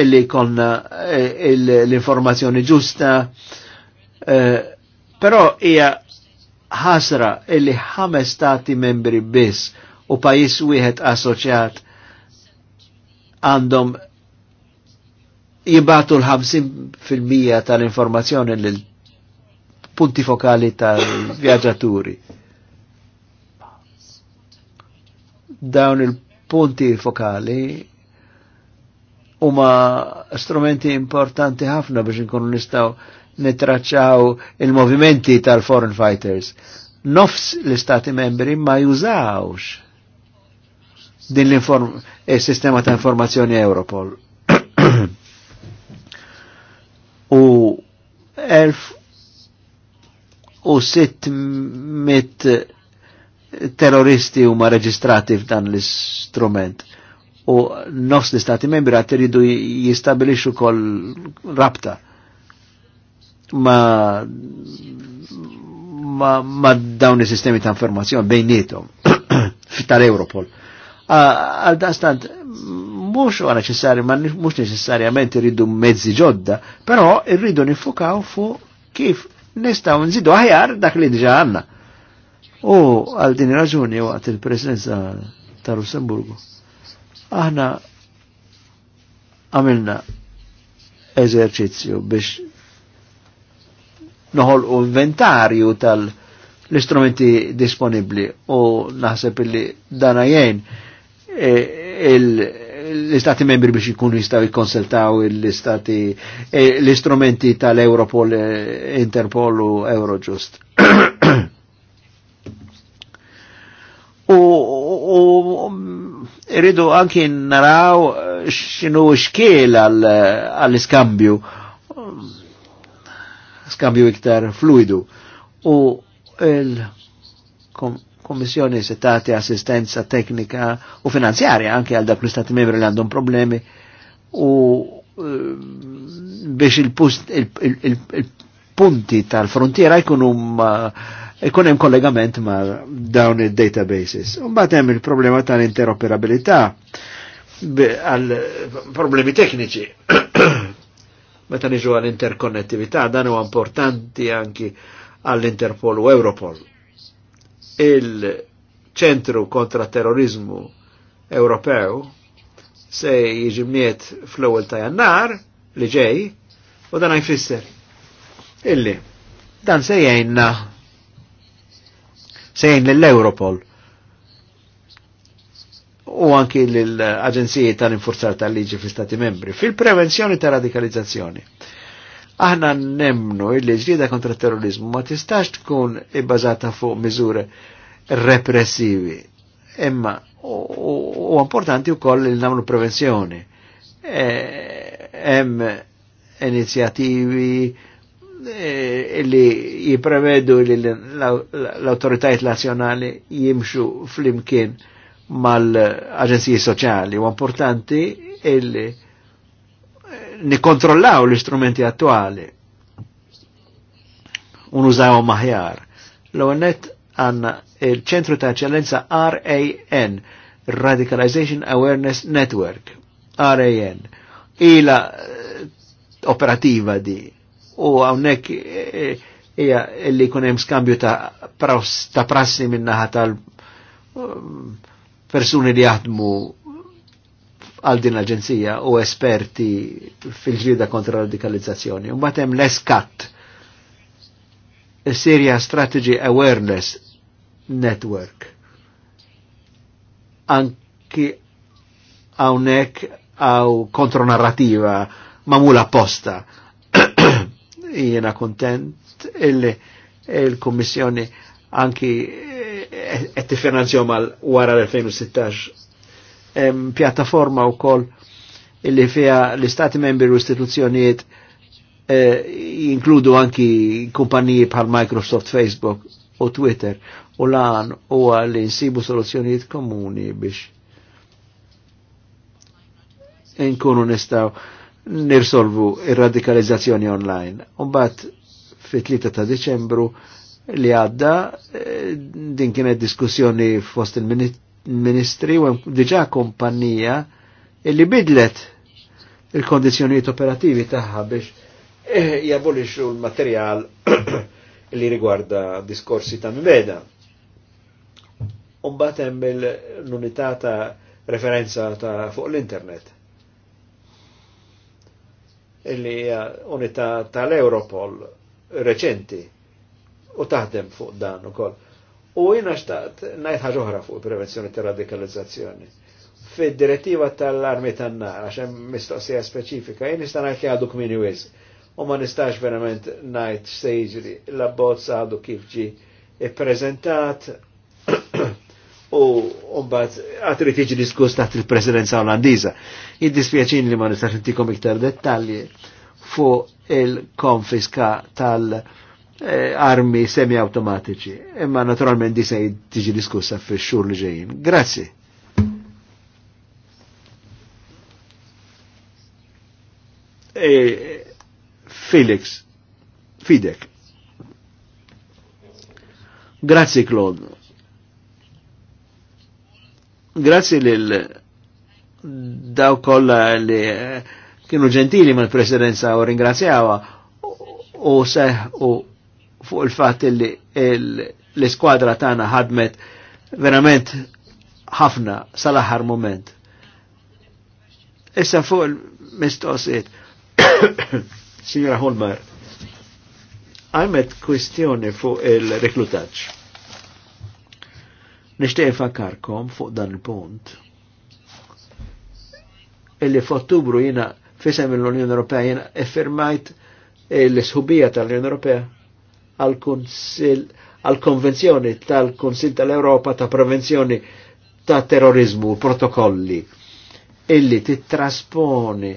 C: illi konna eh, l-informazzjoni ġusta, però hija ħasra illi ħames stati membri biss u pajis wieħed assoċjat għandhom jibatu l-50% tal-informazzjoni l punti fokali tal-vjaġġaturi. Dawn il-punti fokali huma strumenti importanti ħafna biex nkunu nistgħu nitraċċaw il-movimenti tal-foreign fighters. Nofs l-istati membri ma jużawx din l-sistema eh, ta' informazzjoni Europol. u elf u sitt mit terroristi huma reġistrati f'dan l-istrument u nofs l-istati membri għat jistabilixu kol rabta ma ma, ma dawn is-sistemi ta' informazzjoni bejn bejnietom tal-Europol. Għal dastant mux għana ċessari, ma mux neċessarjament irridu mezzi ġodda, però irridu nifukaw fu kif nistaw nżidu ħajar dak li dġa għanna. U għal din raġuni għat il-presenza ta' Lussemburgu. Aħna għamilna eżerċizzju biex noħol u inventarju tal-istrumenti disponibli u naħseb li danajen e, l-istati membri biex ikunu jistaw jikonsultaw l-istati e, l-istrumenti tal-Europol, e, Interpol u Eurojust. u, u anki naraw xinu xkiel għall-iskambju skambju iktar fluidu. U il komissjoni se tati assistenza teknika u finanzjarja anke għal dak l-Istati membri li għandhom problemi u eh, biex il-punti tal-frontiera jkunu jkun hemm kollegament ma' dawn il-databases. U Mbagħad hemm il-problema tal-interoperabilità għal problemi tekniċi meta niġu għall-interkonnettività, dan huwa importanti anki għall-Interpol u Europol. Il-ċentru kontra terrorizmu Ewropew se jiġi mniet fl-ewwel ta' jannar li ġej u dan jfisser. Illi, dan se jgħinna se jgħin l-Europol u anki l-Aġenziji tal-Infurzar tal-Liġi fi Stati membri fil-prevenzjoni ta' radikalizzazzjoni. Aħna nemnu il-ġlieda kontra terrorizmu ma tistax tkun ibbażata fuq miżure repressivi. Imma u importanti u koll li namlu prevenzjoni. Hemm e, inizjativi e, li jiprevedu li l-autoritajiet nazjonali jimxu fl-imkien mal-aġenziji soċjali u importanti illi eh, nikontrollaw l-istrumenti attuali unużaw maħjar. L-għonet għanna il-ċentru ta' eccellenza RAN, Radicalization Awareness Network, RAN, ila eh, operativa di u għawnek eh, ija illi kunem skambju ta', prassi minnaħa tal- persuni li jaħdmu għal din l-Aġenzija u esperti fil-ġrida kontra radikalizzazzjoni. U batem l-eskat, Syria Strategy Awareness Network. Anki għawnek għaw kontronarrativa mamula posta. Jiena kontent il-Kommissjoni anki qed tiffinanzjahom għal wara l-2016. Hemm pjattaforma wkoll illi fiha l-istati membri u istituzzjonijiet eh, jinkludu anki kumpaniji bħal Microsoft, Facebook u Twitter u lan u li nsibu soluzzjonijiet komuni biex nkunu nistaw nirsolvu ir-radikalizzazzjoni online. bat fit-3 ta' Deċembru li għadda, eh, din kienet diskussjoni fost il-ministri u diġa kompanija illi bidlet il-kondizjoniet operativi taħħa biex eh, jabolixu l-materjal li rigwarda diskorsi ta' mibeda. Umbat hemm l-unità ta' referenza ta' fuq l-internet. Illi unità tal-Europol reċenti u taħdem fuq dan ukoll. U jina xtaqt ngħid ħaġa oħra fuq prevenzjoni tar-radikalizzazzjoni. Fid-direttiva tal-armi tan-nar għax hemm mistoqsija specifika. jien nista' ngħid għadu kmini wis. U ma nistax verament ngħid sejġri la l għadu kif ġi ippreżentat u mbagħad għatri tiġi diskuss taħt il-Presidenza Olandiża. Jiddispjaċin li ma nistax intikom iktar dettalji fuq il-konfiska tal- Eh, armi semi-automatiċi. Imma naturalment disa se tiġi diskussa fi xur li ġejjin. Grazie. E, Felix, fidek. Grazie Claude. Grazie lil daw kolla li eh, kienu ġentili mal presidenza u ringrazzjawa u seħ u fuq il-fat li l-iskwadra tagħna ħadmet verament ħafna sal-aħħar moment. Issa fuq il mistoqsiet Signora Holmer, għajmet kwistjoni fuq il-reklutaċ. Nishtiq infakarkom fuq dan il-punt illi f'Ottubru jina fisem l-Unjoni Ewropea jina effirmajt l-sħubija tal-Unjoni Ewropea għal-Konvenzjoni tal-Konsil tal-Europa ta' Prevenzjoni ta' Terrorizmu, protokolli, illi t titrasponi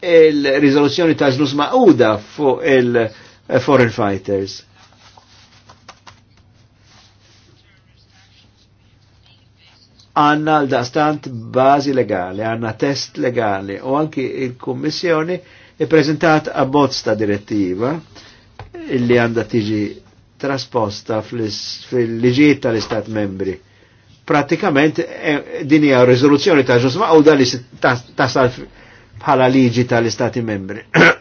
C: il rizoluzjoni ta' ġnus ma'uda fuq il-Foreign eh, Fighters. għanna l dastant bazi legali, għanna test legali u anki il-Kommissjoni Ippreżentat abbozz ta' direttiva illi għandha tiġi trasposta fil-liġijiet tal-Istat membri. Pratikament e, din hija riżoluzzjoni ta' ġusma u dali tasal bħala liġi tal-Istati membri.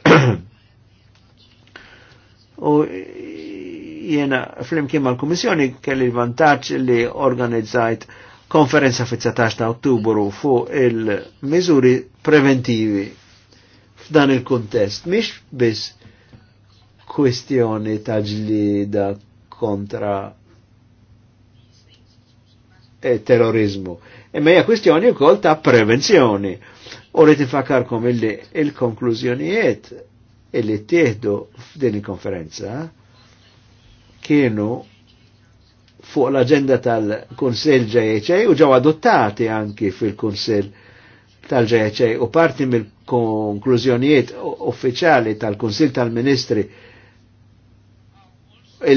C: u jena fl-imkien mal-Kummissjoni kelli l-vantaġġ li organizzajt konferenza fit 17 ta' Ottubru fuq il-miżuri preventivi f'dan il-kuntest. Mhix biss kwestjoni ta' ġlida kontra e terrorizmu. Imma hija kwistjoni wkoll ta' prevenzjoni. U li tifakarkom illi il-konklużjonijiet illi tieħdu f'din il-konferenza kienu fuq l-agenda tal-Kunsill JHA u ġew adottati anki fil-Kunsill tal-JHA u parti mill konklużjonijiet uffiċjali tal-Kunsil tal-Ministri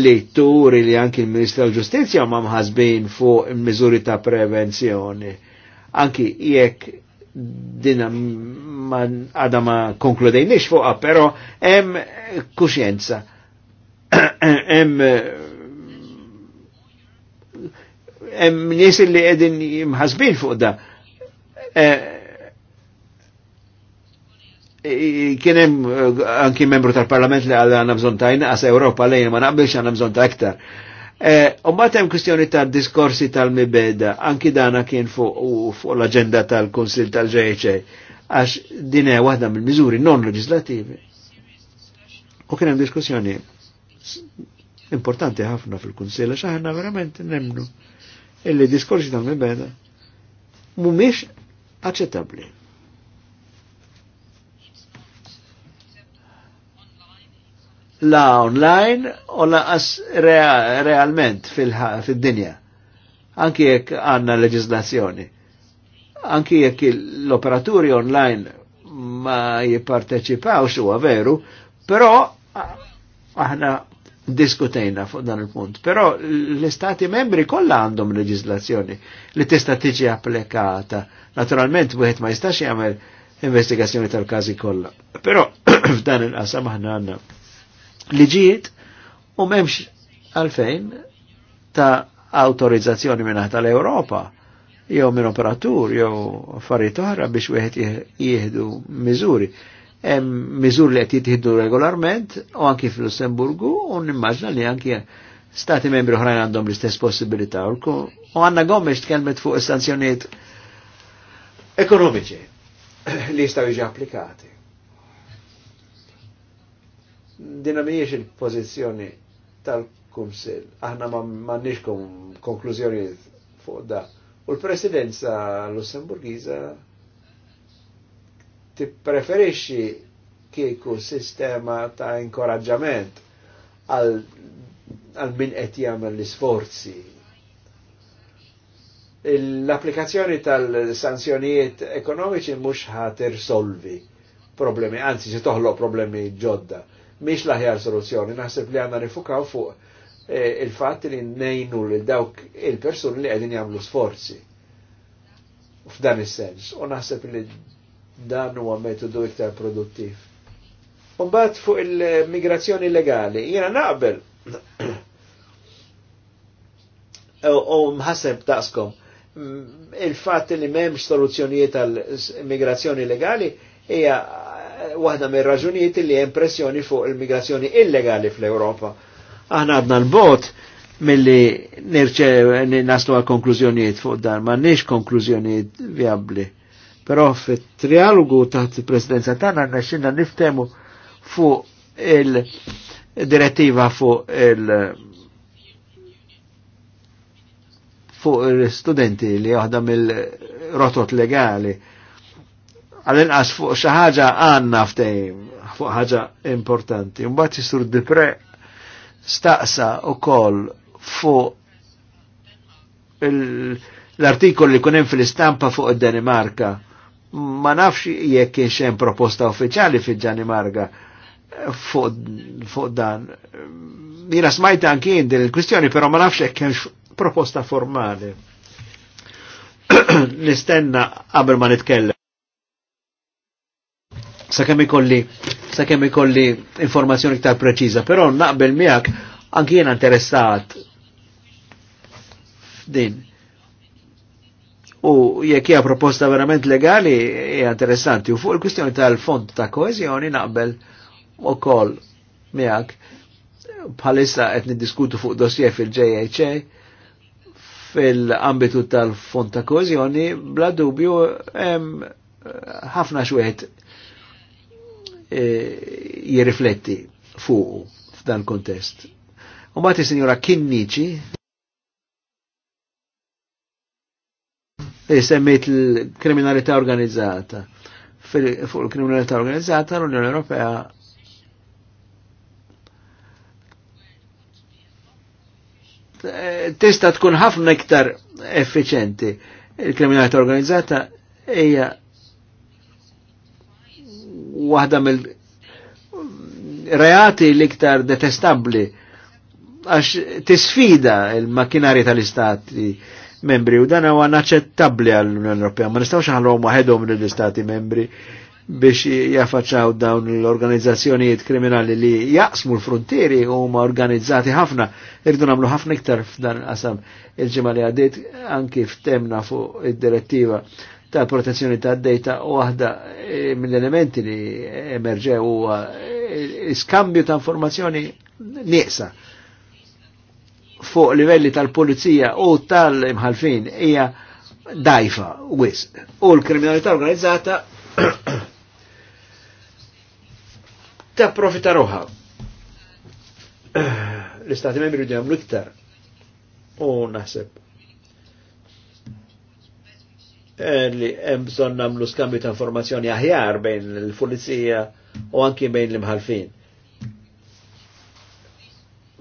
C: li turi li anki il-Ministru tal-Ġustizja ma mħasbin fuq miżuri ta' prevenzjoni. Anki jekk dina ma għada ma konkludejniex fuqa, pero hemm kuxjenza. Hemm hemm nies li qegħdin jimħasbin fuq da. Eh, kienem eh, anki membru tal-parlament li għal għanna bżon ta' għas Europa li ma naqbilx għanna bżon ta' iktar. Eh, u matem kustjoni ta' diskorsi tal-mibeda, anki dana kien fuq l-agenda tal-Konsil tal ġeċe għax dine għahda mill-mizuri non legislativi. U kienem diskussjoni importanti ħafna fil-Konsil, għax aħna verament nemnu illi diskorsi tal-mibeda mumiex accettabli. la online u as realment fil-dinja. Anki jekk għanna leġislazzjoni. Anki jekk l-operaturi online ma jipparteċipaw huwa veru, però aħna diskutejna fuq dan il-punt. Però l-istati membri kollha għandhom leġislazzjoni li tista' tiġi applikata. Naturalment wieħed ma jistax jagħmel investigazzjoni tal-każi kollha. Però f'dan il-qasam aħna għandna liġijiet u memx għalfejn ta' autorizzazzjoni minna tal-Europa jew minn operatur jew affarijiet oħra biex wieħed jieħdu miżuri. Hemm miżuri li qed jittieħdu regolarment u anki fil-Lussemburgu u nimmaġna li anki stati membri oħrajn għandhom l-istess possibilità. U għanna gommex tkellmet fuq istanzjoniet ekonomiċi li jistaw jiġi applikati. Dina miex il-pozizjoni tal-Kumsil. Aħna ma nix konklużjoni fuq da. U l-presidenza lussemburgiza ti preferisci kieku sistema ta' inkoraġġament għal, għal min qed jagħmel l-isforzi. L-applikazzjoni tal-sanzjonijiet ekonomiċi mhux ħatir solvi problemi, anzi se toħloq problemi ġodda miex laħjar soluzzjoni, naħseb li għanna nifukaw fuq e, il-fat li nejnu l dawk il-persuni li għedin jamlu sforzi f'dan il sens u naħseb li dan huwa metodu iktar produttiv. Umbat fuq il-migrazzjoni legali, jena naqbel u mħaseb taqskom il-fat li memx soluzzjonijiet għal migrazzjoni legali hija waħda mir raġunijiet li hemm pressjoni fuq il-migrazzjoni illegali fl-Ewropa. Aħna għadna l-bot milli nirċe naslu għal konklużjonijiet fuq dan, ma nix konklużjonijiet viabli. Però fit-trialogu taħt il-presidenza tagħna nexxinna niftemu fuq il-direttiva fuq il- fuq il-studenti li waħda il rotot legali għal-inqas fuq xaħġa għanna ftejn, fuq ħaġa importanti. Mbagħad jisur dipre staqsa u koll fuq l-artikol li kunem fil-istampa fuq id-Danimarka. Ma nafx jekk kien xejn proposta uffiċjali fil-Danimarka fuq, fuq dan. Jina smajta anki din il-kwistjoni, però ma nafx jekk kien proposta formali. Nistenna qabel ma nitkellem sakemm ikolli sakemm ikolli informazzjoni iktar preċiża, però naqbel miegħek anki jiena interessat f'din. U jekk hija proposta verament legali hija interessanti. U fuq il-kwistjoni tal-fond ta' koeżjoni naqbel ukoll miegħek bħalissa qed niddiskutu fuq dossier fil-JHA fil-ambitu tal-fond ta' koeżjoni bla dubju hemm ħafna xwieħed Eh, jirrifletti fuq f'dan kontest. U mati signora Kinnici, semmit l-kriminalità organizzata. Fuq l-kriminalità organizzata l-Unjoni Ewropea eh, tista tkun ħafna iktar effiċenti. Il-kriminalità organizzata hija waħda mill-reati l-iktar detestabli għax tisfida il-makinari tal-istati membri u dan huwa naċċettabbli għall-Unjoni Ewropea. Ma nistgħux ħallhom waħedhom lill-istati membri biex jaffaċċaw dawn l-organizzazzjonijiet kriminali li jaqsmu l-frontieri u ma organizzati ħafna, irridu nagħmlu ħafna iktar f'dan qasam il-ġimgħa li għadiet anki f'temna fuq id-direttiva tal-protezzjoni tad-data u waħda e, mill-elementi li emerġew u e, iskambju ta' informazzjoni nieqsa fuq livelli tal-pulizija u tal-imħalfin hija dajfa wis. U l-kriminalità organizzata ta' profita roħa. L-istati membri jgħamlu iktar u naħseb Eh, li hemm bżonn nagħmlu skambju ta' informazzjoni aħjar bejn il-pulizija u anki bejn l-imħalfin.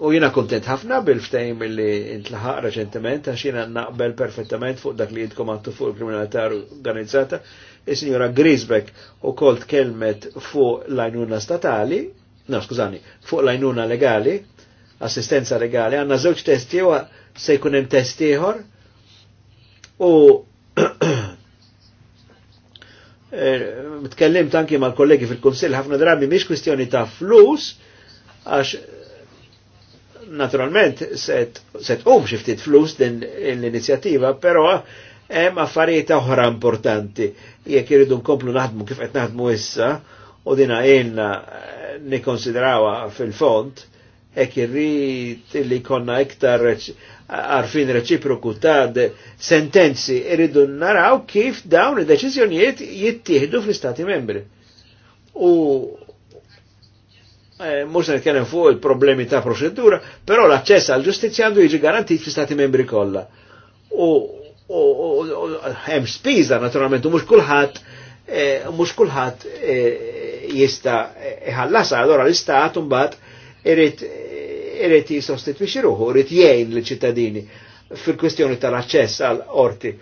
C: U jina kontent ħafna bil-ftejm li intlaħaq reċentement, għax jina naqbel perfettament fuq dak li jitkom għattu fuq il-kriminalità organizzata, il-Signora Grisbeck u kolt kelmet fuq lajnuna statali, no skużani, fuq lajnuna legali, assistenza legali, għanna zewċ testiħor, se jkunem testiħor, u Eh, tkellimt anki mal kollegi fil-Kunsill ħafna drabi miex kwistjoni ta' flus, għax naturalment set um xiftit flus din l-inizjattiva, però hemm affarijiet oħra importanti jekk iridu nkomplu naħdmu kif qed naħdmu issa u dina għilna eh, nikkonsidrawha fil-font hekk irrid li konna iktar għarfin reċiproku ta' sentenzi irridu naraw kif dawn id-deċizjonijiet jittieħdu fl-istati membri. U eh, mux nitkellem fuq il-problemi ta' proċedura, però l-aċċess għal ġustizja għandu jiġi garantit fl-istati membri kollha. U hemm spiża naturalment u mhux kulħadd eh, mhux kulħadd eh, jista' iħallasa allora l-istat mbagħad irid irrit jisostitwixi ruħu, irrit jgħin l-ċittadini fil kwistjoni tal-aċċess għal orti.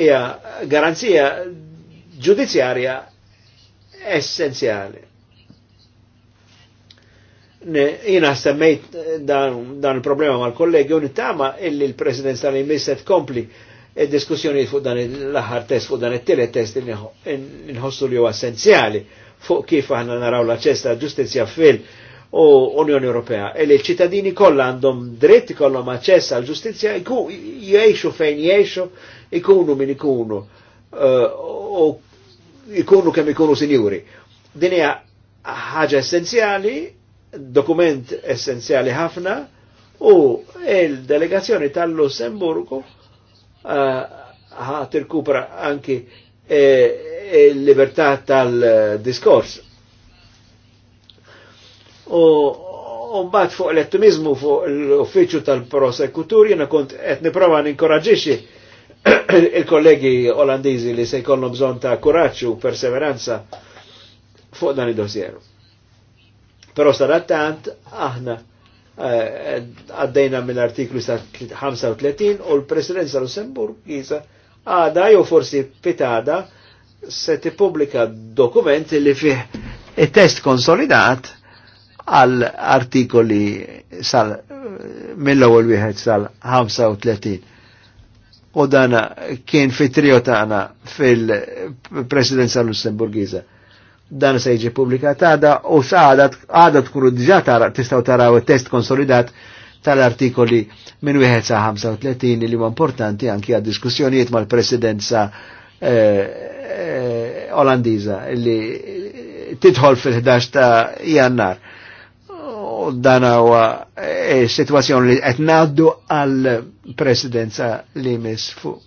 C: Ija garanzija ġudizzjarja essenzjali. Jina semmejt dan, dan il-problema mal kollegi u nittama illi l-presidenza il li misset kompli il diskussjoni fuq dan l-aħħar test, fuq dan il tielet test inħossu li huwa essenzjali fuq kif aħna naraw l ċesta ġustizja ġustizzja fil- u Unjoni Ewropea. E li ċittadini kollha għandhom dritt kollhom aċċess għal ġustizzja jgħixu fejn jgħixu ikunu min ikunu uh, u ikunu kemm ikunu sinjuri. Din hija ħaġa essenzjali, dokument essenzjali ħafna u il-delegazzjoni tal-Lussemburgu uh, ħat uh, anki eh, il-libertà tal-diskors U mbagħad fuq l-ettimizmu fuq l-uffiċċju tal-prosekutur jiena kont qed nipprova ninkoraġixxi il-kollegi Olandiżi li se jkollhom bżonn ta' kuraġġ u perseveranza fuq dan id-dossier. Però sarattant aħna eh, għaddejna mill-artiklu 35 u l-Presidenza Lussemburg jisa għada jew forsi pitada se tippubblika dokumenti li fih it-test konsolidat għal artikoli sal mill-ewwel wieħed sal-35. U dan kien fit trio tagħna fil-Presidenza Lussemburgiża. Dan se jiġi pubblikat għada u għadat tkunu diġà tara tistgħu taraw test konsolidat tal-artikoli minn wieħed sa 35 li huwa importanti anki għad diskussjonijiet mal-Presidenza eh, eh, Olandiza li tidħol fil-11 ta' jannar dan huwa e situazzjoni li qed ngħaddu għal presidenza li mis fuq.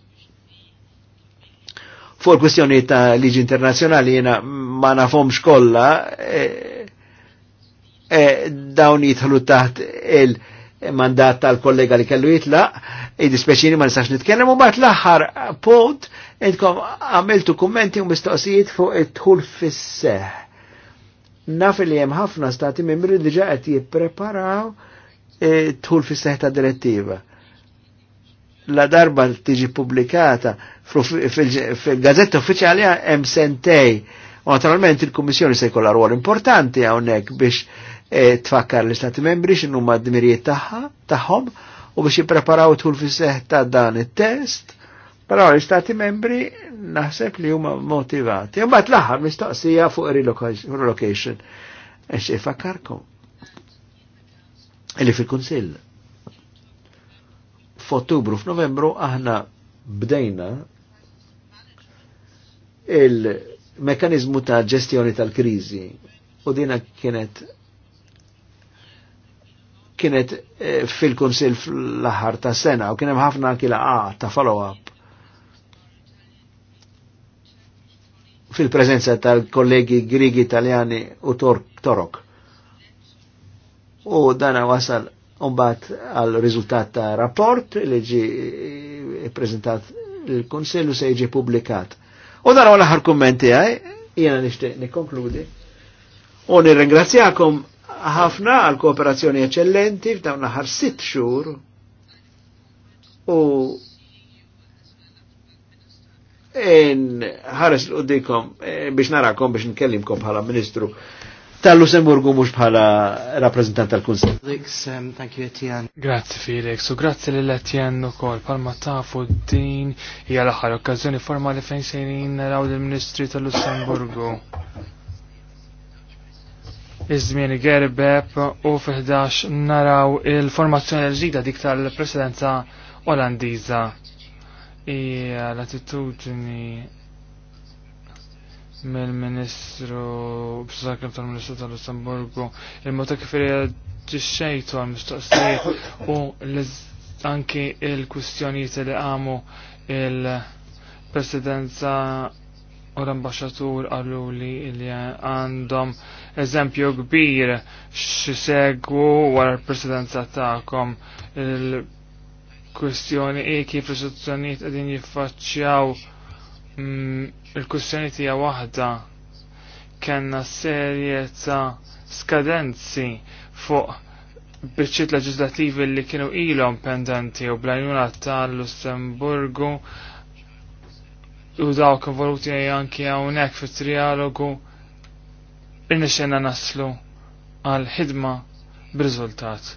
C: Fuq kwestjoni ta' liġi internazzjonali jiena ma nafhomx kollha e, dawn jitħlu taħt il-mandat tal-kollega li kellu jitla, id-dispeċini ma nistax nitkellem u bat l-aħħar punt idkom għamiltu kummenti u mistoqsijiet fuq it-tħul fis-seħ Naf li hemm ħafna stati membri diġa qed jippreparaw tħul e, fis seħta direttiva. La darba tiġi pubblikata fil-gazzetta uffiċjali hemm sentej. U naturalment il-Kummissjoni se jkollha rwol importanti hawnhekk biex e, tfakkar l-Istati membri x'inhuma d-dmirijiet tagħhom u biex jippreparaw tħul fis ta' dan it-test Però l-Stati membri naħseb li huma motivati. U bat laħar mistoqsija fuq relocation. e fakarkom. Illi fil-Kunsill. F'Ottubru, f'Novembru aħna bdejna il-mekanizmu ta' ġestjoni tal-kriżi u dina kienet kienet eh, fil-Kunsill fl-aħħar ta' sena u kien hemm ħafna kilaqat ta' follow-up fil-prezenza tal-kollegi Grigi Italjani u Torok. U dana wasal umbat għal rizultat ta' rapport li ġi eh, prezentat il-Konsellu se jiġi publikat. U dan għal ħar kommenti għaj, eh, jena nishti nikonkludi. U nirringrazzjakom ħafna għal kooperazzjoni eccellenti f'dawn ħar sit xur u ħares l-qoddikom eh, biex narakom biex nkellimkom bħala ministru tal-Lussemburgu mux bħala rappresentant tal-Kunsel.
D: Um, grazie Felix, u grazie l-Etienne u kol, palma tafu din hija l-aħħar okkazjoni formali fejn sejrin naraw l-Ministri tal-Lussemburgu. Iż-żmien gerbeb u fil-11 naraw il-formazzjoni l-ġdida dik tal-Presidenza Olandiża hija l-attitudni mill-Ministru b'Sakrim tal-Ministru tal-Lussemburgu il mota kif reaġixxejtu għal-mistoqsijiet u anki il-kwistjonijiet li għamu il-Presidenza u l ambasġatur għallu li għandhom eżempju kbir xisegwu wara l-presidenza ta'kom il kwestjoni i kif l-istituzzjonijiet qegħdin jiffaċċjaw mm, il-kwestjoni tija waħda kellna serje ta' skadenzi fuq biċċiet leġislativi li kienu ilhom pendenti u blajnuna tal-Lussemburgu u dawk involuti anki hawnhekk fit-trialogu irnexxena naslu għal ħidma b'riżultat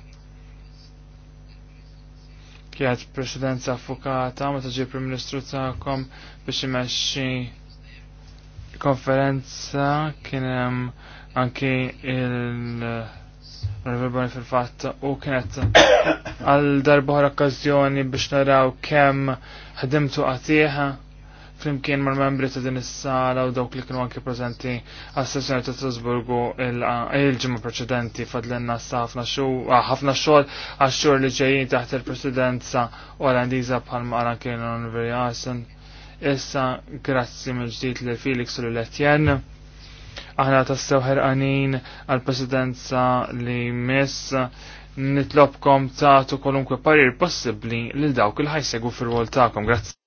D: kienet presidenza affukata meta ġie prim ministru tagħkom biex imexxi konferenza kien hemm anki il Reverbani fil-fatt u kienet għal darba okkażjoni biex naraw kemm ħdimtu għatieħa flimkien mal-membri ta' din is-sala u dawk li kienu anke preżenti għas-sessjoni ta' Strasburgu il-ġimgħa preċedenti fadlenna ħafna ah, ħafna xogħol għax-xhur li ġejjin taħt il-presidenza Olandiża mara kien anke Oliver Arsen. Issa grazzi mill-ġdid lil Felix u lil Etienne. Aħna tassew ħerqanin għall-presidenza li miss nitlobkom ta' tu kolunkwe parir possibli lil dawk il-ħajsegu fil-wol ta'kom. Grazzi.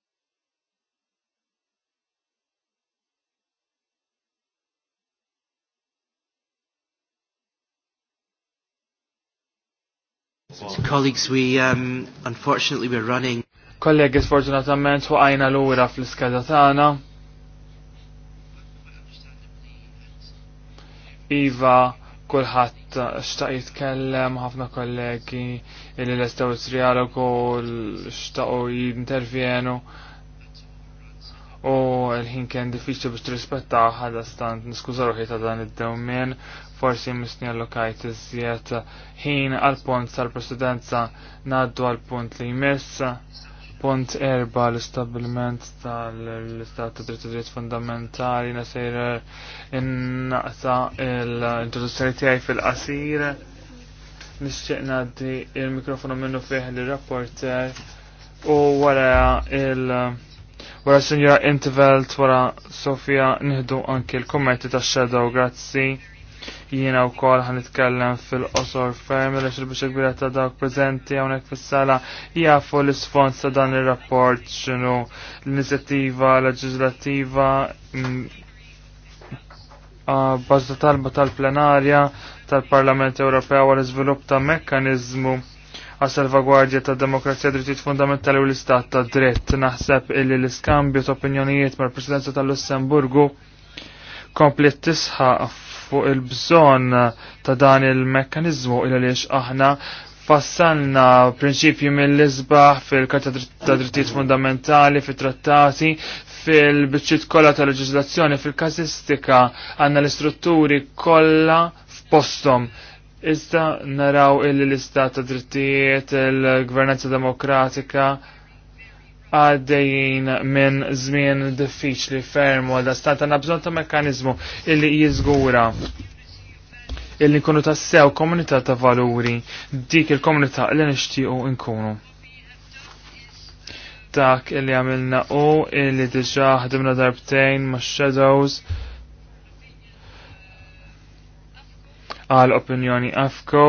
D: Colleagues, we um, unfortunately we're running. Kollegi sfortunatament waqajna l-ura fl-iskeda tagħna. Iva kulħadd xtaq jitkellem ħafna kollegi illi lestew trialogu xtaqu jintervjenu u l-ħin kien diffiċli biex t-rispetta stant niskuża ruħi ta' dan id-dewmien forsi misni allokajt iżjed ħin għal punt tal-presidenza naddu għal punt li jmiss. Punt erba l-istabilment tal-istat ta' dritt dritt fundamentali nasir innaqsa l-introduzzjoni tiegħi fil-qasir. Nixtieq ngħaddi il-mikrofonu minnu fih li rapporter u wara il- Wara Sinjora Intervelt, wara Sofia, nħidu anki l-kommenti ta' Shadow, grazzi. Jiena u kol għan itkellem fil-qosor ferm li xil-biex kbira ta' dawk prezenti għonek fil-sala jafu l-sfons ta' dan il-rapport xinu l-inizjattiva leġislativa mm, ah, bazda talba tal-plenarja tal-Parlament Ewropew għal iżvilupp ta' mekkanizmu għas salvagwardja ta' demokrazija drittijiet fundamentali u l-istat ta' dritt. Naħseb illi l-iskambju ta' opinjonijiet mal presidenza tal-Lussemburgu komplet tisħaq fuq il-bżon ta' dan il-mekkanizmu il għaliex aħna fassalna prinċipji mill-isbaħ fil-karta ta' drittijiet fundamentali, fil-trattati, fil-bicċiet kollha ta' leġislazzjoni, fil-kazistika għanna l-istrutturi kollha f'postom. Iżda naraw il-lista ta' drittijiet, il-gvernanza demokratika, għaddejjien minn żmien diffiċli ferm u għadha stata nabżon ta' mekkanizmu illi jiżgura illi nkunu tassew komunità ta' valuri dik il-komunità li nixtiequ nkunu. Dak illi għamilna u illi diġà ħdimna darbtejn ma' shadows għal opinjoni Afko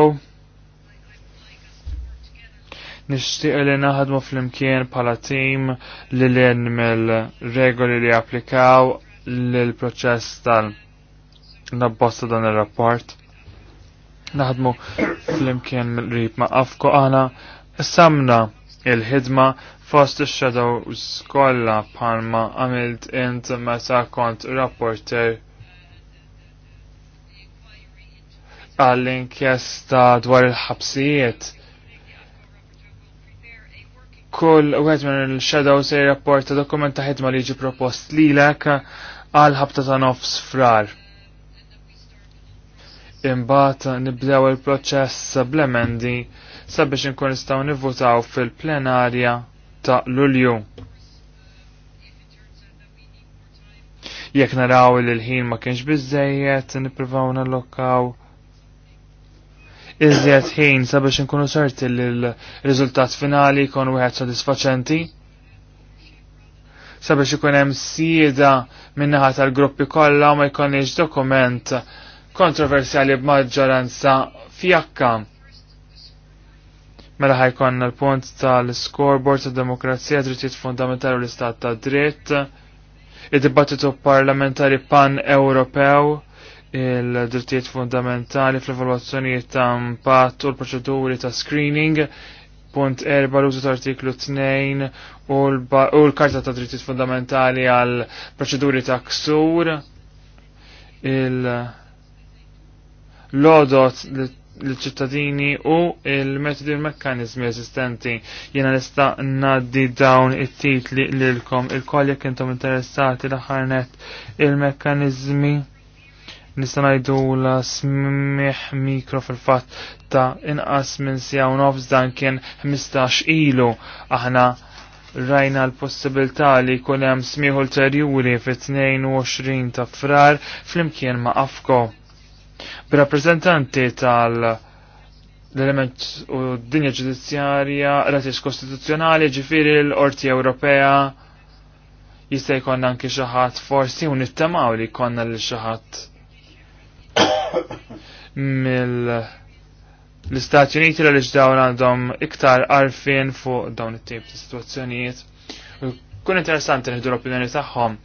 D: nixtieq li naħdmu flimkien bħala tim li li mill-regoli li applikaw l-proċess tal-nabbosta dan il-rapport. Naħdmu flimkien mill-rib ma' afko għana samna il-ħidma fost il shadow skolla palma għamilt int meta kont rapporter għall-inkjesta dwar il-ħabsijiet kull wieħed minn il-shadows se jirrapporta dokument ta' ħidma li jiġi propost lilek għal ħabta ta' nofs frar. Imbagħad nibdew il-proċess bl-emendi sabiex inkun nistgħu nivvutaw fil-plenarja ta' Lulju. Jekk naraw il ħin ma kienx bizzejiet, nippruvaw nallokaw iżjed ħin sabiex inkunu certi li l-riżultat finali jkun wieħed sodisfaċenti. Sabiex ikun hemm sieda min-naħa tal-gruppi kollha ma jkunx dokument kontroversjali b'maġġoranza fjakka. Mela ħajkonna l-punt tal-scoreboard tad-demokrazija drittijiet fundamentali u l-istat ta' dritt, id-dibattitu parlamentari pan-Ewropew, il-drittijiet fundamentali fl-evaluazzjonijiet ta' impatt u l-proċeduri ta' screening, punt erba l-użu ta' artiklu 2 u l-karta ta' drittijiet fundamentali għal proċeduri ta' ksur, il-lodot l-ċittadini u il-metodi l l-mekkanizmi esistenti. Jena nista naddi dawn it-titli l-ilkom, il-koll kentom intom interessati l-ħarnet il mekkanizmi nista' ngħidu la smih mikro fil-fatt ta' inqas minn sija u nofs dan kien 15 ilu aħna rajna l-possibilità li jkun hemm smieħ ulterjuri fit-22 ta' frar flimkien ma' Afko. B'rappreżentanti tal- l-element u d-dinja ġudizzjarja, ratis kostituzzjonali, ġifiri l-Orti Ewropea, jista' jkollna anki xi ħadd forsi u nittamaw li jkollna lil xi ħadd mill l-Istati Uniti li dawn għandhom iktar arfin fuq dawn it-tip ta' situazzjonijiet. Kun interessanti nħidu l-opinjoni tagħhom.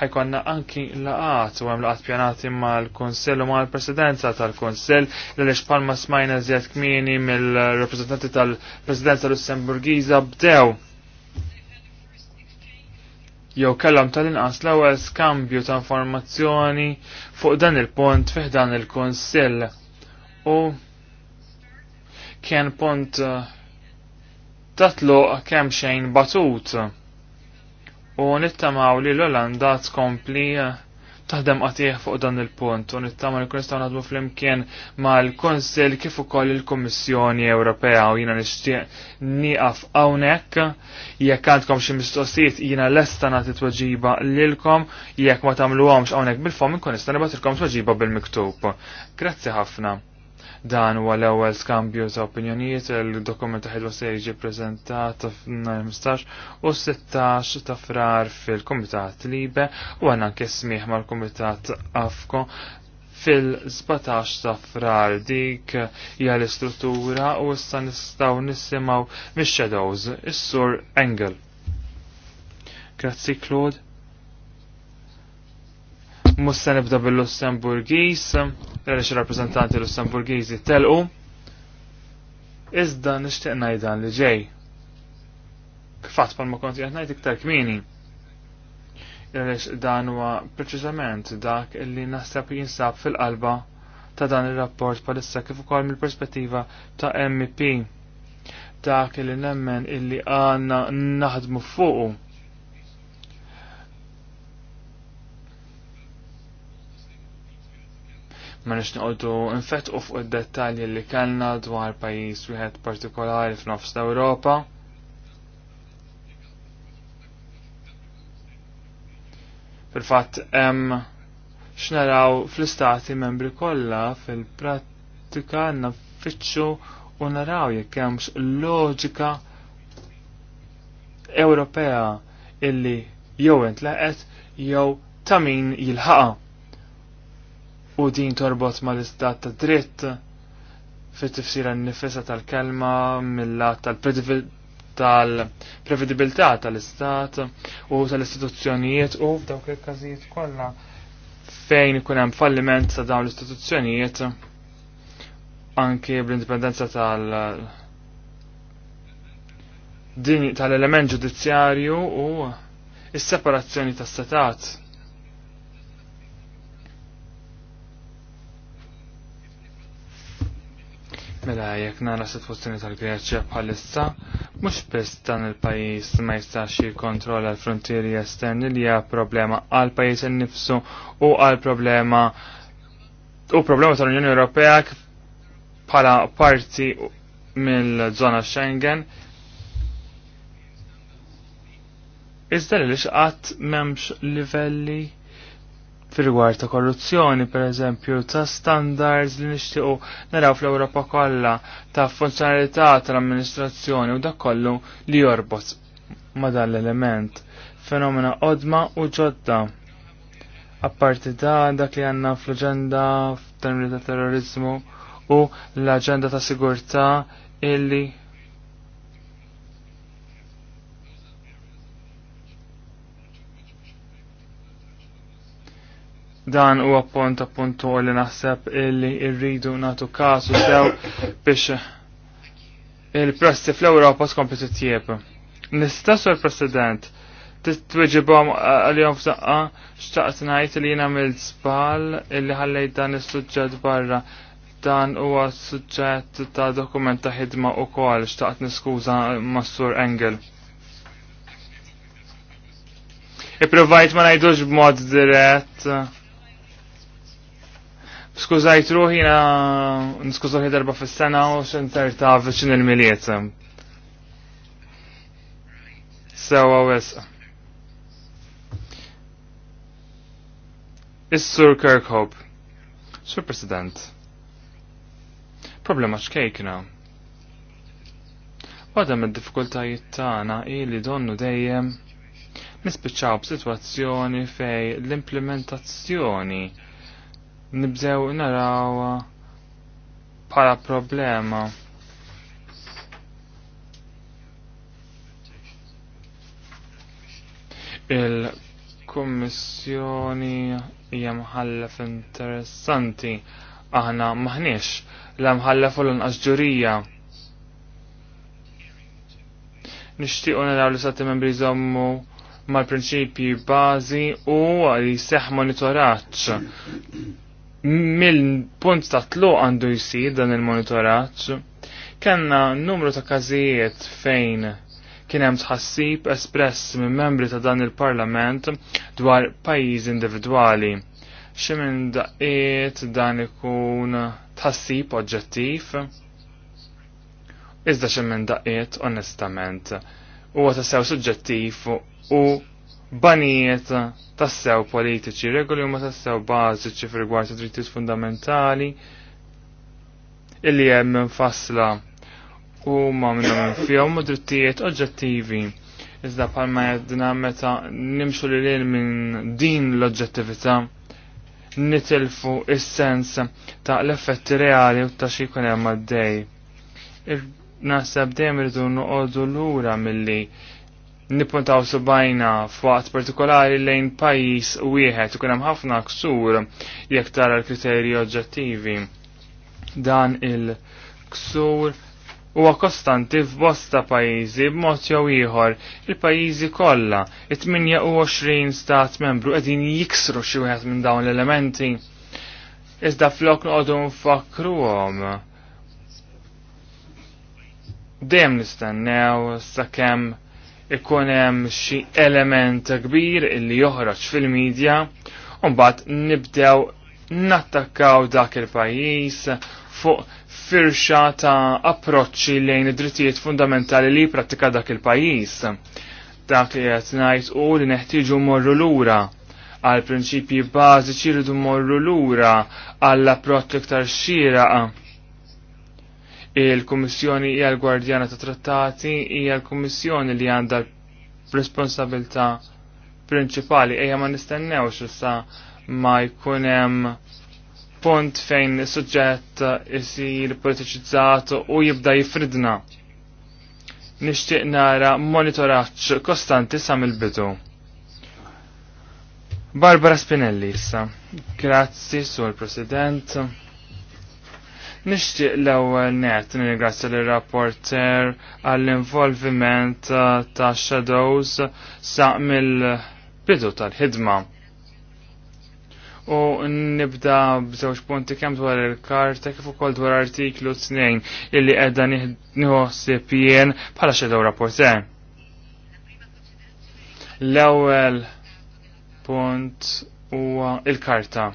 D: Ħajkonna anki laqat u hemm laqat pjanati mal-Kunsell u mal-Presidenza tal-Kunsell li palma smajna żjed kmieni mill-rappreżentanti tal-Presidenza Lussemburgiża bdew jew kellam tal-inqas l-ewwel skambju ta' informazzjoni fuq dan il-pont fih dan il-Kunsill. U kien pont eh, tatlu kemm xejn batut. U nittamaw li l-Olanda tkompli eh, taħdem qatih fuq dan il-punt u nittama li kun nistgħu imkien flimkien mal-Konsil kif ukoll il-Kummissjoni Ewropea u jiena nixtieq nieqaf hawnhekk jekk għandkom xi mistoqsijiet jiena lesta nagħti tweġiba lilkom jekk ma tagħmluhomx hawnhekk bil-fom inkun nista' nibgħatilkom tweġiba bil-miktub. Grazzi ħafna. Dan huwa l-ewwel skambju ta' opinjonijiet il-dokument ta' ħidwa se jiġi preżentat nhar 15 u 16 ta' frar fil-Kumitat Libe u għandna anke smih mal-Kumitat Afko fil-17 ta' frar dik hija l-istruttura u issa nistgħu nisimgħu mix-shadows is-sur Engel. Grazzi Claude. Musta nibda bil-Lussemburgis, għalix rappresentanti Lussemburgizi telqu. Iżda nishtiq najdan li ġej. Kifat pal ma konti għatnajt iktar kmini. Għalix dan huwa preċiżament dak li naħseb jinsab fil-qalba ta' dan il-rapport palissa kif ukoll mill-perspettiva ta' MP. dak li nemmen illi għanna naħdmu fuqu ma nix nqoddu nfetqu fuq id-dettalji li kellna dwar pajjiż wieħed partikolari f'nofs l-Ewropa. Fil-fatt hemm x'naraw fl-istati membri kollha fil-prattika naffiċċu u naraw jekk hemmx loġika Ewropea illi jew intlaqet jew ta' min jilħaqa u din torbot ma l-istat ta' dritt fit tifsira n-nifisa tal-kelma mill-lat tal-prevedibilità tal-istat u tal-istituzzjonijiet u f'dawk il-każijiet kollha fejn ikun hemm falliment ta' dawn l-istituzzjonijiet anke bl-indipendenza tal- tal-element ġudizzjarju u s separazzjoni tas-setat Mela jekk nara situazzjoni tal-Greċja bħalissa, mhux biss dan il-pajjiż ma jistax jikkontrolla l-frontieri esterni li hija problema għal pajjiż innifsu u għal problema u problema tal-Unjoni Ewropea bħala parti mill-żona Schengen. Iżda li xqatt m'hemmx livelli fil-rigward ta' korruzzjoni, per eżempju, ta' standards li nixtiequ naraw fl-Ewropa kollha ta' funzjonalità tal-amministrazzjoni u da' kollu li jorbot ma' dan l-element. Fenomena qodma u ġodda. Apparti da dak li għanna fl-aġenda f'termini ta' terrorizmu u l-aġenda ta' sigurtà illi Dan huwa appunt appuntu li naħseb illi rridu natu kasu sew biex il-prassi fl-Ewropa tkompli titjieb. Nistess il-President titweġibhom eh, għal-jom f-saqqa, xtaqt ngħid li jina mil żball illi ħallejt dan is-suġġett barra dan huwa suġġett ta' dokument ta' ħidma wkoll xtaqt niskuża massur Engel. Iprovajt ma najdux b'mod dirett Skużajt ruħina, nskużuħi darba fis-sena u xinter ta' viċin il-miliet. Sewa wesqa. Is-Sur Kirkhope. Sur President. Problema xkejkna. Wada mid diffikultajiet tagħna ili donnu dejjem nispiċċaw b'sitwazzjoni fej l-implementazzjoni nibżew naraw bħala problema. Il-Kummissjoni hija mħallef interessanti aħna maħniex l mħallef u lanqas ġurija. Nixtiequ naraw li sati membri jżommu mal-prinċipji bażi u li seħ monitoraċ mill-punt ta' tlu għandu jisir dan il-monitoraċ. Kenna numru ta' kazijiet fejn kien hemm tħassib espress minn membri ta' dan il-Parlament dwar pajjiż individwali. Xi minn daqqiet dan ikun tħassib oġġettiv? Iżda xi minn daqqiet onestament huwa tassew suġġettiv u banijiet tassew politiċi, regoli huma tassew bażiċi fil-gwar drittijiet fundamentali illi hemm infassla huma minnhom fihom drittijiet oġġettivi. Iżda palma jedna meta nimxu li lil minn din l-oġġettività nitilfu is-sens ta' l-effetti reali u ta' xi jkun hemm għaddej. Naħseb dejjem irridu noqogħdu lura milli nippuntaw subajna fuqat partikolari lejn pajis u wieħed u kunem ħafna ksur jekk tara l-kriterji oġġettivi. Dan il-ksur huwa kostanti f'bosta pajjiżi b'mod jew ieħor il-pajjiżi kollha it-28 stat membru qegħdin jiksru xi wieħed minn dawn l-elementi. Iżda flok noqogħdu nfakruhom dejjem nistennew sakemm ikun hemm xi element kbir illi joħroġ fil-medja u mbagħad nibdew nattakkaw dak il-pajjiż fuq firxa ta' approċċi lejn id-drittijiet fundamentali li jipprattika dak il-pajjiż. Dak li qed ngħid u li neħtieġu morru lura għal prinċipji bażiċi rridu morru lura għall approċċ iktar xieraqa il-Kummissjoni hija l-Gwardjana ta' Trattati, hija l-Kummissjoni li għandha responsabilità prinċipali, ejja ma nistennewx issa ma jkun hemm punt fejn is-suġġett isir politiċizzat u jibda jifridna. Nixtieq nara monitoraġġ kostanti sa mill-bidu. Barbara Spinelli issa. Grazzi, Sur President. Nixtieq l-ewwel net nirgrazzja l rapporter għall-involviment uh, ta' shadows sa' mill-bidu tal-ħidma. U nibda b'żewġ punti kemm dwar il-karta kif ukoll dwar artiklu 2 illi qiegħda nieħseb jien bħala shadow rapporter. L-ewwel punt huwa il-karta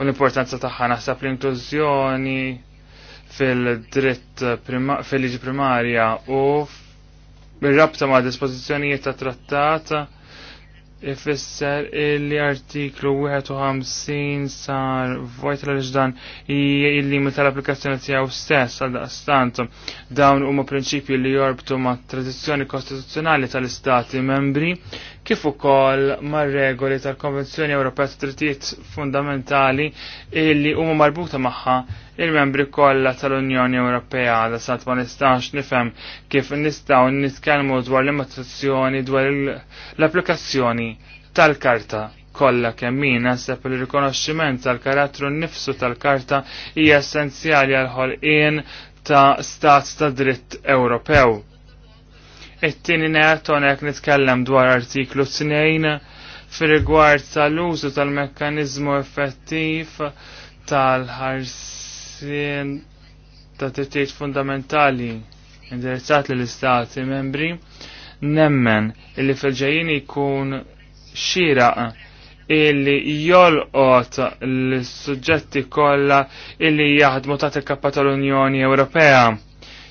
D: u l-importanza tagħha naħseb l-inklużjoni fil-dritt fil-liġi primarja u bir-rabta ma' dispożizzjonijiet ta' trattat ifisser illi artiklu 51 sar vojt l-ġdan illi limit tal-applikazzjoni tiegħu stess għal daqstant dawn huma prinċipji li jorbtu ma' tradizzjoni kostituzzjonali tal-istati membri kif ukoll mar-regoli tal-Konvenzjoni Ewropea ta' Drittijiet Fundamentali illi huma marbuta magħha il-membri kollha tal-Unjoni Ewropea da sat ma nistax nifhem kif nistgħu nitkellmu dwar l-immatrazzjoni dwar l-applikazzjoni tal-Karta kollha kemm min naħseb il-rikonoxximent tal-karattru nnifsu tal-karta hija essenzjali għal ħolqien ta' stat ta' dritt Ewropew. It-tieni għonek nitkellem dwar artiklu 2 fil-gwart tal-użu tal-mekkanizmu effettiv tal ħarsin ta' trittijiet fundamentali indirizzat lill istati membri nemmen illi fil-ġejjin jkun xira illi jolqot l-suġġetti kollha illi jaħdmu ta' kappa tal-Unjoni Ewropea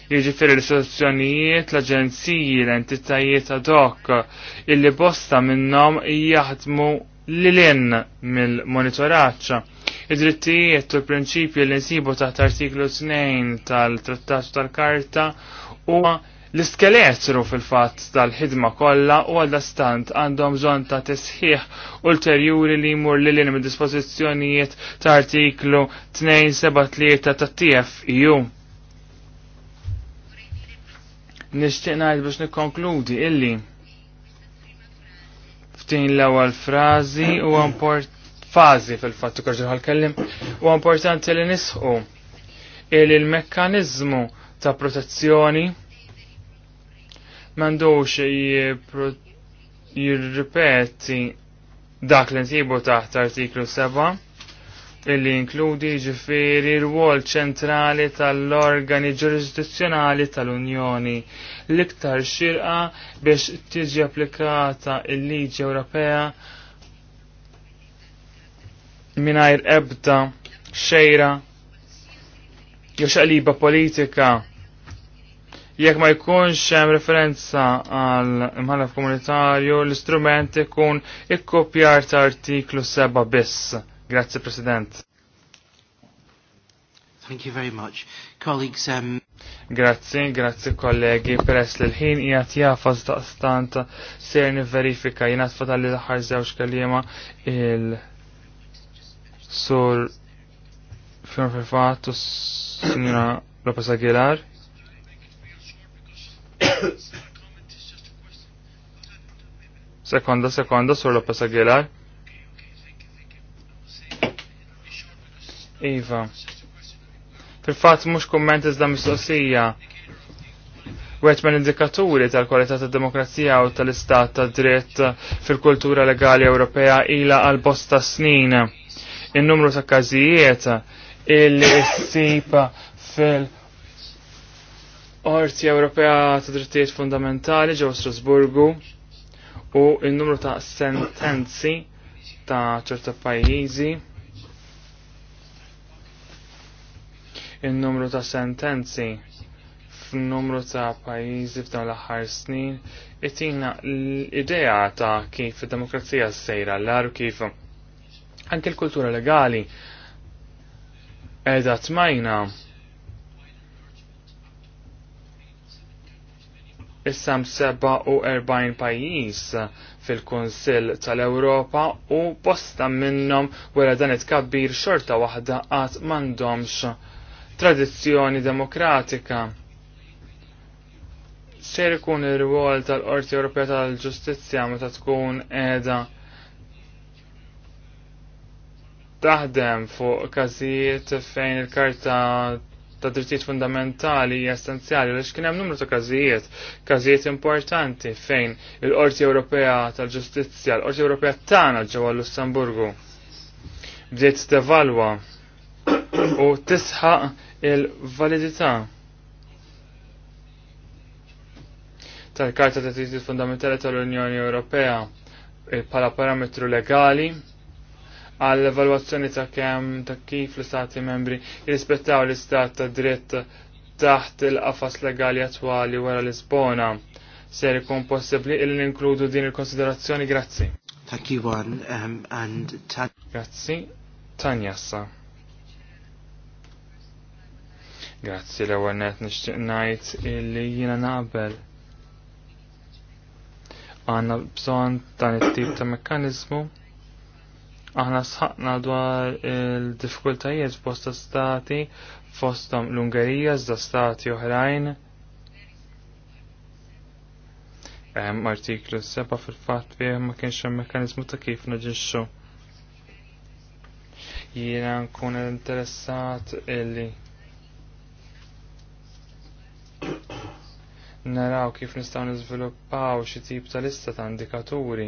D: jiġifieri l-istituzzjonijiet, l-aġenziji, l-entitajiet ad hoc illi bosta minnhom jaħdmu l-lin mill-monitoraġġ. Id-drittijiet u l-prinċipji li nsibu taħt artiklu 2 tal-Trattat tal-Karta u l-iskeletru fil-fatt tal-ħidma kollha u għal-dastant għandhom bżonn ta' tisħiħ ulterjuri li jmur li l-in dispożizzjonijiet ta' artiklu 273 tat tfu Nixtieq ngħid biex nikkonkludi illi ftin l-ewwel frażi u import fażi fil-fatt ukoll kellim huwa importanti li nisħu illi l-mekkaniżmu ta' protezzjoni m'għandux jirripeti dak li ntibu taħt artiklu 7 illi inkludi ġifiri rwol ċentrali tal-organi ġurisdizzjonali tal-Unjoni l-iktar xirqa biex tiġi applikata il-liġi Ewropea minajr ebda xejra jew għaliba politika jekk ma jkunx hemm referenza għal imħallef komunitarju l-istrument ikun ikkopjar ta' artiklu 7 biss Grazie President. Thank you very much. Colleagues, um... Grazie, grazie kollegi, peress li l-ħin jgħat jafas daqstant ser verifika jgħat fatalli l-ħar zewġ kalima il-sur Fjorn Ferfat u s-sinjura Lopez Aguilar. sekonda, sekonda, sur Lopez Aguilar. Iva. Fil-fatt mhux kumment iżda mistoqsija. Wieħed minn indikaturi tal-kwalità tad-demokrazija u tal-istat tad dritt fil-kultura legali Ewropea ila għal bosta snin. In-numru ta' każijiet illi ssib fil- Orti Ewropea ta' drittijiet fundamentali ġew Strasburgu u n-numru ta' sentenzi ta' ċerta pajjiżi il-numru ta' sentenzi f'numru ta' pajjiżi f'dawn l-aħħar snin itina l-idea ta' kif id-demokrazija s-sejra l-ar kif anke l-kultura legali edha tmajna issam 47 pajjiż fil-Kunsill tal-Ewropa u bosta minnhom wara dan it-kabbir xorta waħda qatt m'għandhomx tradizzjoni demokratika. Ser ikun ir-rwol tal-Qorti Ewropea tal-Ġustizzja meta tkun qiegħda taħdem fuq każijiet fejn il-Karta ta' drittijiet fundamentali hija essenzjali għaliex kien hemm numru ta' każijiet, każijiet importanti fejn il-Qorti Ewropea tal-Ġustizzja, l-Qorti Ewropea tagħna ġewwa l Lussemburgu bdiet tevalwa u tisħaq il-validità tal-Karta ta' Trittijiet Fundamentali tal-Unjoni Ewropea eh, bħala parametru legali għall evalwazzjoni ta' kemm ta' kif l-Istati membri jirrispettaw l-Istat ta' dritt taħt il-qafas legali attwali wara Lisbona. Ser ikun possibbli il ninkludu din il-konsiderazzjoni grazzi. Thank you one um, and Grazzi, Tanjassa. Grazzi l ewwel net nixtieq ngħid illi jiena naqbel. Għandna bżonn dan it-tip ta' mekkaniżmu. Aħna sħaqna dwar il-diffikultajiet bosta stati fostom l-Ungerija żda stati oħrajn. Hemm artiklu seba' fil-fatt fih ma kienx hemm mekkaniżmu ta' kif naġixxu. Jiena nkun interessat illi naraw kif nistgħu niżviluppaw xi tip ta' lista ta' indikaturi.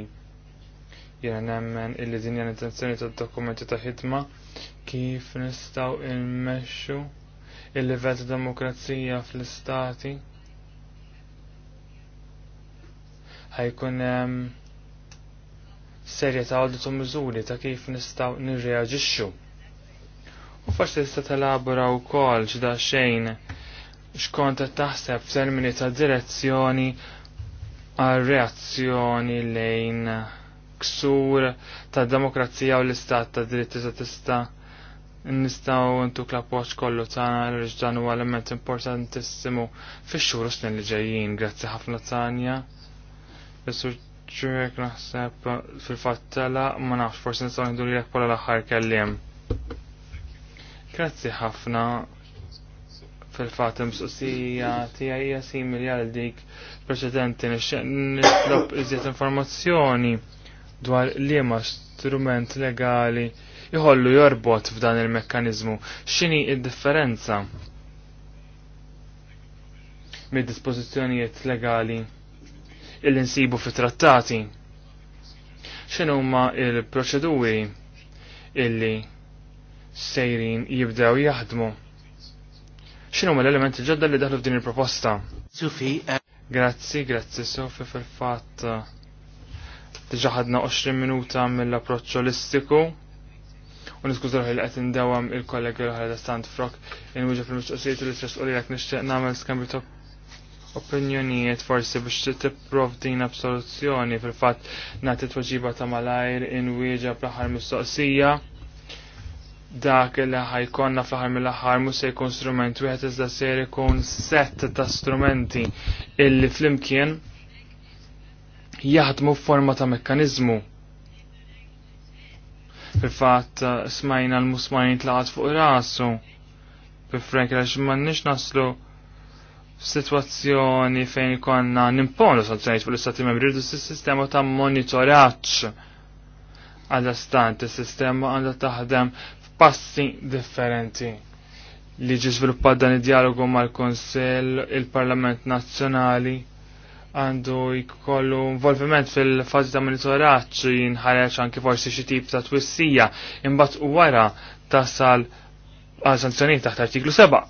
D: Jiena nemmen illi din hija l-intenzjoni tad-dokumenti ta' ħidma kif nistgħu immexxu il-livell ta' demokrazija fl-istati. Ħajkun hemm serje ta' għoddu miżuri ta' kif nistaw nirreagġixxu. U faċ tista' telabora wkoll x'da xejn xkont taħseb f'termini ta' direzzjoni għal reazzjoni lejn ksur ta' demokrazija u l-istat ta' dritti ta' tista' nistaw ntuk l-appoċ kollu tana l-reġdan u element importantissimu fi xhur u snin li ġejjin, grazzi ħafna tanja. Bisur ċurek naħseb fil-fattela, ma nafx forsi nistaw nħidu li l-axar kellim. Grazzi ħafna fil-fat imsuqsija tiegħi hija simili għal dik preċedenti nitlob iżjed informazzjoni dwar liema strument legali jħollu jorbot f'dan il-mekkaniżmu. X'inhi id-differenza mid-dispożizzjonijiet legali illi nsibu fi trattati X'inhuma il-proċeduri illi sejrin jibdew jaħdmu? ma l-elementi ġodda li daħlu f'din il-proposta. Sufi. Eh, grazzi, grazzi Sofi fil-fatt eh, diġa ħadna 20 minuta mill-approċċ holistiku. U niskuż ruħi li qed indewam il kollegi l ħalda stand frok inwiġa fil-mistoqsijiet li stress u li jekk nixtieq nagħmel skambju ta' opinjonijiet forsi biex din absoluzzjoni fil-fatt nagħti wġiba ta' malajr inwieġa bl-aħħar mistoqsija dak li ħajkonna fl-ħar mill-ħar mu se jkun strument wieħed iżda se jkun set ta' strumenti illi flimkien jaħdmu f'forma ta' mekkaniżmu. Fil-fatt eh, smajna l-musmajn tlaqat fuq rasu. Bi Frank għax m'għandniex naslu situazzjoni fejn konna nimponu sanzjonijiet fuq l-istati membri rridu s-sistema ta' monitoraġġ għal stant, is-sistema għandha taħdem passi differenti li ġi sviluppat dan id-dialogu mal-Konsell, il-Parlament Nazzjonali għandu jkollu involviment fil-fazi ta' monitoraġġ jinħareġ anki forsi xi tip ta' twissija imbagħad wara tasal għal sanzjonijiet taħt artiklu 7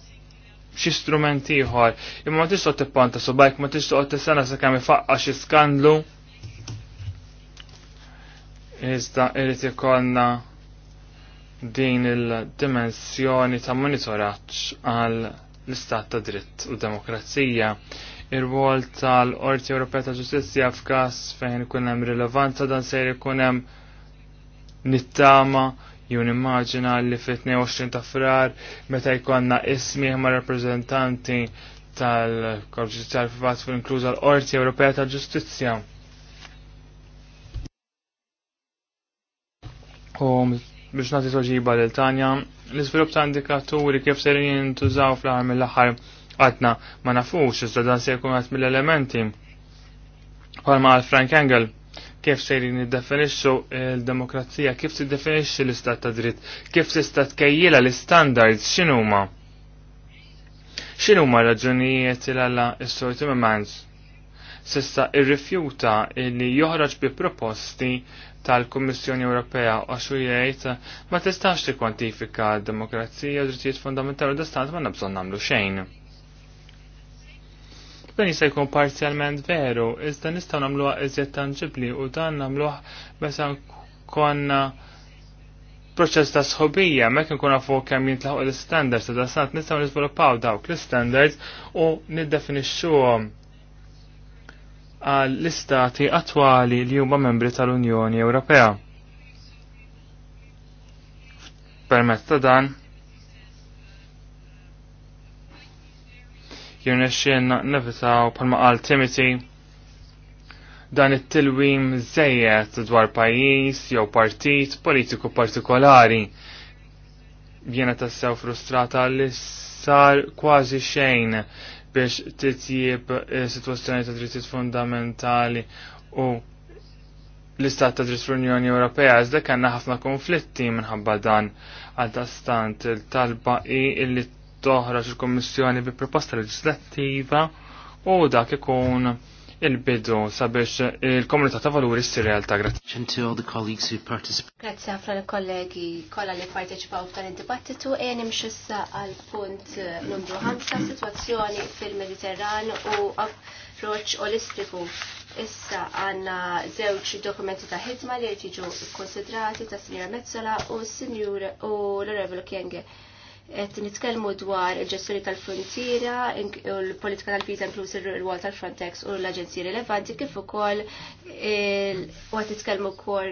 D: xi strument ieħor imma ma tistgħu tippanta subajk ma tistgħu tistana sakemm ifaqqa xi skandlu iżda irid ikollna din il-dimensjoni ta' monitoraġġ għal l-istat ta' dritt u demokrazija. Ir-rwol tal-Qorti Ewropea ta' Ġustizzja f'każ fejn ikun hemm rilevanza dan se jkun hemm nittama jew nimmaġina li fit-22 ta' frar meta jkollna ismieħ ma' rappreżentanti tal-Korp Ġustizzjal privat inkluża l-Qorti Ewropea ta' Ġustizzja biex nagħti soġiba lil Tanja, l-iżvilupp ta' indikaturi kif serin jintużaw fl-aħħar mill-aħħar għatna ma nafux iżda dan se jkun għat mill-elementi. Palma għal Frank Engel, kif se jiddefinixxu l-demokrazija, kif se jiddefinixxu l-istat ta' dritt, kif si istat kajjela l-standards x'inhuma. X'inhuma raġunijiet il għalla s-sur Timmermans? Sista irrifjuta li joħroġ bi proposti tal-Kummissjoni Ewropea għax jgħid ma tistax tikkwantifika d-demokrazija u drittijiet fundamentali da stat ma nabżon nagħmlu xejn. Dan jista' jkun parzjalment veru, iżda nistgħu nagħmluha iżjed tanġibli u dan nagħmluh meta konna proċess ta' sħobija, mek nkun nafu kemm jintlaħu l-standards ta' dasant nistgħu niżviluppaw dawk l-standards u niddefinixxuhom għal l-istati attwali li huma membri tal-Unjoni Ewropea. Permezz ta' dan, jirnexxien nevitaw palma qal Timothy dan it-tilwim żejjed dwar pajjiż jew partit politiku partikolari. Jiena tassew frustrata li sar kważi xejn biex titjib eh, situazzjoni ta' drittijiet fundamentali u l-istat ta' dritt fl unjoni Ewropea iżda kanna ħafna konflitti minħabba dan għal-dastant il-talba i illi toħraġ il-Kommissjoni bi proposta leġislattiva u dak ikun il-bidu sabiex il-komunità ta' valuri s realtà Grazzi
B: għafra l-kollegi kolla li parteċipaw f'dan il-dibattitu e nimxu issa għal-punt eh, numru 5, situazzjoni fil-Mediterran u approċ olistiku. Issa għanna zewċ dokumenti ta' ħidma li jtiġu konsidrati ta' Sinjura Mezzola u Sinjura u l revolu Kienge qed nitkellmu dwar il-ġestjoni tal-frontiera, il-politika tal-viża inkluż ir-rwol tal-Frontex u l-aġenziji rilevanti kif ukoll waqt nitkellmu wkoll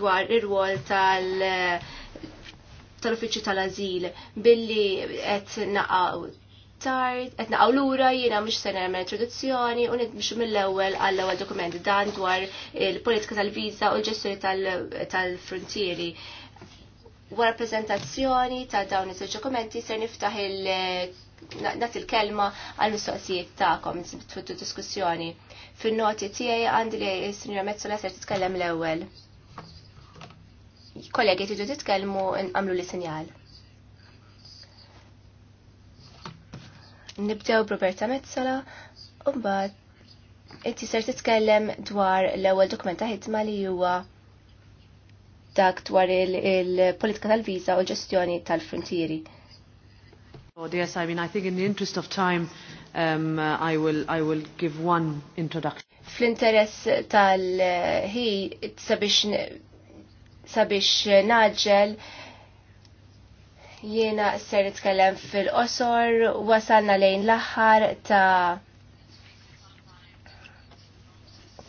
B: dwar ir-rwol tal- tal-uffiċċju tal-azil billi qed naqgħu tard, qed naqgħu lura jiena mhux se nagħmel introduzzjoni u nidmix mill-ewwel għall-ewwel dokument dan dwar il-politika tal-viża u l-ġestjoni tal-frontieri. tal viża u l ġestjoni tal frontieri tal tal frontieri Wara prezentazzjoni ta' dawn iż dokumenti ser niftaħ il nat il-kelma għal mistoqsijiet ta'kom tfuttu diskussjoni. Fin-noti tiegħi għandi li s-sinjora Mezzola ser titkellem l-ewwel. Kollegi tidu titkellmu nqamlu li sinjal. Nibdew Roberta Mezzola u mbagħad inti ser titkellem dwar l-ewwel dokumenta ħidma li huwa dak dwar il-politika il tal-viza u l-ġestjoni tal-frontieri.
A: Oh, yes, I
C: mean, I think in the interest of time, um, uh, I, will, I will give one introduction.
B: Fl-interess tal-ħi, sabiex naġġel, jiena ser nitkellem fil-qosor, wasalna lejn l-aħħar ta'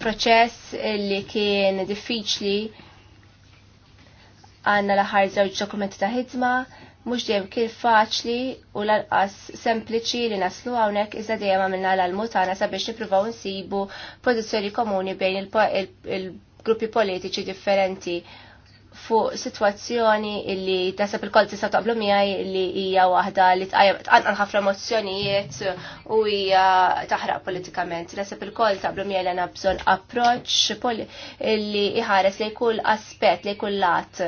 B: proċess li kien diffiċli għanna laħar żewġ dokumenti ta' ħidma, mhux dejjem kif faċli u lanqas sempliċi li naslu hawnhekk iżda dejjem għamilna l mutana sabiex nippruvaw nsibu pożizzjoni komuni bejn il-gruppi politiċi differenti fuq situazzjoni illi tasab il-kol tisa taqblu miħaj illi hija wahda li tqanqan ħafna emozzjonijiet u hija taħraq politikament. Tasab il-kol taqblu miħaj li għana bżon approċ illi iħares li kull aspet li kull lat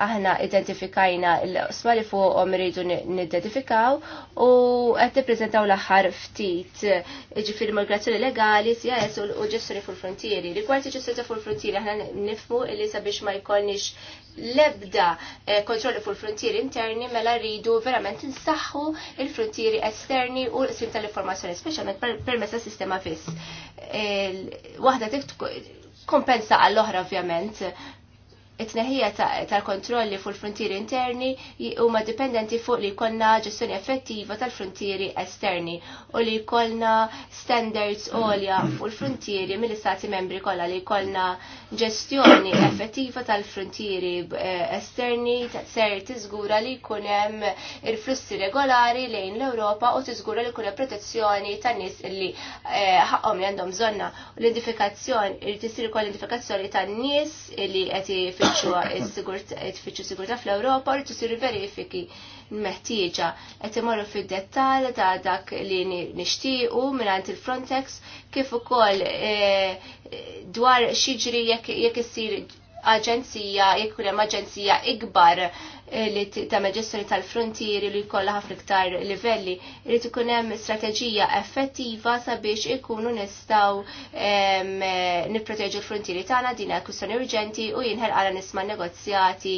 B: aħna identifikajna l-osma li fuqhom rridu nidentifikaw u qed nippreżentaw l-aħħar ftit ġifieri migrazzjoni legali CIS u ġessuri fuq il-frontieri. Rigward ġessuri fuq il-frontieri aħna nifmu li sabiex ma jkollniex lebda eh, kontrolli fuq il-frontieri interni mela rridu verament nsaħħu il-frontieri esterni u l-qsim tal-informazzjoni, speċjalment permezz tas-sistema fiss. Waħda kompensa għall-oħra ovvjament it-neħija tal-kontrolli fuq il-frontieri interni huma dipendenti fuq li jkollna ġestjoni effettiva tal-frontieri esterni u li jkollna standards għolja fuq il-frontieri mill-istati membri kollha li jkollna ġestjoni effettiva tal-frontieri eh, esterni ser tiżgura li jkun hemm il-flussi regolari lejn l-Ewropa u tiżgura li jkun protezzjoni tan-nies li eh, ħaqhom li għandhom zonna l-identifikazzjoni irid tisir l identifikazzjoni tan-nies li qed jfittxuha fiċu sigurtà fl-Ewropa rritu tisir verifiki meħtieġa qed imorru fid-dettall ta' dak li nixtiequ mingħand il-Frontex kif ukoll eh, dwar xiġri jekk isir aġenzija, jekk hemm aġenzija ikbar Eh, li ta' ġestjoni tal-frontieri li jkollha ħafna iktar livelli, li ikun hemm strateġija effettiva sabiex ikunu nistgħu eh, nipproteġu l-frontieri tagħna din hekk kwistjoni urġenti u jinħel għala nisma' negozjati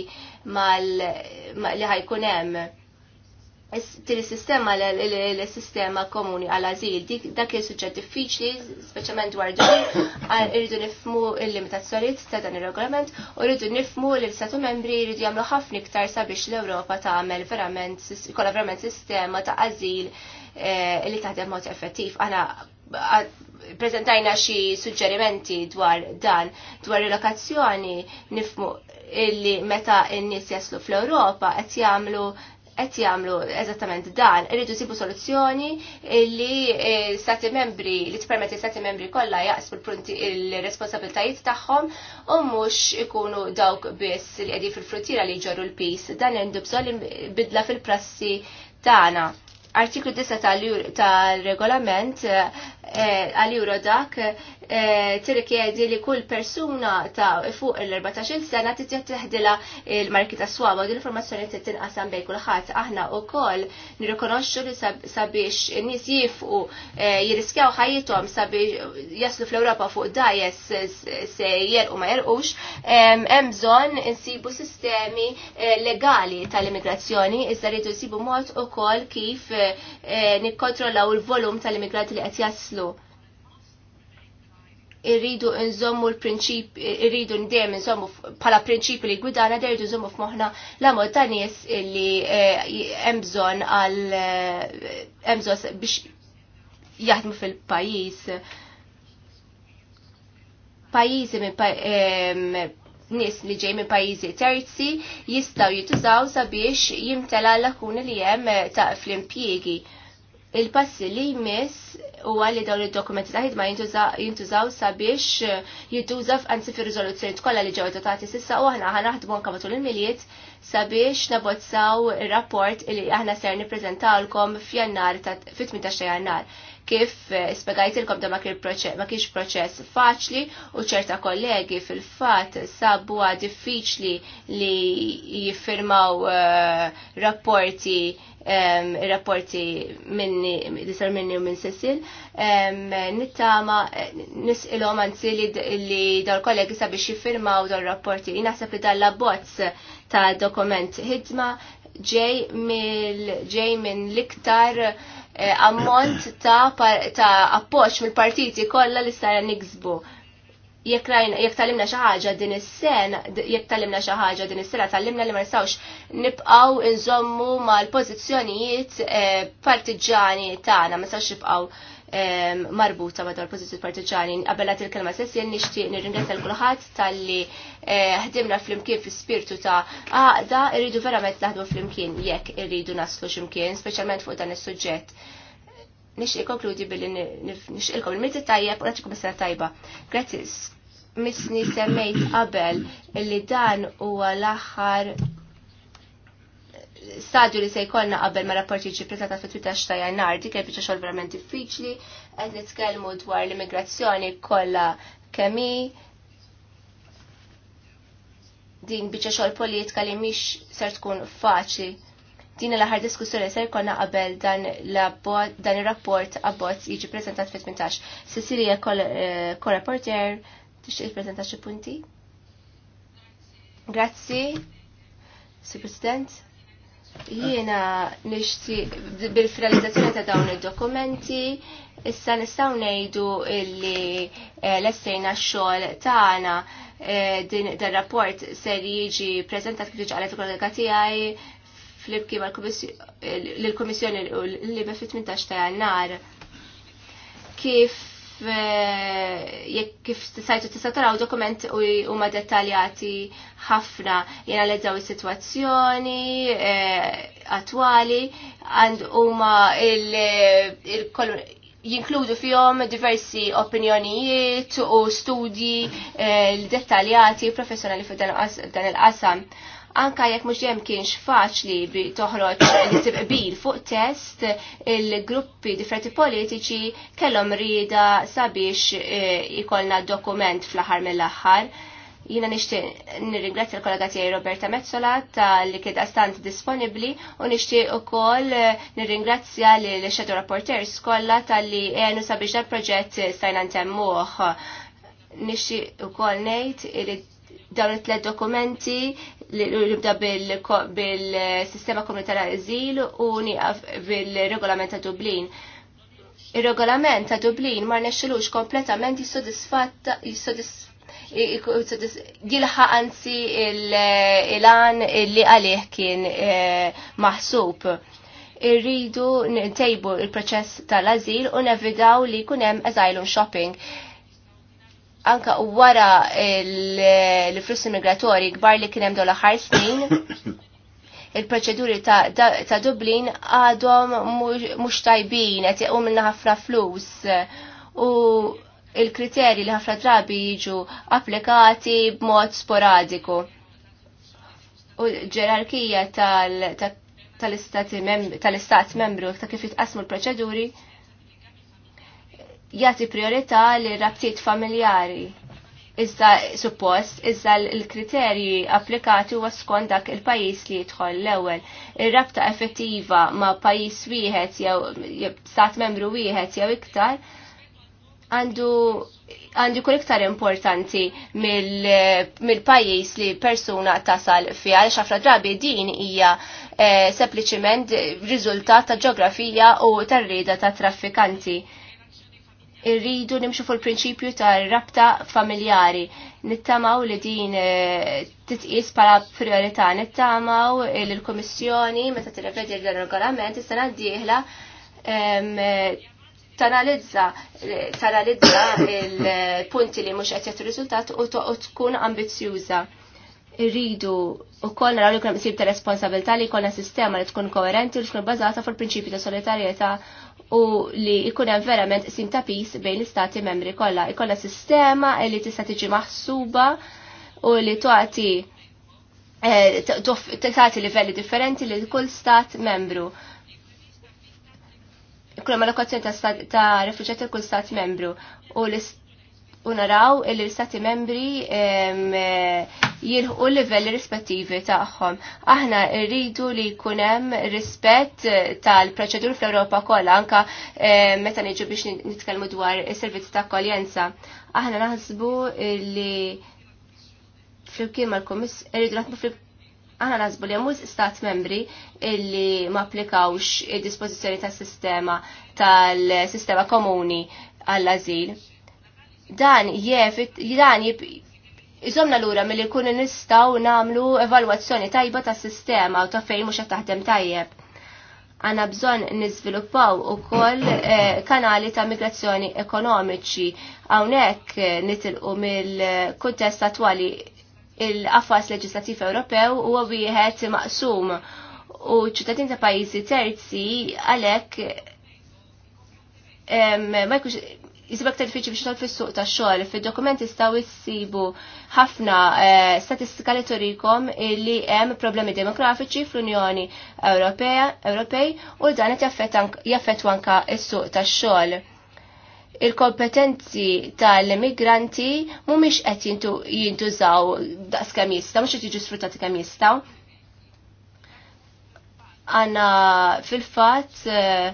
B: mal li ħajkun hemm tiri sistema l-sistema komuni għal-azil, dak il suġġett diffiċli, speċjalment dwar dan, irridu nifmu il-limitazzjoniet ta' dan il-regolament, u rridu nifmu li l-Statu membri rridu jagħmlu ħafna iktar sabiex l-Ewropa tagħmel verament, kollha verament sistema ta' azil eh, li taħdem mod effettiv. Għana prezentajna xi suġġerimenti dwar dan, dwar relokazzjoni nifmu illi meta n-nies jaslu fl-Ewropa qed jagħmlu qed jagħmlu eżattament dan, irridu sibu soluzzjoni li eh, stati membri li tippermetti stati membri kollha jaqsmu l-prunti il-responsabiltajiet tagħhom u mhux ikunu dawk biss li qegħdin fil-frutiera li jġorru l peace Dan għandu bżonn bidla fil-prassi tagħna artiklu 9 tal-regolament eh, eh, għal-juro dak eh, tirrikjedi li kull persuna ta' fuq l-14 sena titjet teħdila il-marki ta' swab u l informazzjoni trid tinqasam bejn kulħadd. Aħna wkoll nirrikonoxxu li sabiex in-nies jifqu jiriskjaw ħajjithom sabiex jaslu fl-Ewropa fuq dajes se jerqu ma jerqux, hemm bżonn insibu sistemi legali tal-immigrazzjoni iżda rridu jsibu mod ukoll kif Eh, nikkontrollaw il-volum tal-immigranti li qed jaslu. Irridu nżommu l prinċipi irridu ndem nżommu bħala prinċipi li gwidana derdu nżommu f'moħħna l-amor ta' nies li eh, hemm bżonn għal eh, hemm bżonn biex jaħdmu fil-pajjiż. Pajjiżi minn nis li ġej minn pajjiżi terzi jistgħu jitużaw sabiex jimtela l-lakuna li hemm eh, ta' fl-impjiegi. Il-passi li jmiss huwa li dawn id-dokumenti ta' ħidma jintużaw sabiex eh, jintuża f'anzi fir riżoluzzjoni kollha li ġew dotati sissa u aħna naħdmu anke matul il-miliet sabiex nabozzaw ir-rapport li aħna ser nippreżentawlkom f'jannar ta' fit-18 jannar. Ta kif eh, spiegajtilkom da ma kienx proċess faċli u ċerta kollegi fil-fat sabu diffiċli li jiffirmaw eh, rapporti rapporti minni li sar minni u minn sessil, nittama eh, nisqilhom anzi li dal kollegi sabiex jiffirmaw dal rapporti naħseb li dal-abbozz ta' dokument hidma, ġej mill ġej minn l-iktar Eh, ammont ta', ta appoċ mill-partiti kollha li sara niksbu. Jekk jek talimna xi ħaġa din is-sena, jekk talimna xi ħaġa din is-sena talimna li ma nistgħux nibqgħu inżommu mal-pożizzjonijiet eh, partiġani tagħna, ma nistgħux nibqgħu marbuta madwar pozizjoni partiġani. Qabbelat il-kelma sessi jen nixtieq nirringrazzja l-kulħadd talli eh, ħdimna flimkien fi spirtu ta' għaqda irridu verament naħdmu flimkien jekk irridu naslu x'imkien, speċjalment fuq dan is-suġġett. Nixtieq konkludi billi nixqilkom il-mirti tajjeb u naċċikom s sena tajba. Grazie, misni semmejt qabel li dan huwa l-aħħar stadju li se jkollna qabel ma rapport jiġi prezentata fit-18 ta' jannar dik hija biċċa xogħol verament diffiċli qed nitkellmu dwar l-immigrazzjoni kollha kemi, din biċċa xogħol politika li mhix ser tkun faċli. Din l-aħħar diskussjoni se jkollna qabel dan ir-rapport abbozz jiġi prezentat fit-18. Cecilia kol-reporter eh, tixtieq tippreżenta xi punti? Grazzi, Sir President. Jiena nixti bil-finalizzazzjoni ta' dawn id-dokumenti, issa nistgħu ngħidu li eh, lessejna x-xogħol tagħna eh, din dar-rapport ser jiġi preżentat kif ġalet kollega tiegħi flibki lill-Kummissjoni eh, li fit-18 ta' Jannar. Kif Eh, jekk kif sajtu tista' taraw dokument huma dettaljati ħafna jenalizzaw is-sitwazzjoni eh, attwali and huma il eh, jinkludu fihom diversi opinjonijiet u studji l-dettaljati professjonali f'dan il-qasam anka jekk mhux dejjem kienx faċli bi toħroġ li tibqbil fuq test il-gruppi differenti politiċi kellhom rida sabiex eh, ikolna dokument fl-aħħar mill-aħħar. Jina nixtieq nirringrazzja l-kollega tiegħi Roberta Mezzola tal-li kien stant disponibbli u nixtieq ukoll eh, nirringrazzja lil Shadow Rapporteurs kollha tal-li għenu sabiex dal-proġett stajna ntemmuh. Nixtieq ukoll ngħid dawn it-tlet dokumenti nibda bil-sistema komunitarja eżil u nieqaf bil-regolament ta' Dublin. Il-regolament ta' Dublin ma nexxilux kompletament jissodisfatta jilħa anzi il-għan li għalih kien eh, maħsub. Irridu ntejbu il-proċess tal-azil u nevidaw li kunem asylum shopping anka wara l-flussi migratori kbar li kienem dola ħar snin, il-proċeduri ta', ta Dublin għadhom mhux tajbin qed jaqgħu minna ħafna flus u il-kriterji li ħafna drabi jiġu applikati b'mod sporadiku. U ġerarkija tal-istat membru ta' kif jitqasmu l-proċeduri jati priorità li rabtiet familjari. Iżda suppost, iżda l-kriterji applikati u skont dak il-pajjiż li jidħol l-ewwel. Ir-rabta effettiva ma' pajjiż wieħed jew stat membru wieħed jew iktar għandu għandu kull iktar importanti mill-pajjiż mil li persuna tasal fiha għal xafra drabi din hija e, sempliċiment riżultat ta' ġeografija u tar-rieda ta' traffikanti irridu nimxu fuq il-prinċipju ta' rabta familjari. Nittamaw li din eh, titqis bħala priorità, nittamaw il-Komissjoni meta tirrefletti dan regolament is-sena d-dieħla tanalizza tanalizza il-punti li mhux qed jagħtu riżultat u tkun ambizzjuża. Irridu u koll naraw li kuna ta' responsabilità li jkollna sistema li tkun koerenti u tkun bbażata fuq il-prinċipju ta' solidarjetà u li jkun hemm verament sim ta' pis bejn l-istati membri kollha. Ikolla sistema li tista' tiġi maħsuba u li tagħti eh, tagħti livelli differenti li kull stat membru. Kull allokazzjoni ta' rifuġjati kull stat membru u l-istat u naraw li l-istati membri jilħu l-livelli rispettivi tagħhom. Aħna rridu li jkun hemm rispett tal-proċedur fl-Ewropa kollha anka meta niġu biex nitkellmu dwar is-servizzi ta' akkoljenza. Aħna naħsbu li flimkien mal-komiss rridu naħsbu fl aħna nasbu li jemmuż stat membri illi ma applikawx il-dispozizjoni tal sistema tal-sistema komuni għall-azil Dan jef, dan jib, Iżomna l-ura mill-li kun nistaw namlu evalwazzjoni tajba ta' sistema u ta' fejn mux taħdem tajjeb. Għanna bżon nizviluppaw u koll eh, kanali ta' migrazzjoni ekonomiċi. Għawnek eh, nitilqu mill-kontest attuali il affas leġislativ Ewropew u għawijħet maqsum u ċittadin ta' pajizi terzi għalek ma jkunx jisib aktar fiċi biex tħol fis-suq tax-xogħol. Fid-dokumenti jistgħu jsibu ħafna eh, statistika li turikom li hemm problemi demografiċi fl-Unjoni Ewropej u dan qed jaffettwa anke s-suq tax-xogħol il-kompetenzi tal-migranti mumiex qed jintużaw daqs kemm jistgħu, mhux qed jiġu sfruttati kemm jistgħu. Għandna fil-fatt eh,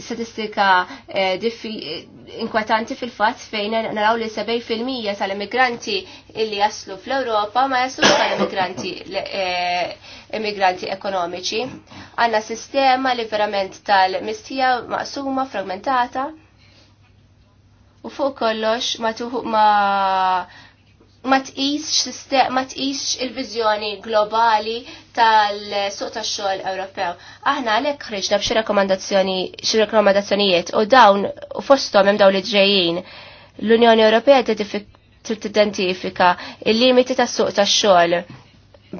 B: statistika eh, eh, inkwetanti fil-fat fejn naraw li 70% tal-immigranti illi jaslu fl-Europa ma jaslu tal-immigranti eh, immigranti ekonomiċi. Għanna sistema li verament tal-mistija maqsuma, fragmentata. U fuq kollox ma, tuħu, ma ma tqisx ma tqisx il-viżjoni globali tal-suq tax-xogħol Ewropew. Aħna għalhekk ħriġna b'xi rakkomandazzjoni xi rakkomandazzjonijiet u dawn u fosthom hemm dawn li ġejjin. L-Unjoni Ewropea tidentifika il-limiti tas-suq tax-xogħol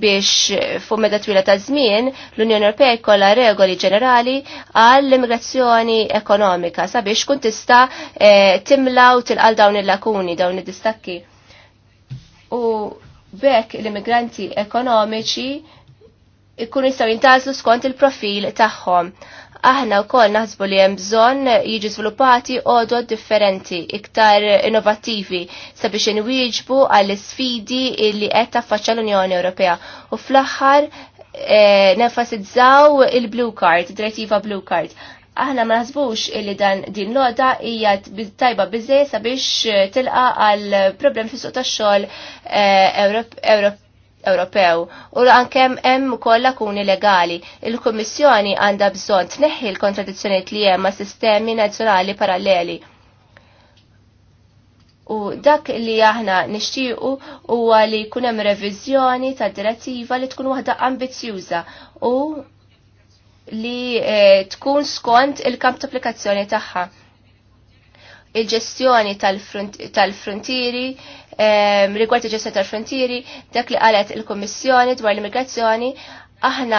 B: biex fuq meda twila ta' żmien l-Unjoni Ewropea jkollha regoli ġenerali għall-immigrazzjoni ekonomika sabiex kun tista' eh, timla u tilqal dawn il-lakuni, dawn id-distakki u bekk l-immigranti ekonomiċi ikkun jistaw jintazlu skont il-profil tagħhom. Aħna wkoll naħsbu li hemm bżonn jiġi żviluppati għodod differenti, iktar innovativi, sabiex inwieġbu għall sfidi li qed taffaċċa l-Unjoni Ewropea. U fl-aħħar e, nenfasizzaw il-Blue Card, direttiva Blue Card aħna ma naħsbux illi dan din loda hija tajba biżej sabiex eh, tilqa għal problem fis suq tax-xogħol eh, Ewropew u ankemm hemm ukoll lakuni legali. Il-Kummissjoni għandha bżonn tneħħi l-kontradizzjonijiet li hemm ma' sistemi nazzjonali paralleli. U dak li aħna nixtiequ huwa li jkun hemm reviżjoni tad-direttiva li tkun waħda ambizzjuża u li eh, tkun skont il-kamp ta' applikazzjoni tagħha. Il-ġestjoni tal-frontieri, tal eh, rigward il-ġestjoni tal-frontieri, dak li qalet il-Kommissjoni dwar l-immigrazzjoni, aħna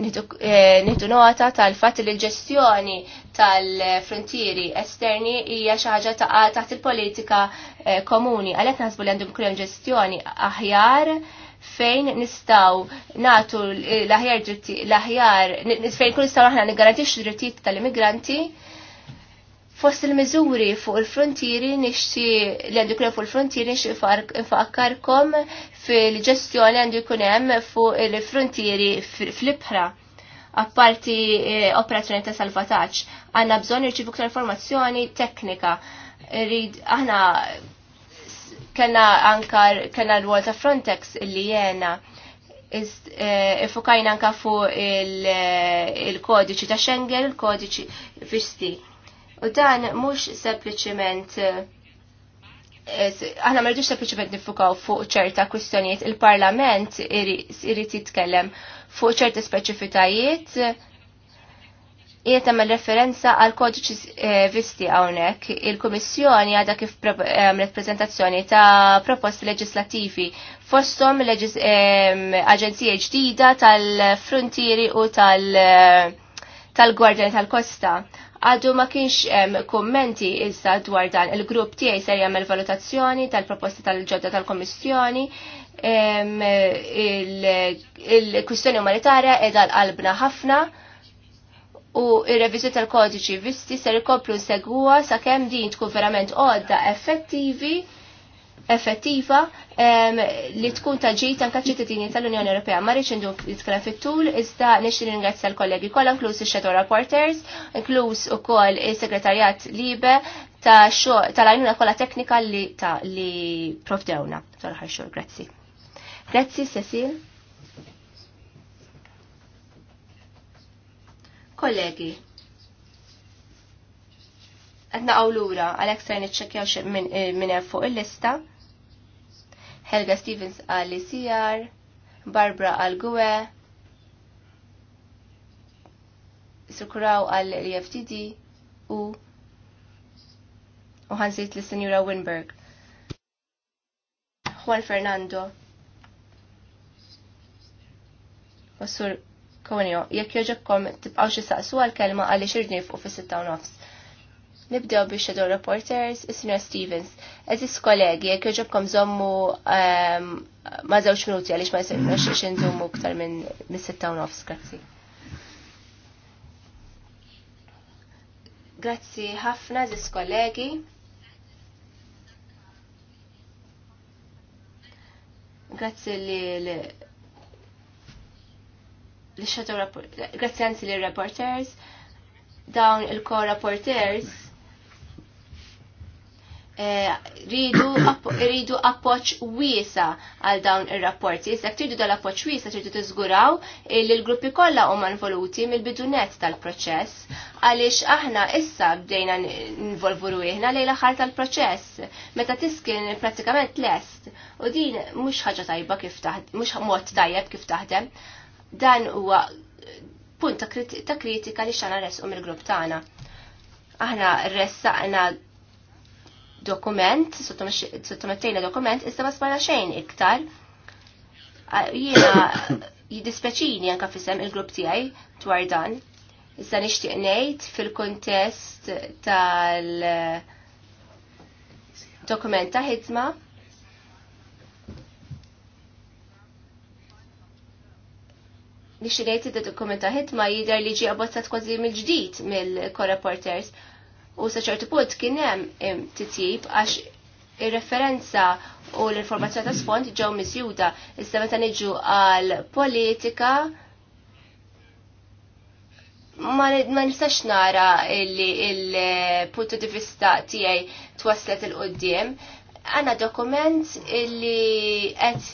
B: nitu eh, nota tal-fatt li l-ġestjoni tal-frontieri esterni hija xi ħaġa taqa' taħt il-politika eh, komuni. Għalhekk naħsbu li għandhom kulhom ġestjoni aħjar fejn nistaw natu l-aħjar dritti, l-aħjar, fejn kun nistaw aħna garantix drittijiet tal-immigranti, fost il-mizuri fuq il-frontieri nixti li għandu kunem fuq il-frontieri nixti infakkarkom fil-ġestjoni għandu kunem fuq il-frontieri fl-ibħra apparti eh, operazzjoni ta' salvataċ. Għanna bżon irċivu ktar informazzjoni teknika. Rid, aħna kena ankar kena l-wol ta' Frontex illi jena eh, ifukajna anka fuq eh, il-kodiċi ta' Schengen, il-kodiċi fixti. U dan mux sempliciment eh, aħna ma rridux sempliċement nifukaw fuq ċerta kwistjonijiet, il-Parlament irid jitkellem fuq ċerta speċifitajiet jiet għamil referenza għal kodiċi eh, visti għawnek. Il-Komissjoni għadha kif reprezentazzjoni ta' proposti leġislativi fostom ehm, aġenzija ġdida tal-frontieri u tal-gwardjani tal-kosta. Għadu ma kienx ehm, kommenti issa dwar dan il-grupp tiegħi ser jagħmel valutazzjoni tal-proposti tal-ġodda tal-Komissjoni ehm, il-kwistjoni umanitarja edha l-qalbna ħafna u ir-reviżju tal-kodiċi visti ser ikomplu segwa sakemm din tkun verament għodda effettivi effettiva um, li tkun taġġit anka ċittadini tal-Unjoni Ewropea. Ma rridx indu nitkellem fit-tul, iżda nixtieq ringrazzja l-kollegi kollha inkluż ix-Shadow Reporters, inkluż ukoll is-Segretarjat Libe ta' tal-għajnuna kollha teknika li ta' li profdewna tal-ħar xogħol. Grazzi. Grazzi, Cecil. Kollegi, għadna għawlura għalek ser nitċekjaw eh, minn fuq il-lista. Helga Stevens għalli Sijar, Barbara għal Gwe, Sukuraw għal EFTD u u ħanżit l-Senjura Winberg. Juan Fernando. Osur Kowenjo, jekk joġobkom tibqaw xi saqsu għal-kelma għalli xirni fuq fis sitta nofs. Nibdew biex shadow reporters, is-Sinjor Stevens. Eżis kollegi, jekk joġobkom żommu ehm, ma' żewġ minuti għaliex ma jsirnax xi nżommu aktar minn mis-sitta nofs, grazzi. Grazzi ħafna, eżis kollegi. Grazzi li l-shadow rapporters, grazzi l-rapporters, dawn il-co-rapporters, rridu eh, appoċ wiesa għal dawn ir-rapporti. Jisek tridu dal-appoċ wiesa tridu tiżguraw li l-gruppi kollha huma involuti mill-bidunet tal-proċess għaliex aħna issa bdejna nvolvu ruħna lejn l-aħħar tal-proċess meta tiskin pratikament lest u din mhux ħaġa tajba kif taħdem, mhux mod tajjeb kif taħdem Dan huwa punt ta' kritika li xana resqu mill-grupp tagħna. Aħna ressaqna dokument, sottomettejna dokument, issa ma smajna xejn iktar. Jiena jidispeċini anka fissem il-grupp tiegħi dwar dan. Issa nixtieq ngħid fil-kuntest tal- dokument ta' ħidma li xirejti da dokumenta ħitma jider li ġi abbozzat kważi mill-ġdid mill-korreporters. U sa ċertu punt kien hemm titjib għax ir-referenza u l-informazzjoni ta' sfond ġew misjuda. Issa meta niġu għal politika ma nistax nara li il-puntu di vista tiegħi twasslet il qudiem Għanna dokument li qed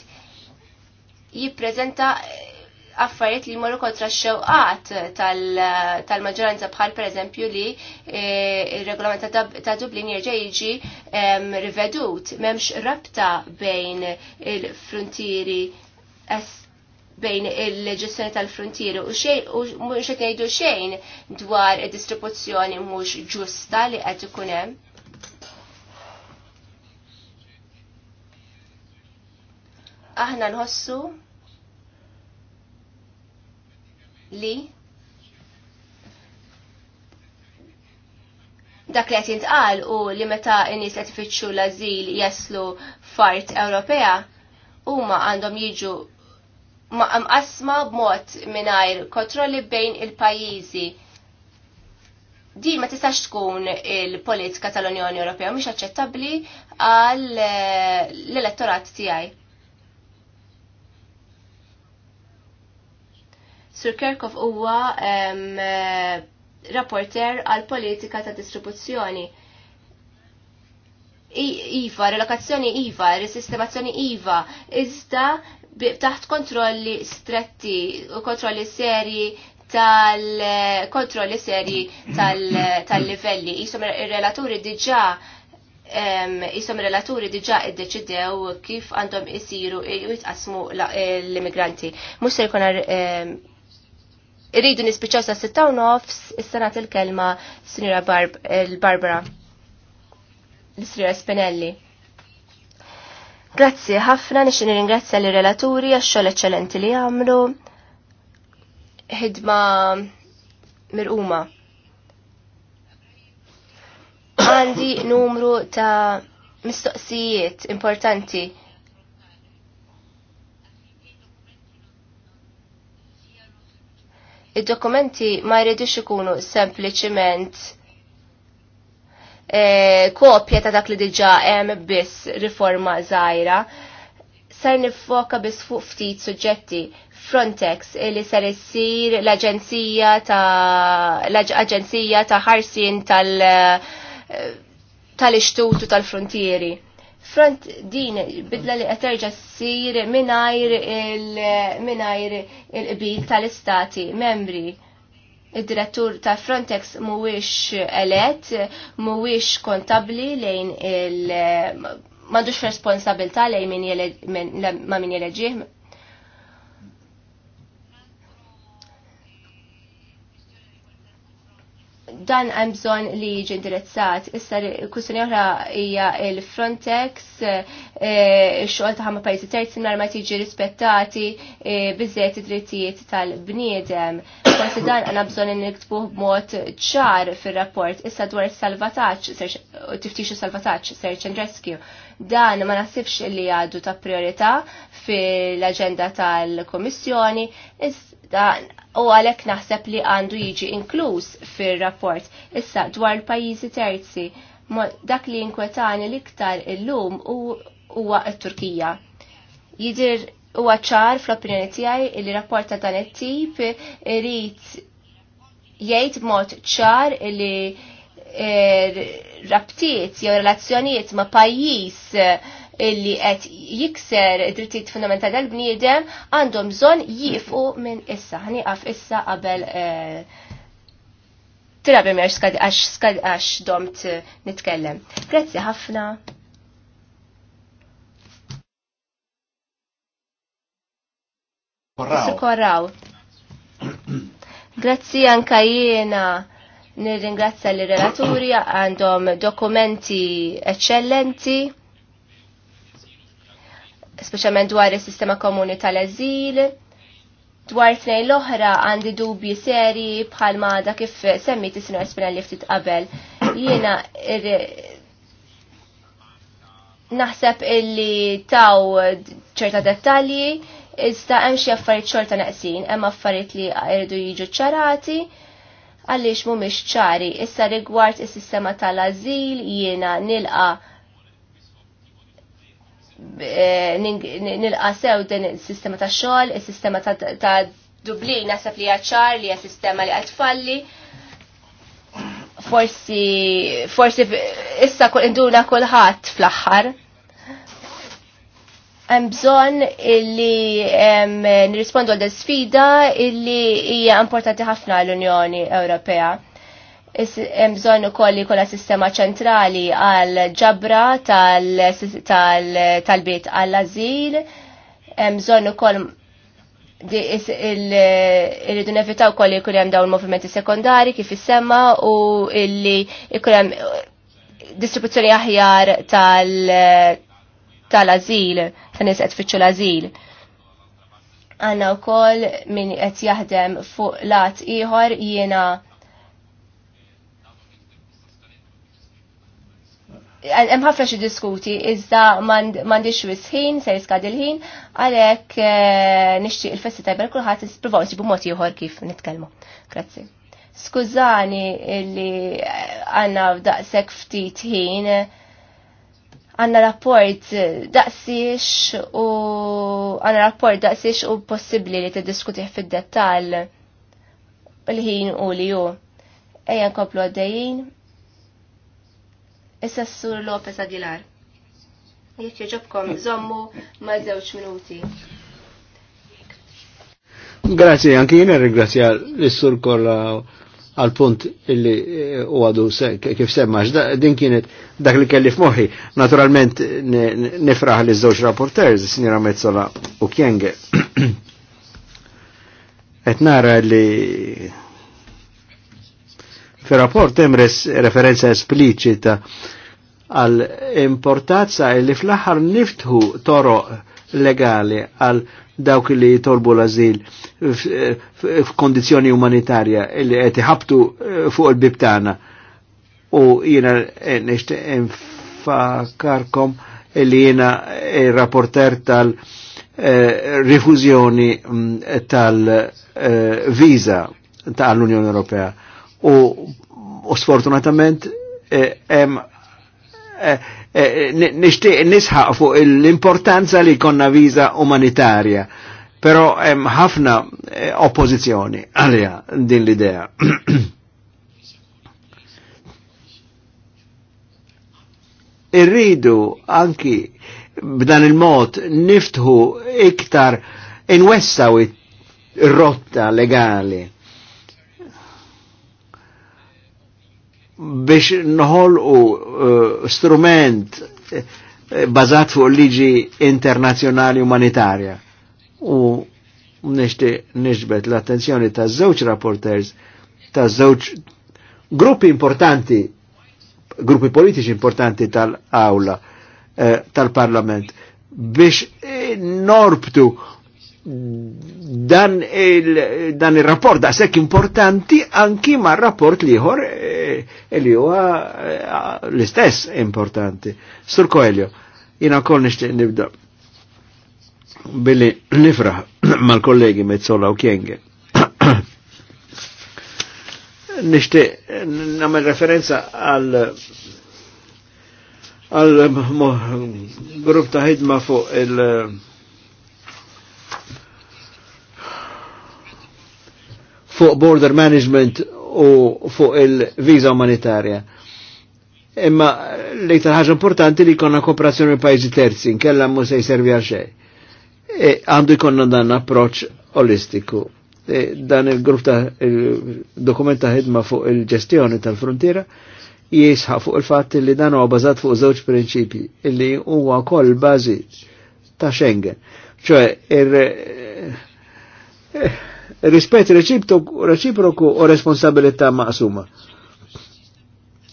B: jippreżenta affarijiet li jmorru kontra x-xewqat tal-maġġoranza bħal eżempju li e, ir-regolament ta' Dublin jerġa' jiġi rivedut m'hemmx rabta bejn il-frontieri bejn il-ġestjoni tal-frontieri u xejn u mhux qed ngħidu xejn dwar id-distribuzzjoni mhux ġusta li qed ikun hemm. Aħna nħossu li dak li qed jintqal u li meta n-nies qed fitxu l-ażil jaslu fart Ewropea huma għandhom jiġu mqasma b'mod mingħajr kontrolli bejn il-pajjiżi. Di ma tistax tkun il-politika tal-Unjoni Ewropea mhix aċċettabbli għall l-elettorat tiegħi. Sir Kerkov huwa eh, rapporter għal politika ta' distribuzzjoni. IVA, relokazzjoni IVA, risistemazzjoni IVA, iżda taħt kontrolli stretti u kontrolli serji tal-kontrolli serji tal-livelli. Tal Isom il-relaturi diġa jisom relaturi diġa id-deċidew kif għandhom isiru u jitqasmu l-immigranti. Mux se jkun irridu nispiċaw sa' sitta u nofs, istanat il-kelma Sinjura eh, Barbara, l-Sinjura Spinelli. Grazzi ħafna nixin ringrazzja li relaturi għax-xogħol li għamlu. Ħidma mir-uma. Għandi numru ta' mistoqsijiet importanti id-dokumenti ma jridux ikunu sempliċiment e, kopja ta' dak li diġa hemm biss riforma żgħira. Ser nifoka biss fuq ftit suġġetti Frontex li ser issir l-Aġenzija ta' l-Aġenzija ta' ħarsin tal- eh, tal-Ixtutu tal-Frontieri. tal tal frontieri front din bidla li għeterġa s-sir minajr il-qbil tal-istati membri. Id-direttur ta' Frontex mhuwiex elett, mhuwiex kontabli lejn il- m'għandux responsabilità lejn min ma' min dan hemm bżonn li jiġi indirizzat. Issa kwistjoni oħra hija l-Frontex, eh, x-xogħol ta' ma' pajjiżi terzi nhar ma tiġi rispettati eh, biżejjed id-drittijiet tal-bniedem. Forsi dan għandna bżonn niktbuh b'mod ċar fir-rapport issa dwar salvataġġ, tiftixu salvataġġ, search and rescue. Dan ma nasibx li għadu ta' priorità fil-agenda tal-Komissjoni, iżda u għalek naħseb li għandu jiġi inkluż fil-rapport. Issa dwar l-pajjiżi terzi, dak li inkwetani l-iktar illum huwa t-Turkija. Jidir huwa ċar fl-opinjoni tiegħi li rapport ta' dan it-tip irid jgħid mod ċar li Er, rabtiet jew relazzjonijiet ma' pajjiż eh, illi qed jikser drittijiet fundamentali tal-bniedem għandhom bżonn jifqu minn issa. Ħnieqaf issa qabel eh, trabi mer skad għax skad għax domt eh, nitkellem. Grazzi ħafna. Korraw. Grazzi anka jiena Nirringrazzja li relaturi għandhom dokumenti eccellenti, speċjalment dwar is-sistema komuni tal ażil dwar tnejn l-oħra għandi dubji seri bħalma da kif semmit is-sinu li ftit qabel. Jiena naħseb illi taw ċerta dettalji, iżda hemm xi affarijiet xorta naqsin, hemm affarijiet li jridu jiġu ċarati, għaliex mhumiex ċari. Issa rigward is-sistema tal-ażil jiena nilqa' eh, nilqa sew din is-sistema ta' xogħol, is-sistema ta' Dublin naħseb li ċar li hija sistema li għatfalli, Forsi forsi issa kull induna kulħadd fl-aħħar hemm bżonn illi nirrispondu għal sfida illi hija importanti ħafna l-Unjoni Ewropea. Hemm bżonn ukoll li kollha sistema ċentrali għal ġabra tal-bit għall-ażil, hemm bżonn ukoll irridu nevitaw kolli jkun hemm dawn movimenti sekondari kif issemma u illi jkun hemm distribuzzjoni aħjar tal tal-azil, ta' nis qed fitxu l-azil. Għanna wkoll min qed jaħdem fuq lat ieħor jiena hemm ħafna xi diskuti iżda m'għandix wisħin se jiskad il-ħin għalhekk eh, nixtieq il-festi tajba kulħadd ispruvaw isibu mod ieħor kif nitkellmu. Grazzi. Skużani li eh, għanna daqshekk ftit ħin għanna rapport daqsiex u għanna rapport daqsiex u possibli li t-diskutih fil-dettal l-ħin u li ju. Ejja nkomplu għaddejjien. Issa s-sur Lopez Aguilar. Jek joġobkom, zommu ma' zewċ minuti.
C: Grazie, anki jena ringrazja l-sur kolla għal punt illi eh, u għadu kif semmax, din kienet dak li kelli f-moħi. Naturalment nifraħ li żewġ rapporters, sinjera Mezzola u Kjenge. Et nara li fi rapport hemm referenza esplicita għal importanza illi fl-aħħar niftħu toro legali għal dawk li jitolbu l-azil f'kondizjoni umanitarja li qed iħabtu eh, fuq il-bibtana. U jiena eh, nixtieq infakarkom li jiena eh, rapporter tal-rifużjoni mm, tal-viża tal-Unjoni Ewropea. U sfortunatament hemm Eh, eh, nishtiq nisħaq fuq l-importanza li konna viza umanitarja. Pero hemm ħafna eh, oppożizzjoni għalija din l-idea. Irridu anki b'dan il-mod niftħu iktar inwessaw ir-rotta legali biex nħolqu uh, strument uh, bazat fuq liġi internazjonali umanitarja. U nishti nishbet l-attenzjoni ta' zewċ rapporters, ta' zewċ gruppi importanti, gruppi politiċi importanti tal aula uh, eh, tal-parlament, biex eh, norbtu dan il, dan il rapport da sekk importanti anki ma' rapport liħor e li huwa eh, l-istess importanti. Sur Koelio, jina kol nishtiq nibda billi nifraħ mal-kollegi Mezzola u Kienge. nishtiq namel referenza għal għal grupp ta' ħidma fuq il- fuq border management u fuq il-viza umanitarja. Imma li ħaġa importanti li konna kooperazzjoni ma' pajjiżi terzi, nkella mu se jservi għal xejn. E għandu jkonna dan approċ olistiku. E, dan il-grupp ta' il-dokumenta ħidma fuq il-ġestjoni tal-frontiera jisħa fuq il fatti li dan huwa bażat fuq żewġ prinċipi illi huwa koll bażi ta' Schengen ċoħe il-rispet eh, eh, reċiproku u responsabilità maqsuma.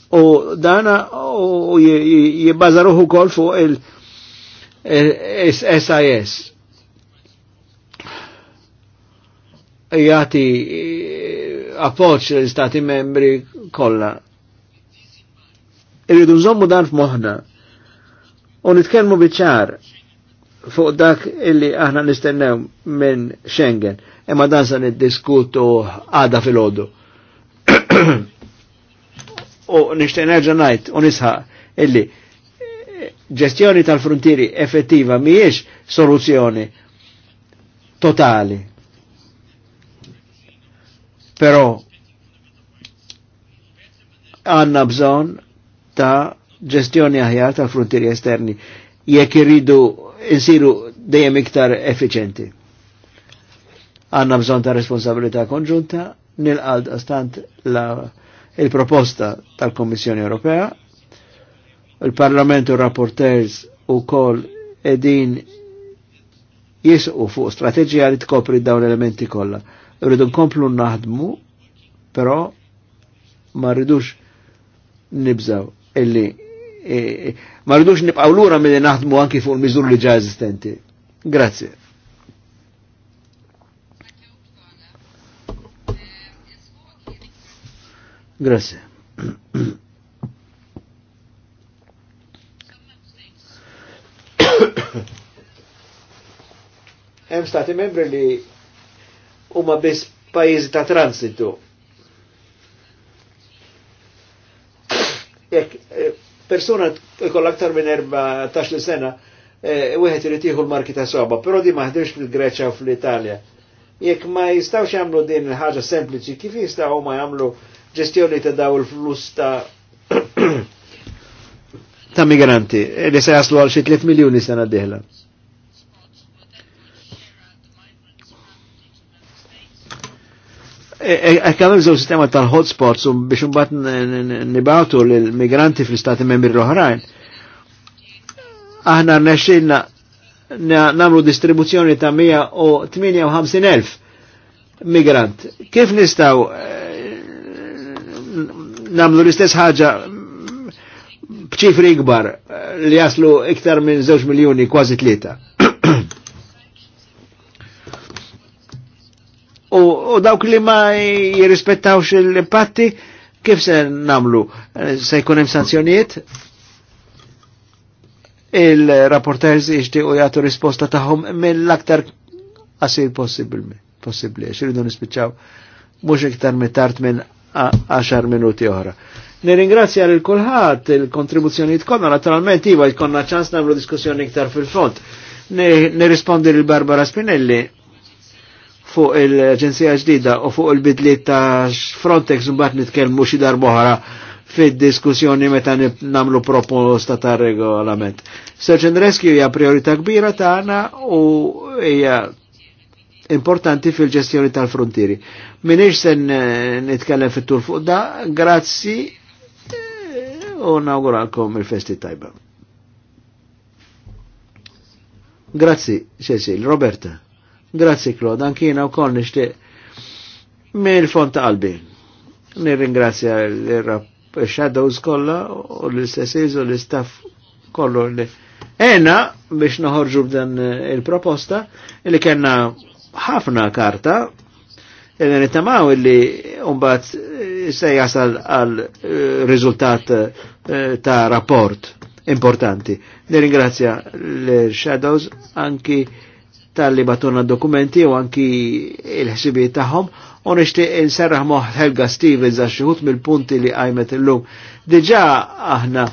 C: U dana u jibbazaruhu kol fuq il-SIS. Jati e eh, appoċ l istati membri kolla. Irridu nżommu dan f'moħna. U nitkellmu biċar fuq dak illi aħna nistennew minn Schengen. Imma dan se niddiskutu għada fil-ħodu. u nishtiq nerġa' ngħid u nisħaq illi eh, ġestjoni tal-frontieri effettiva mhijiex soluzzjoni totali. Però għanna bżon ta' ġestjoni aħjar tal-frontieri esterni jekk iridu insiru dejjem iktar effiċenti. Għanna bżon ta' responsabilità konġunta nilqad stant il-proposta tal-Kommissjoni Ewropea, il-Parlamentu rapporters u kol edin jisqu fuq strateġija li tkopri dawn elementi kollha. Rridu nkomplu naħdmu, però ma rridux nibżaw illi E, e, ma rridux nibqaw lura milli naħdmu anki fuq il-miżur li ġa eżistenti. Grazie. Grazie. Hemm stati membri li huma biss pajjiżi ta' transitu. Jekk eh, persona kollha aktar minn erba tax li sena e, wieħed irid jieħu l-marki ta' soba, però di maħdux fil-Greċja u fl-Italja. Jekk ma jistawx jagħmlu din ħaġa sempliċi, kif jistgħu ma jagħmlu ġestjoni ta' daw il-flus ta' ta' migranti e li se jaslu għal xi 3 miljuni sena d-dieħla. Ekkawem e, e, e, zew sistema tal-hotspots u biex unbat nibawtu l-migranti fl-istati membri l-oħrajn. Aħna rnexxilna namlu distribuzzjoni ta' 158.000 migrant. Kif nistaw namlu l-istess ħagġa bċifri ikbar li jaslu iktar minn 2 miljoni kważi tlieta. u dawk li ma jirrispettawx il-patti kif se namlu? Eh, se jkun hemm il il iġti u jagħtu risposta tagħhom mill-aktar qasil possibbli għax iridu nispiċċaw mhux iktar mitart minn 10 minuti oħra. Nirringrazzja lil kulħadd il-kontribuzzjonijiet kollha, naturalment iva jkollna ċans nagħmlu diskussjoni iktar fil-fond. Nirrispondi lil Barbara Spinelli fuq il-Aġenzija ġdida u fuq il-bidliet ta' Frontex mbagħad nitkellmu xi darbohra fid-diskussjoni meta namlu proposta ta' regolament. Search and Rescue hija priorità kbira tagħna u hija importanti fil-ġestjoni tal-frontieri. Minix sen nitkellem fit-tul fuq da, grazzi u nawguralkom il-festi tajba. Grazzi, Cecil. Roberta. Grazzi Klod, ankina u koll nishtiq il font qalbi. Nirringrazzja il shadows kolla u l-istessiz u l-istaff kollu li. Ena biex noħorġu b'dan eh, il-proposta li kena ħafna karta illi nittamaw illi umbat eh, se jasal għal eh, rizultat ta' rapport importanti. Nirringrazzja l-Shadows anki tal-li batuna dokumenti u anki il-ħsibiet tagħhom u nixtieq inserraħ moħ Helga Stevens għax xuħut mill-punti li l illum. Diġà aħna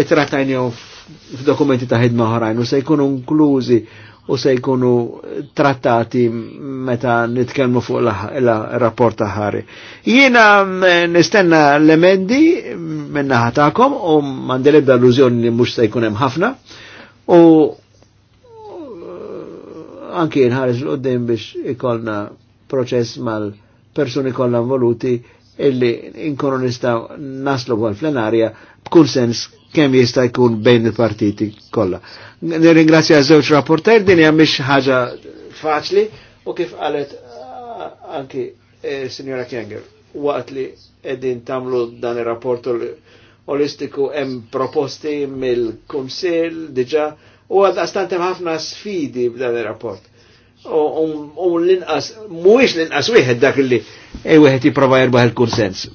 C: ittratajnihom f'dokumenti ta' ħidma oħrajn u se jkunu inklużi u se jkunu trattati meta nitkellmu fuq il-rapport taħari. ħari. Jiena mm, nistenna l-emendi minna ħatakom u mandi l-ebda li mhux se jkun hemm ħafna u anki nħares l-qoddim biex ikolna proċess mal-persuni kollha involuti illi inkunu nistaw naslu għal plenarja b'kull sens kemm jista' jkun bejn il-partiti kollha. Nirringrazzja żewġ rapporter din hija mhix ħaġa faċli u kif qalet anki e, Signora Kjenger waqt li qegħdin tagħmlu dan ir-rapport olistiku hemm proposti mill-Kunsill diġà U għadda stantem ħafna sfidi b'dan il-rapport. U l-inqas, muwix l-inqas wieħed dak li e, wieħed jiprofa jirbaħ il-kunsens.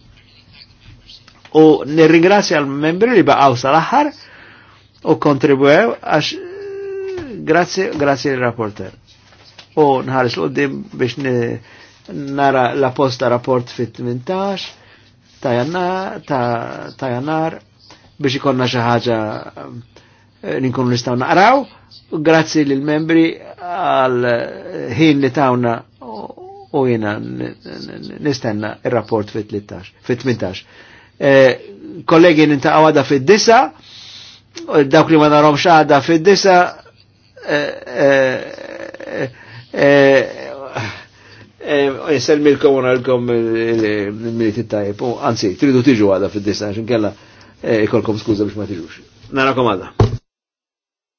C: U nirringrazzja l-membri li baqaw sal axar u kontribwew għax grazzi, grazzi l-rapporter. U nħares l-qoddim biex nara la posta rapport fit-18 ta' jannar, biex ikonna xaħġa. Eh, ninkunu nistaw naqraw. Grazzi lil membri għal eh, ħin li tawna u jena nistenna il-rapport fit-18. Eh, kollegi ninta għada fit-disa, dawk li ma narom xaħda fit-disa, Niselmilkom unalkom il-militi tajib, u għansi, tridu tiġu għada fil-disa, xinkella ikolkom skuza biex ma tiġux. Narakom għada.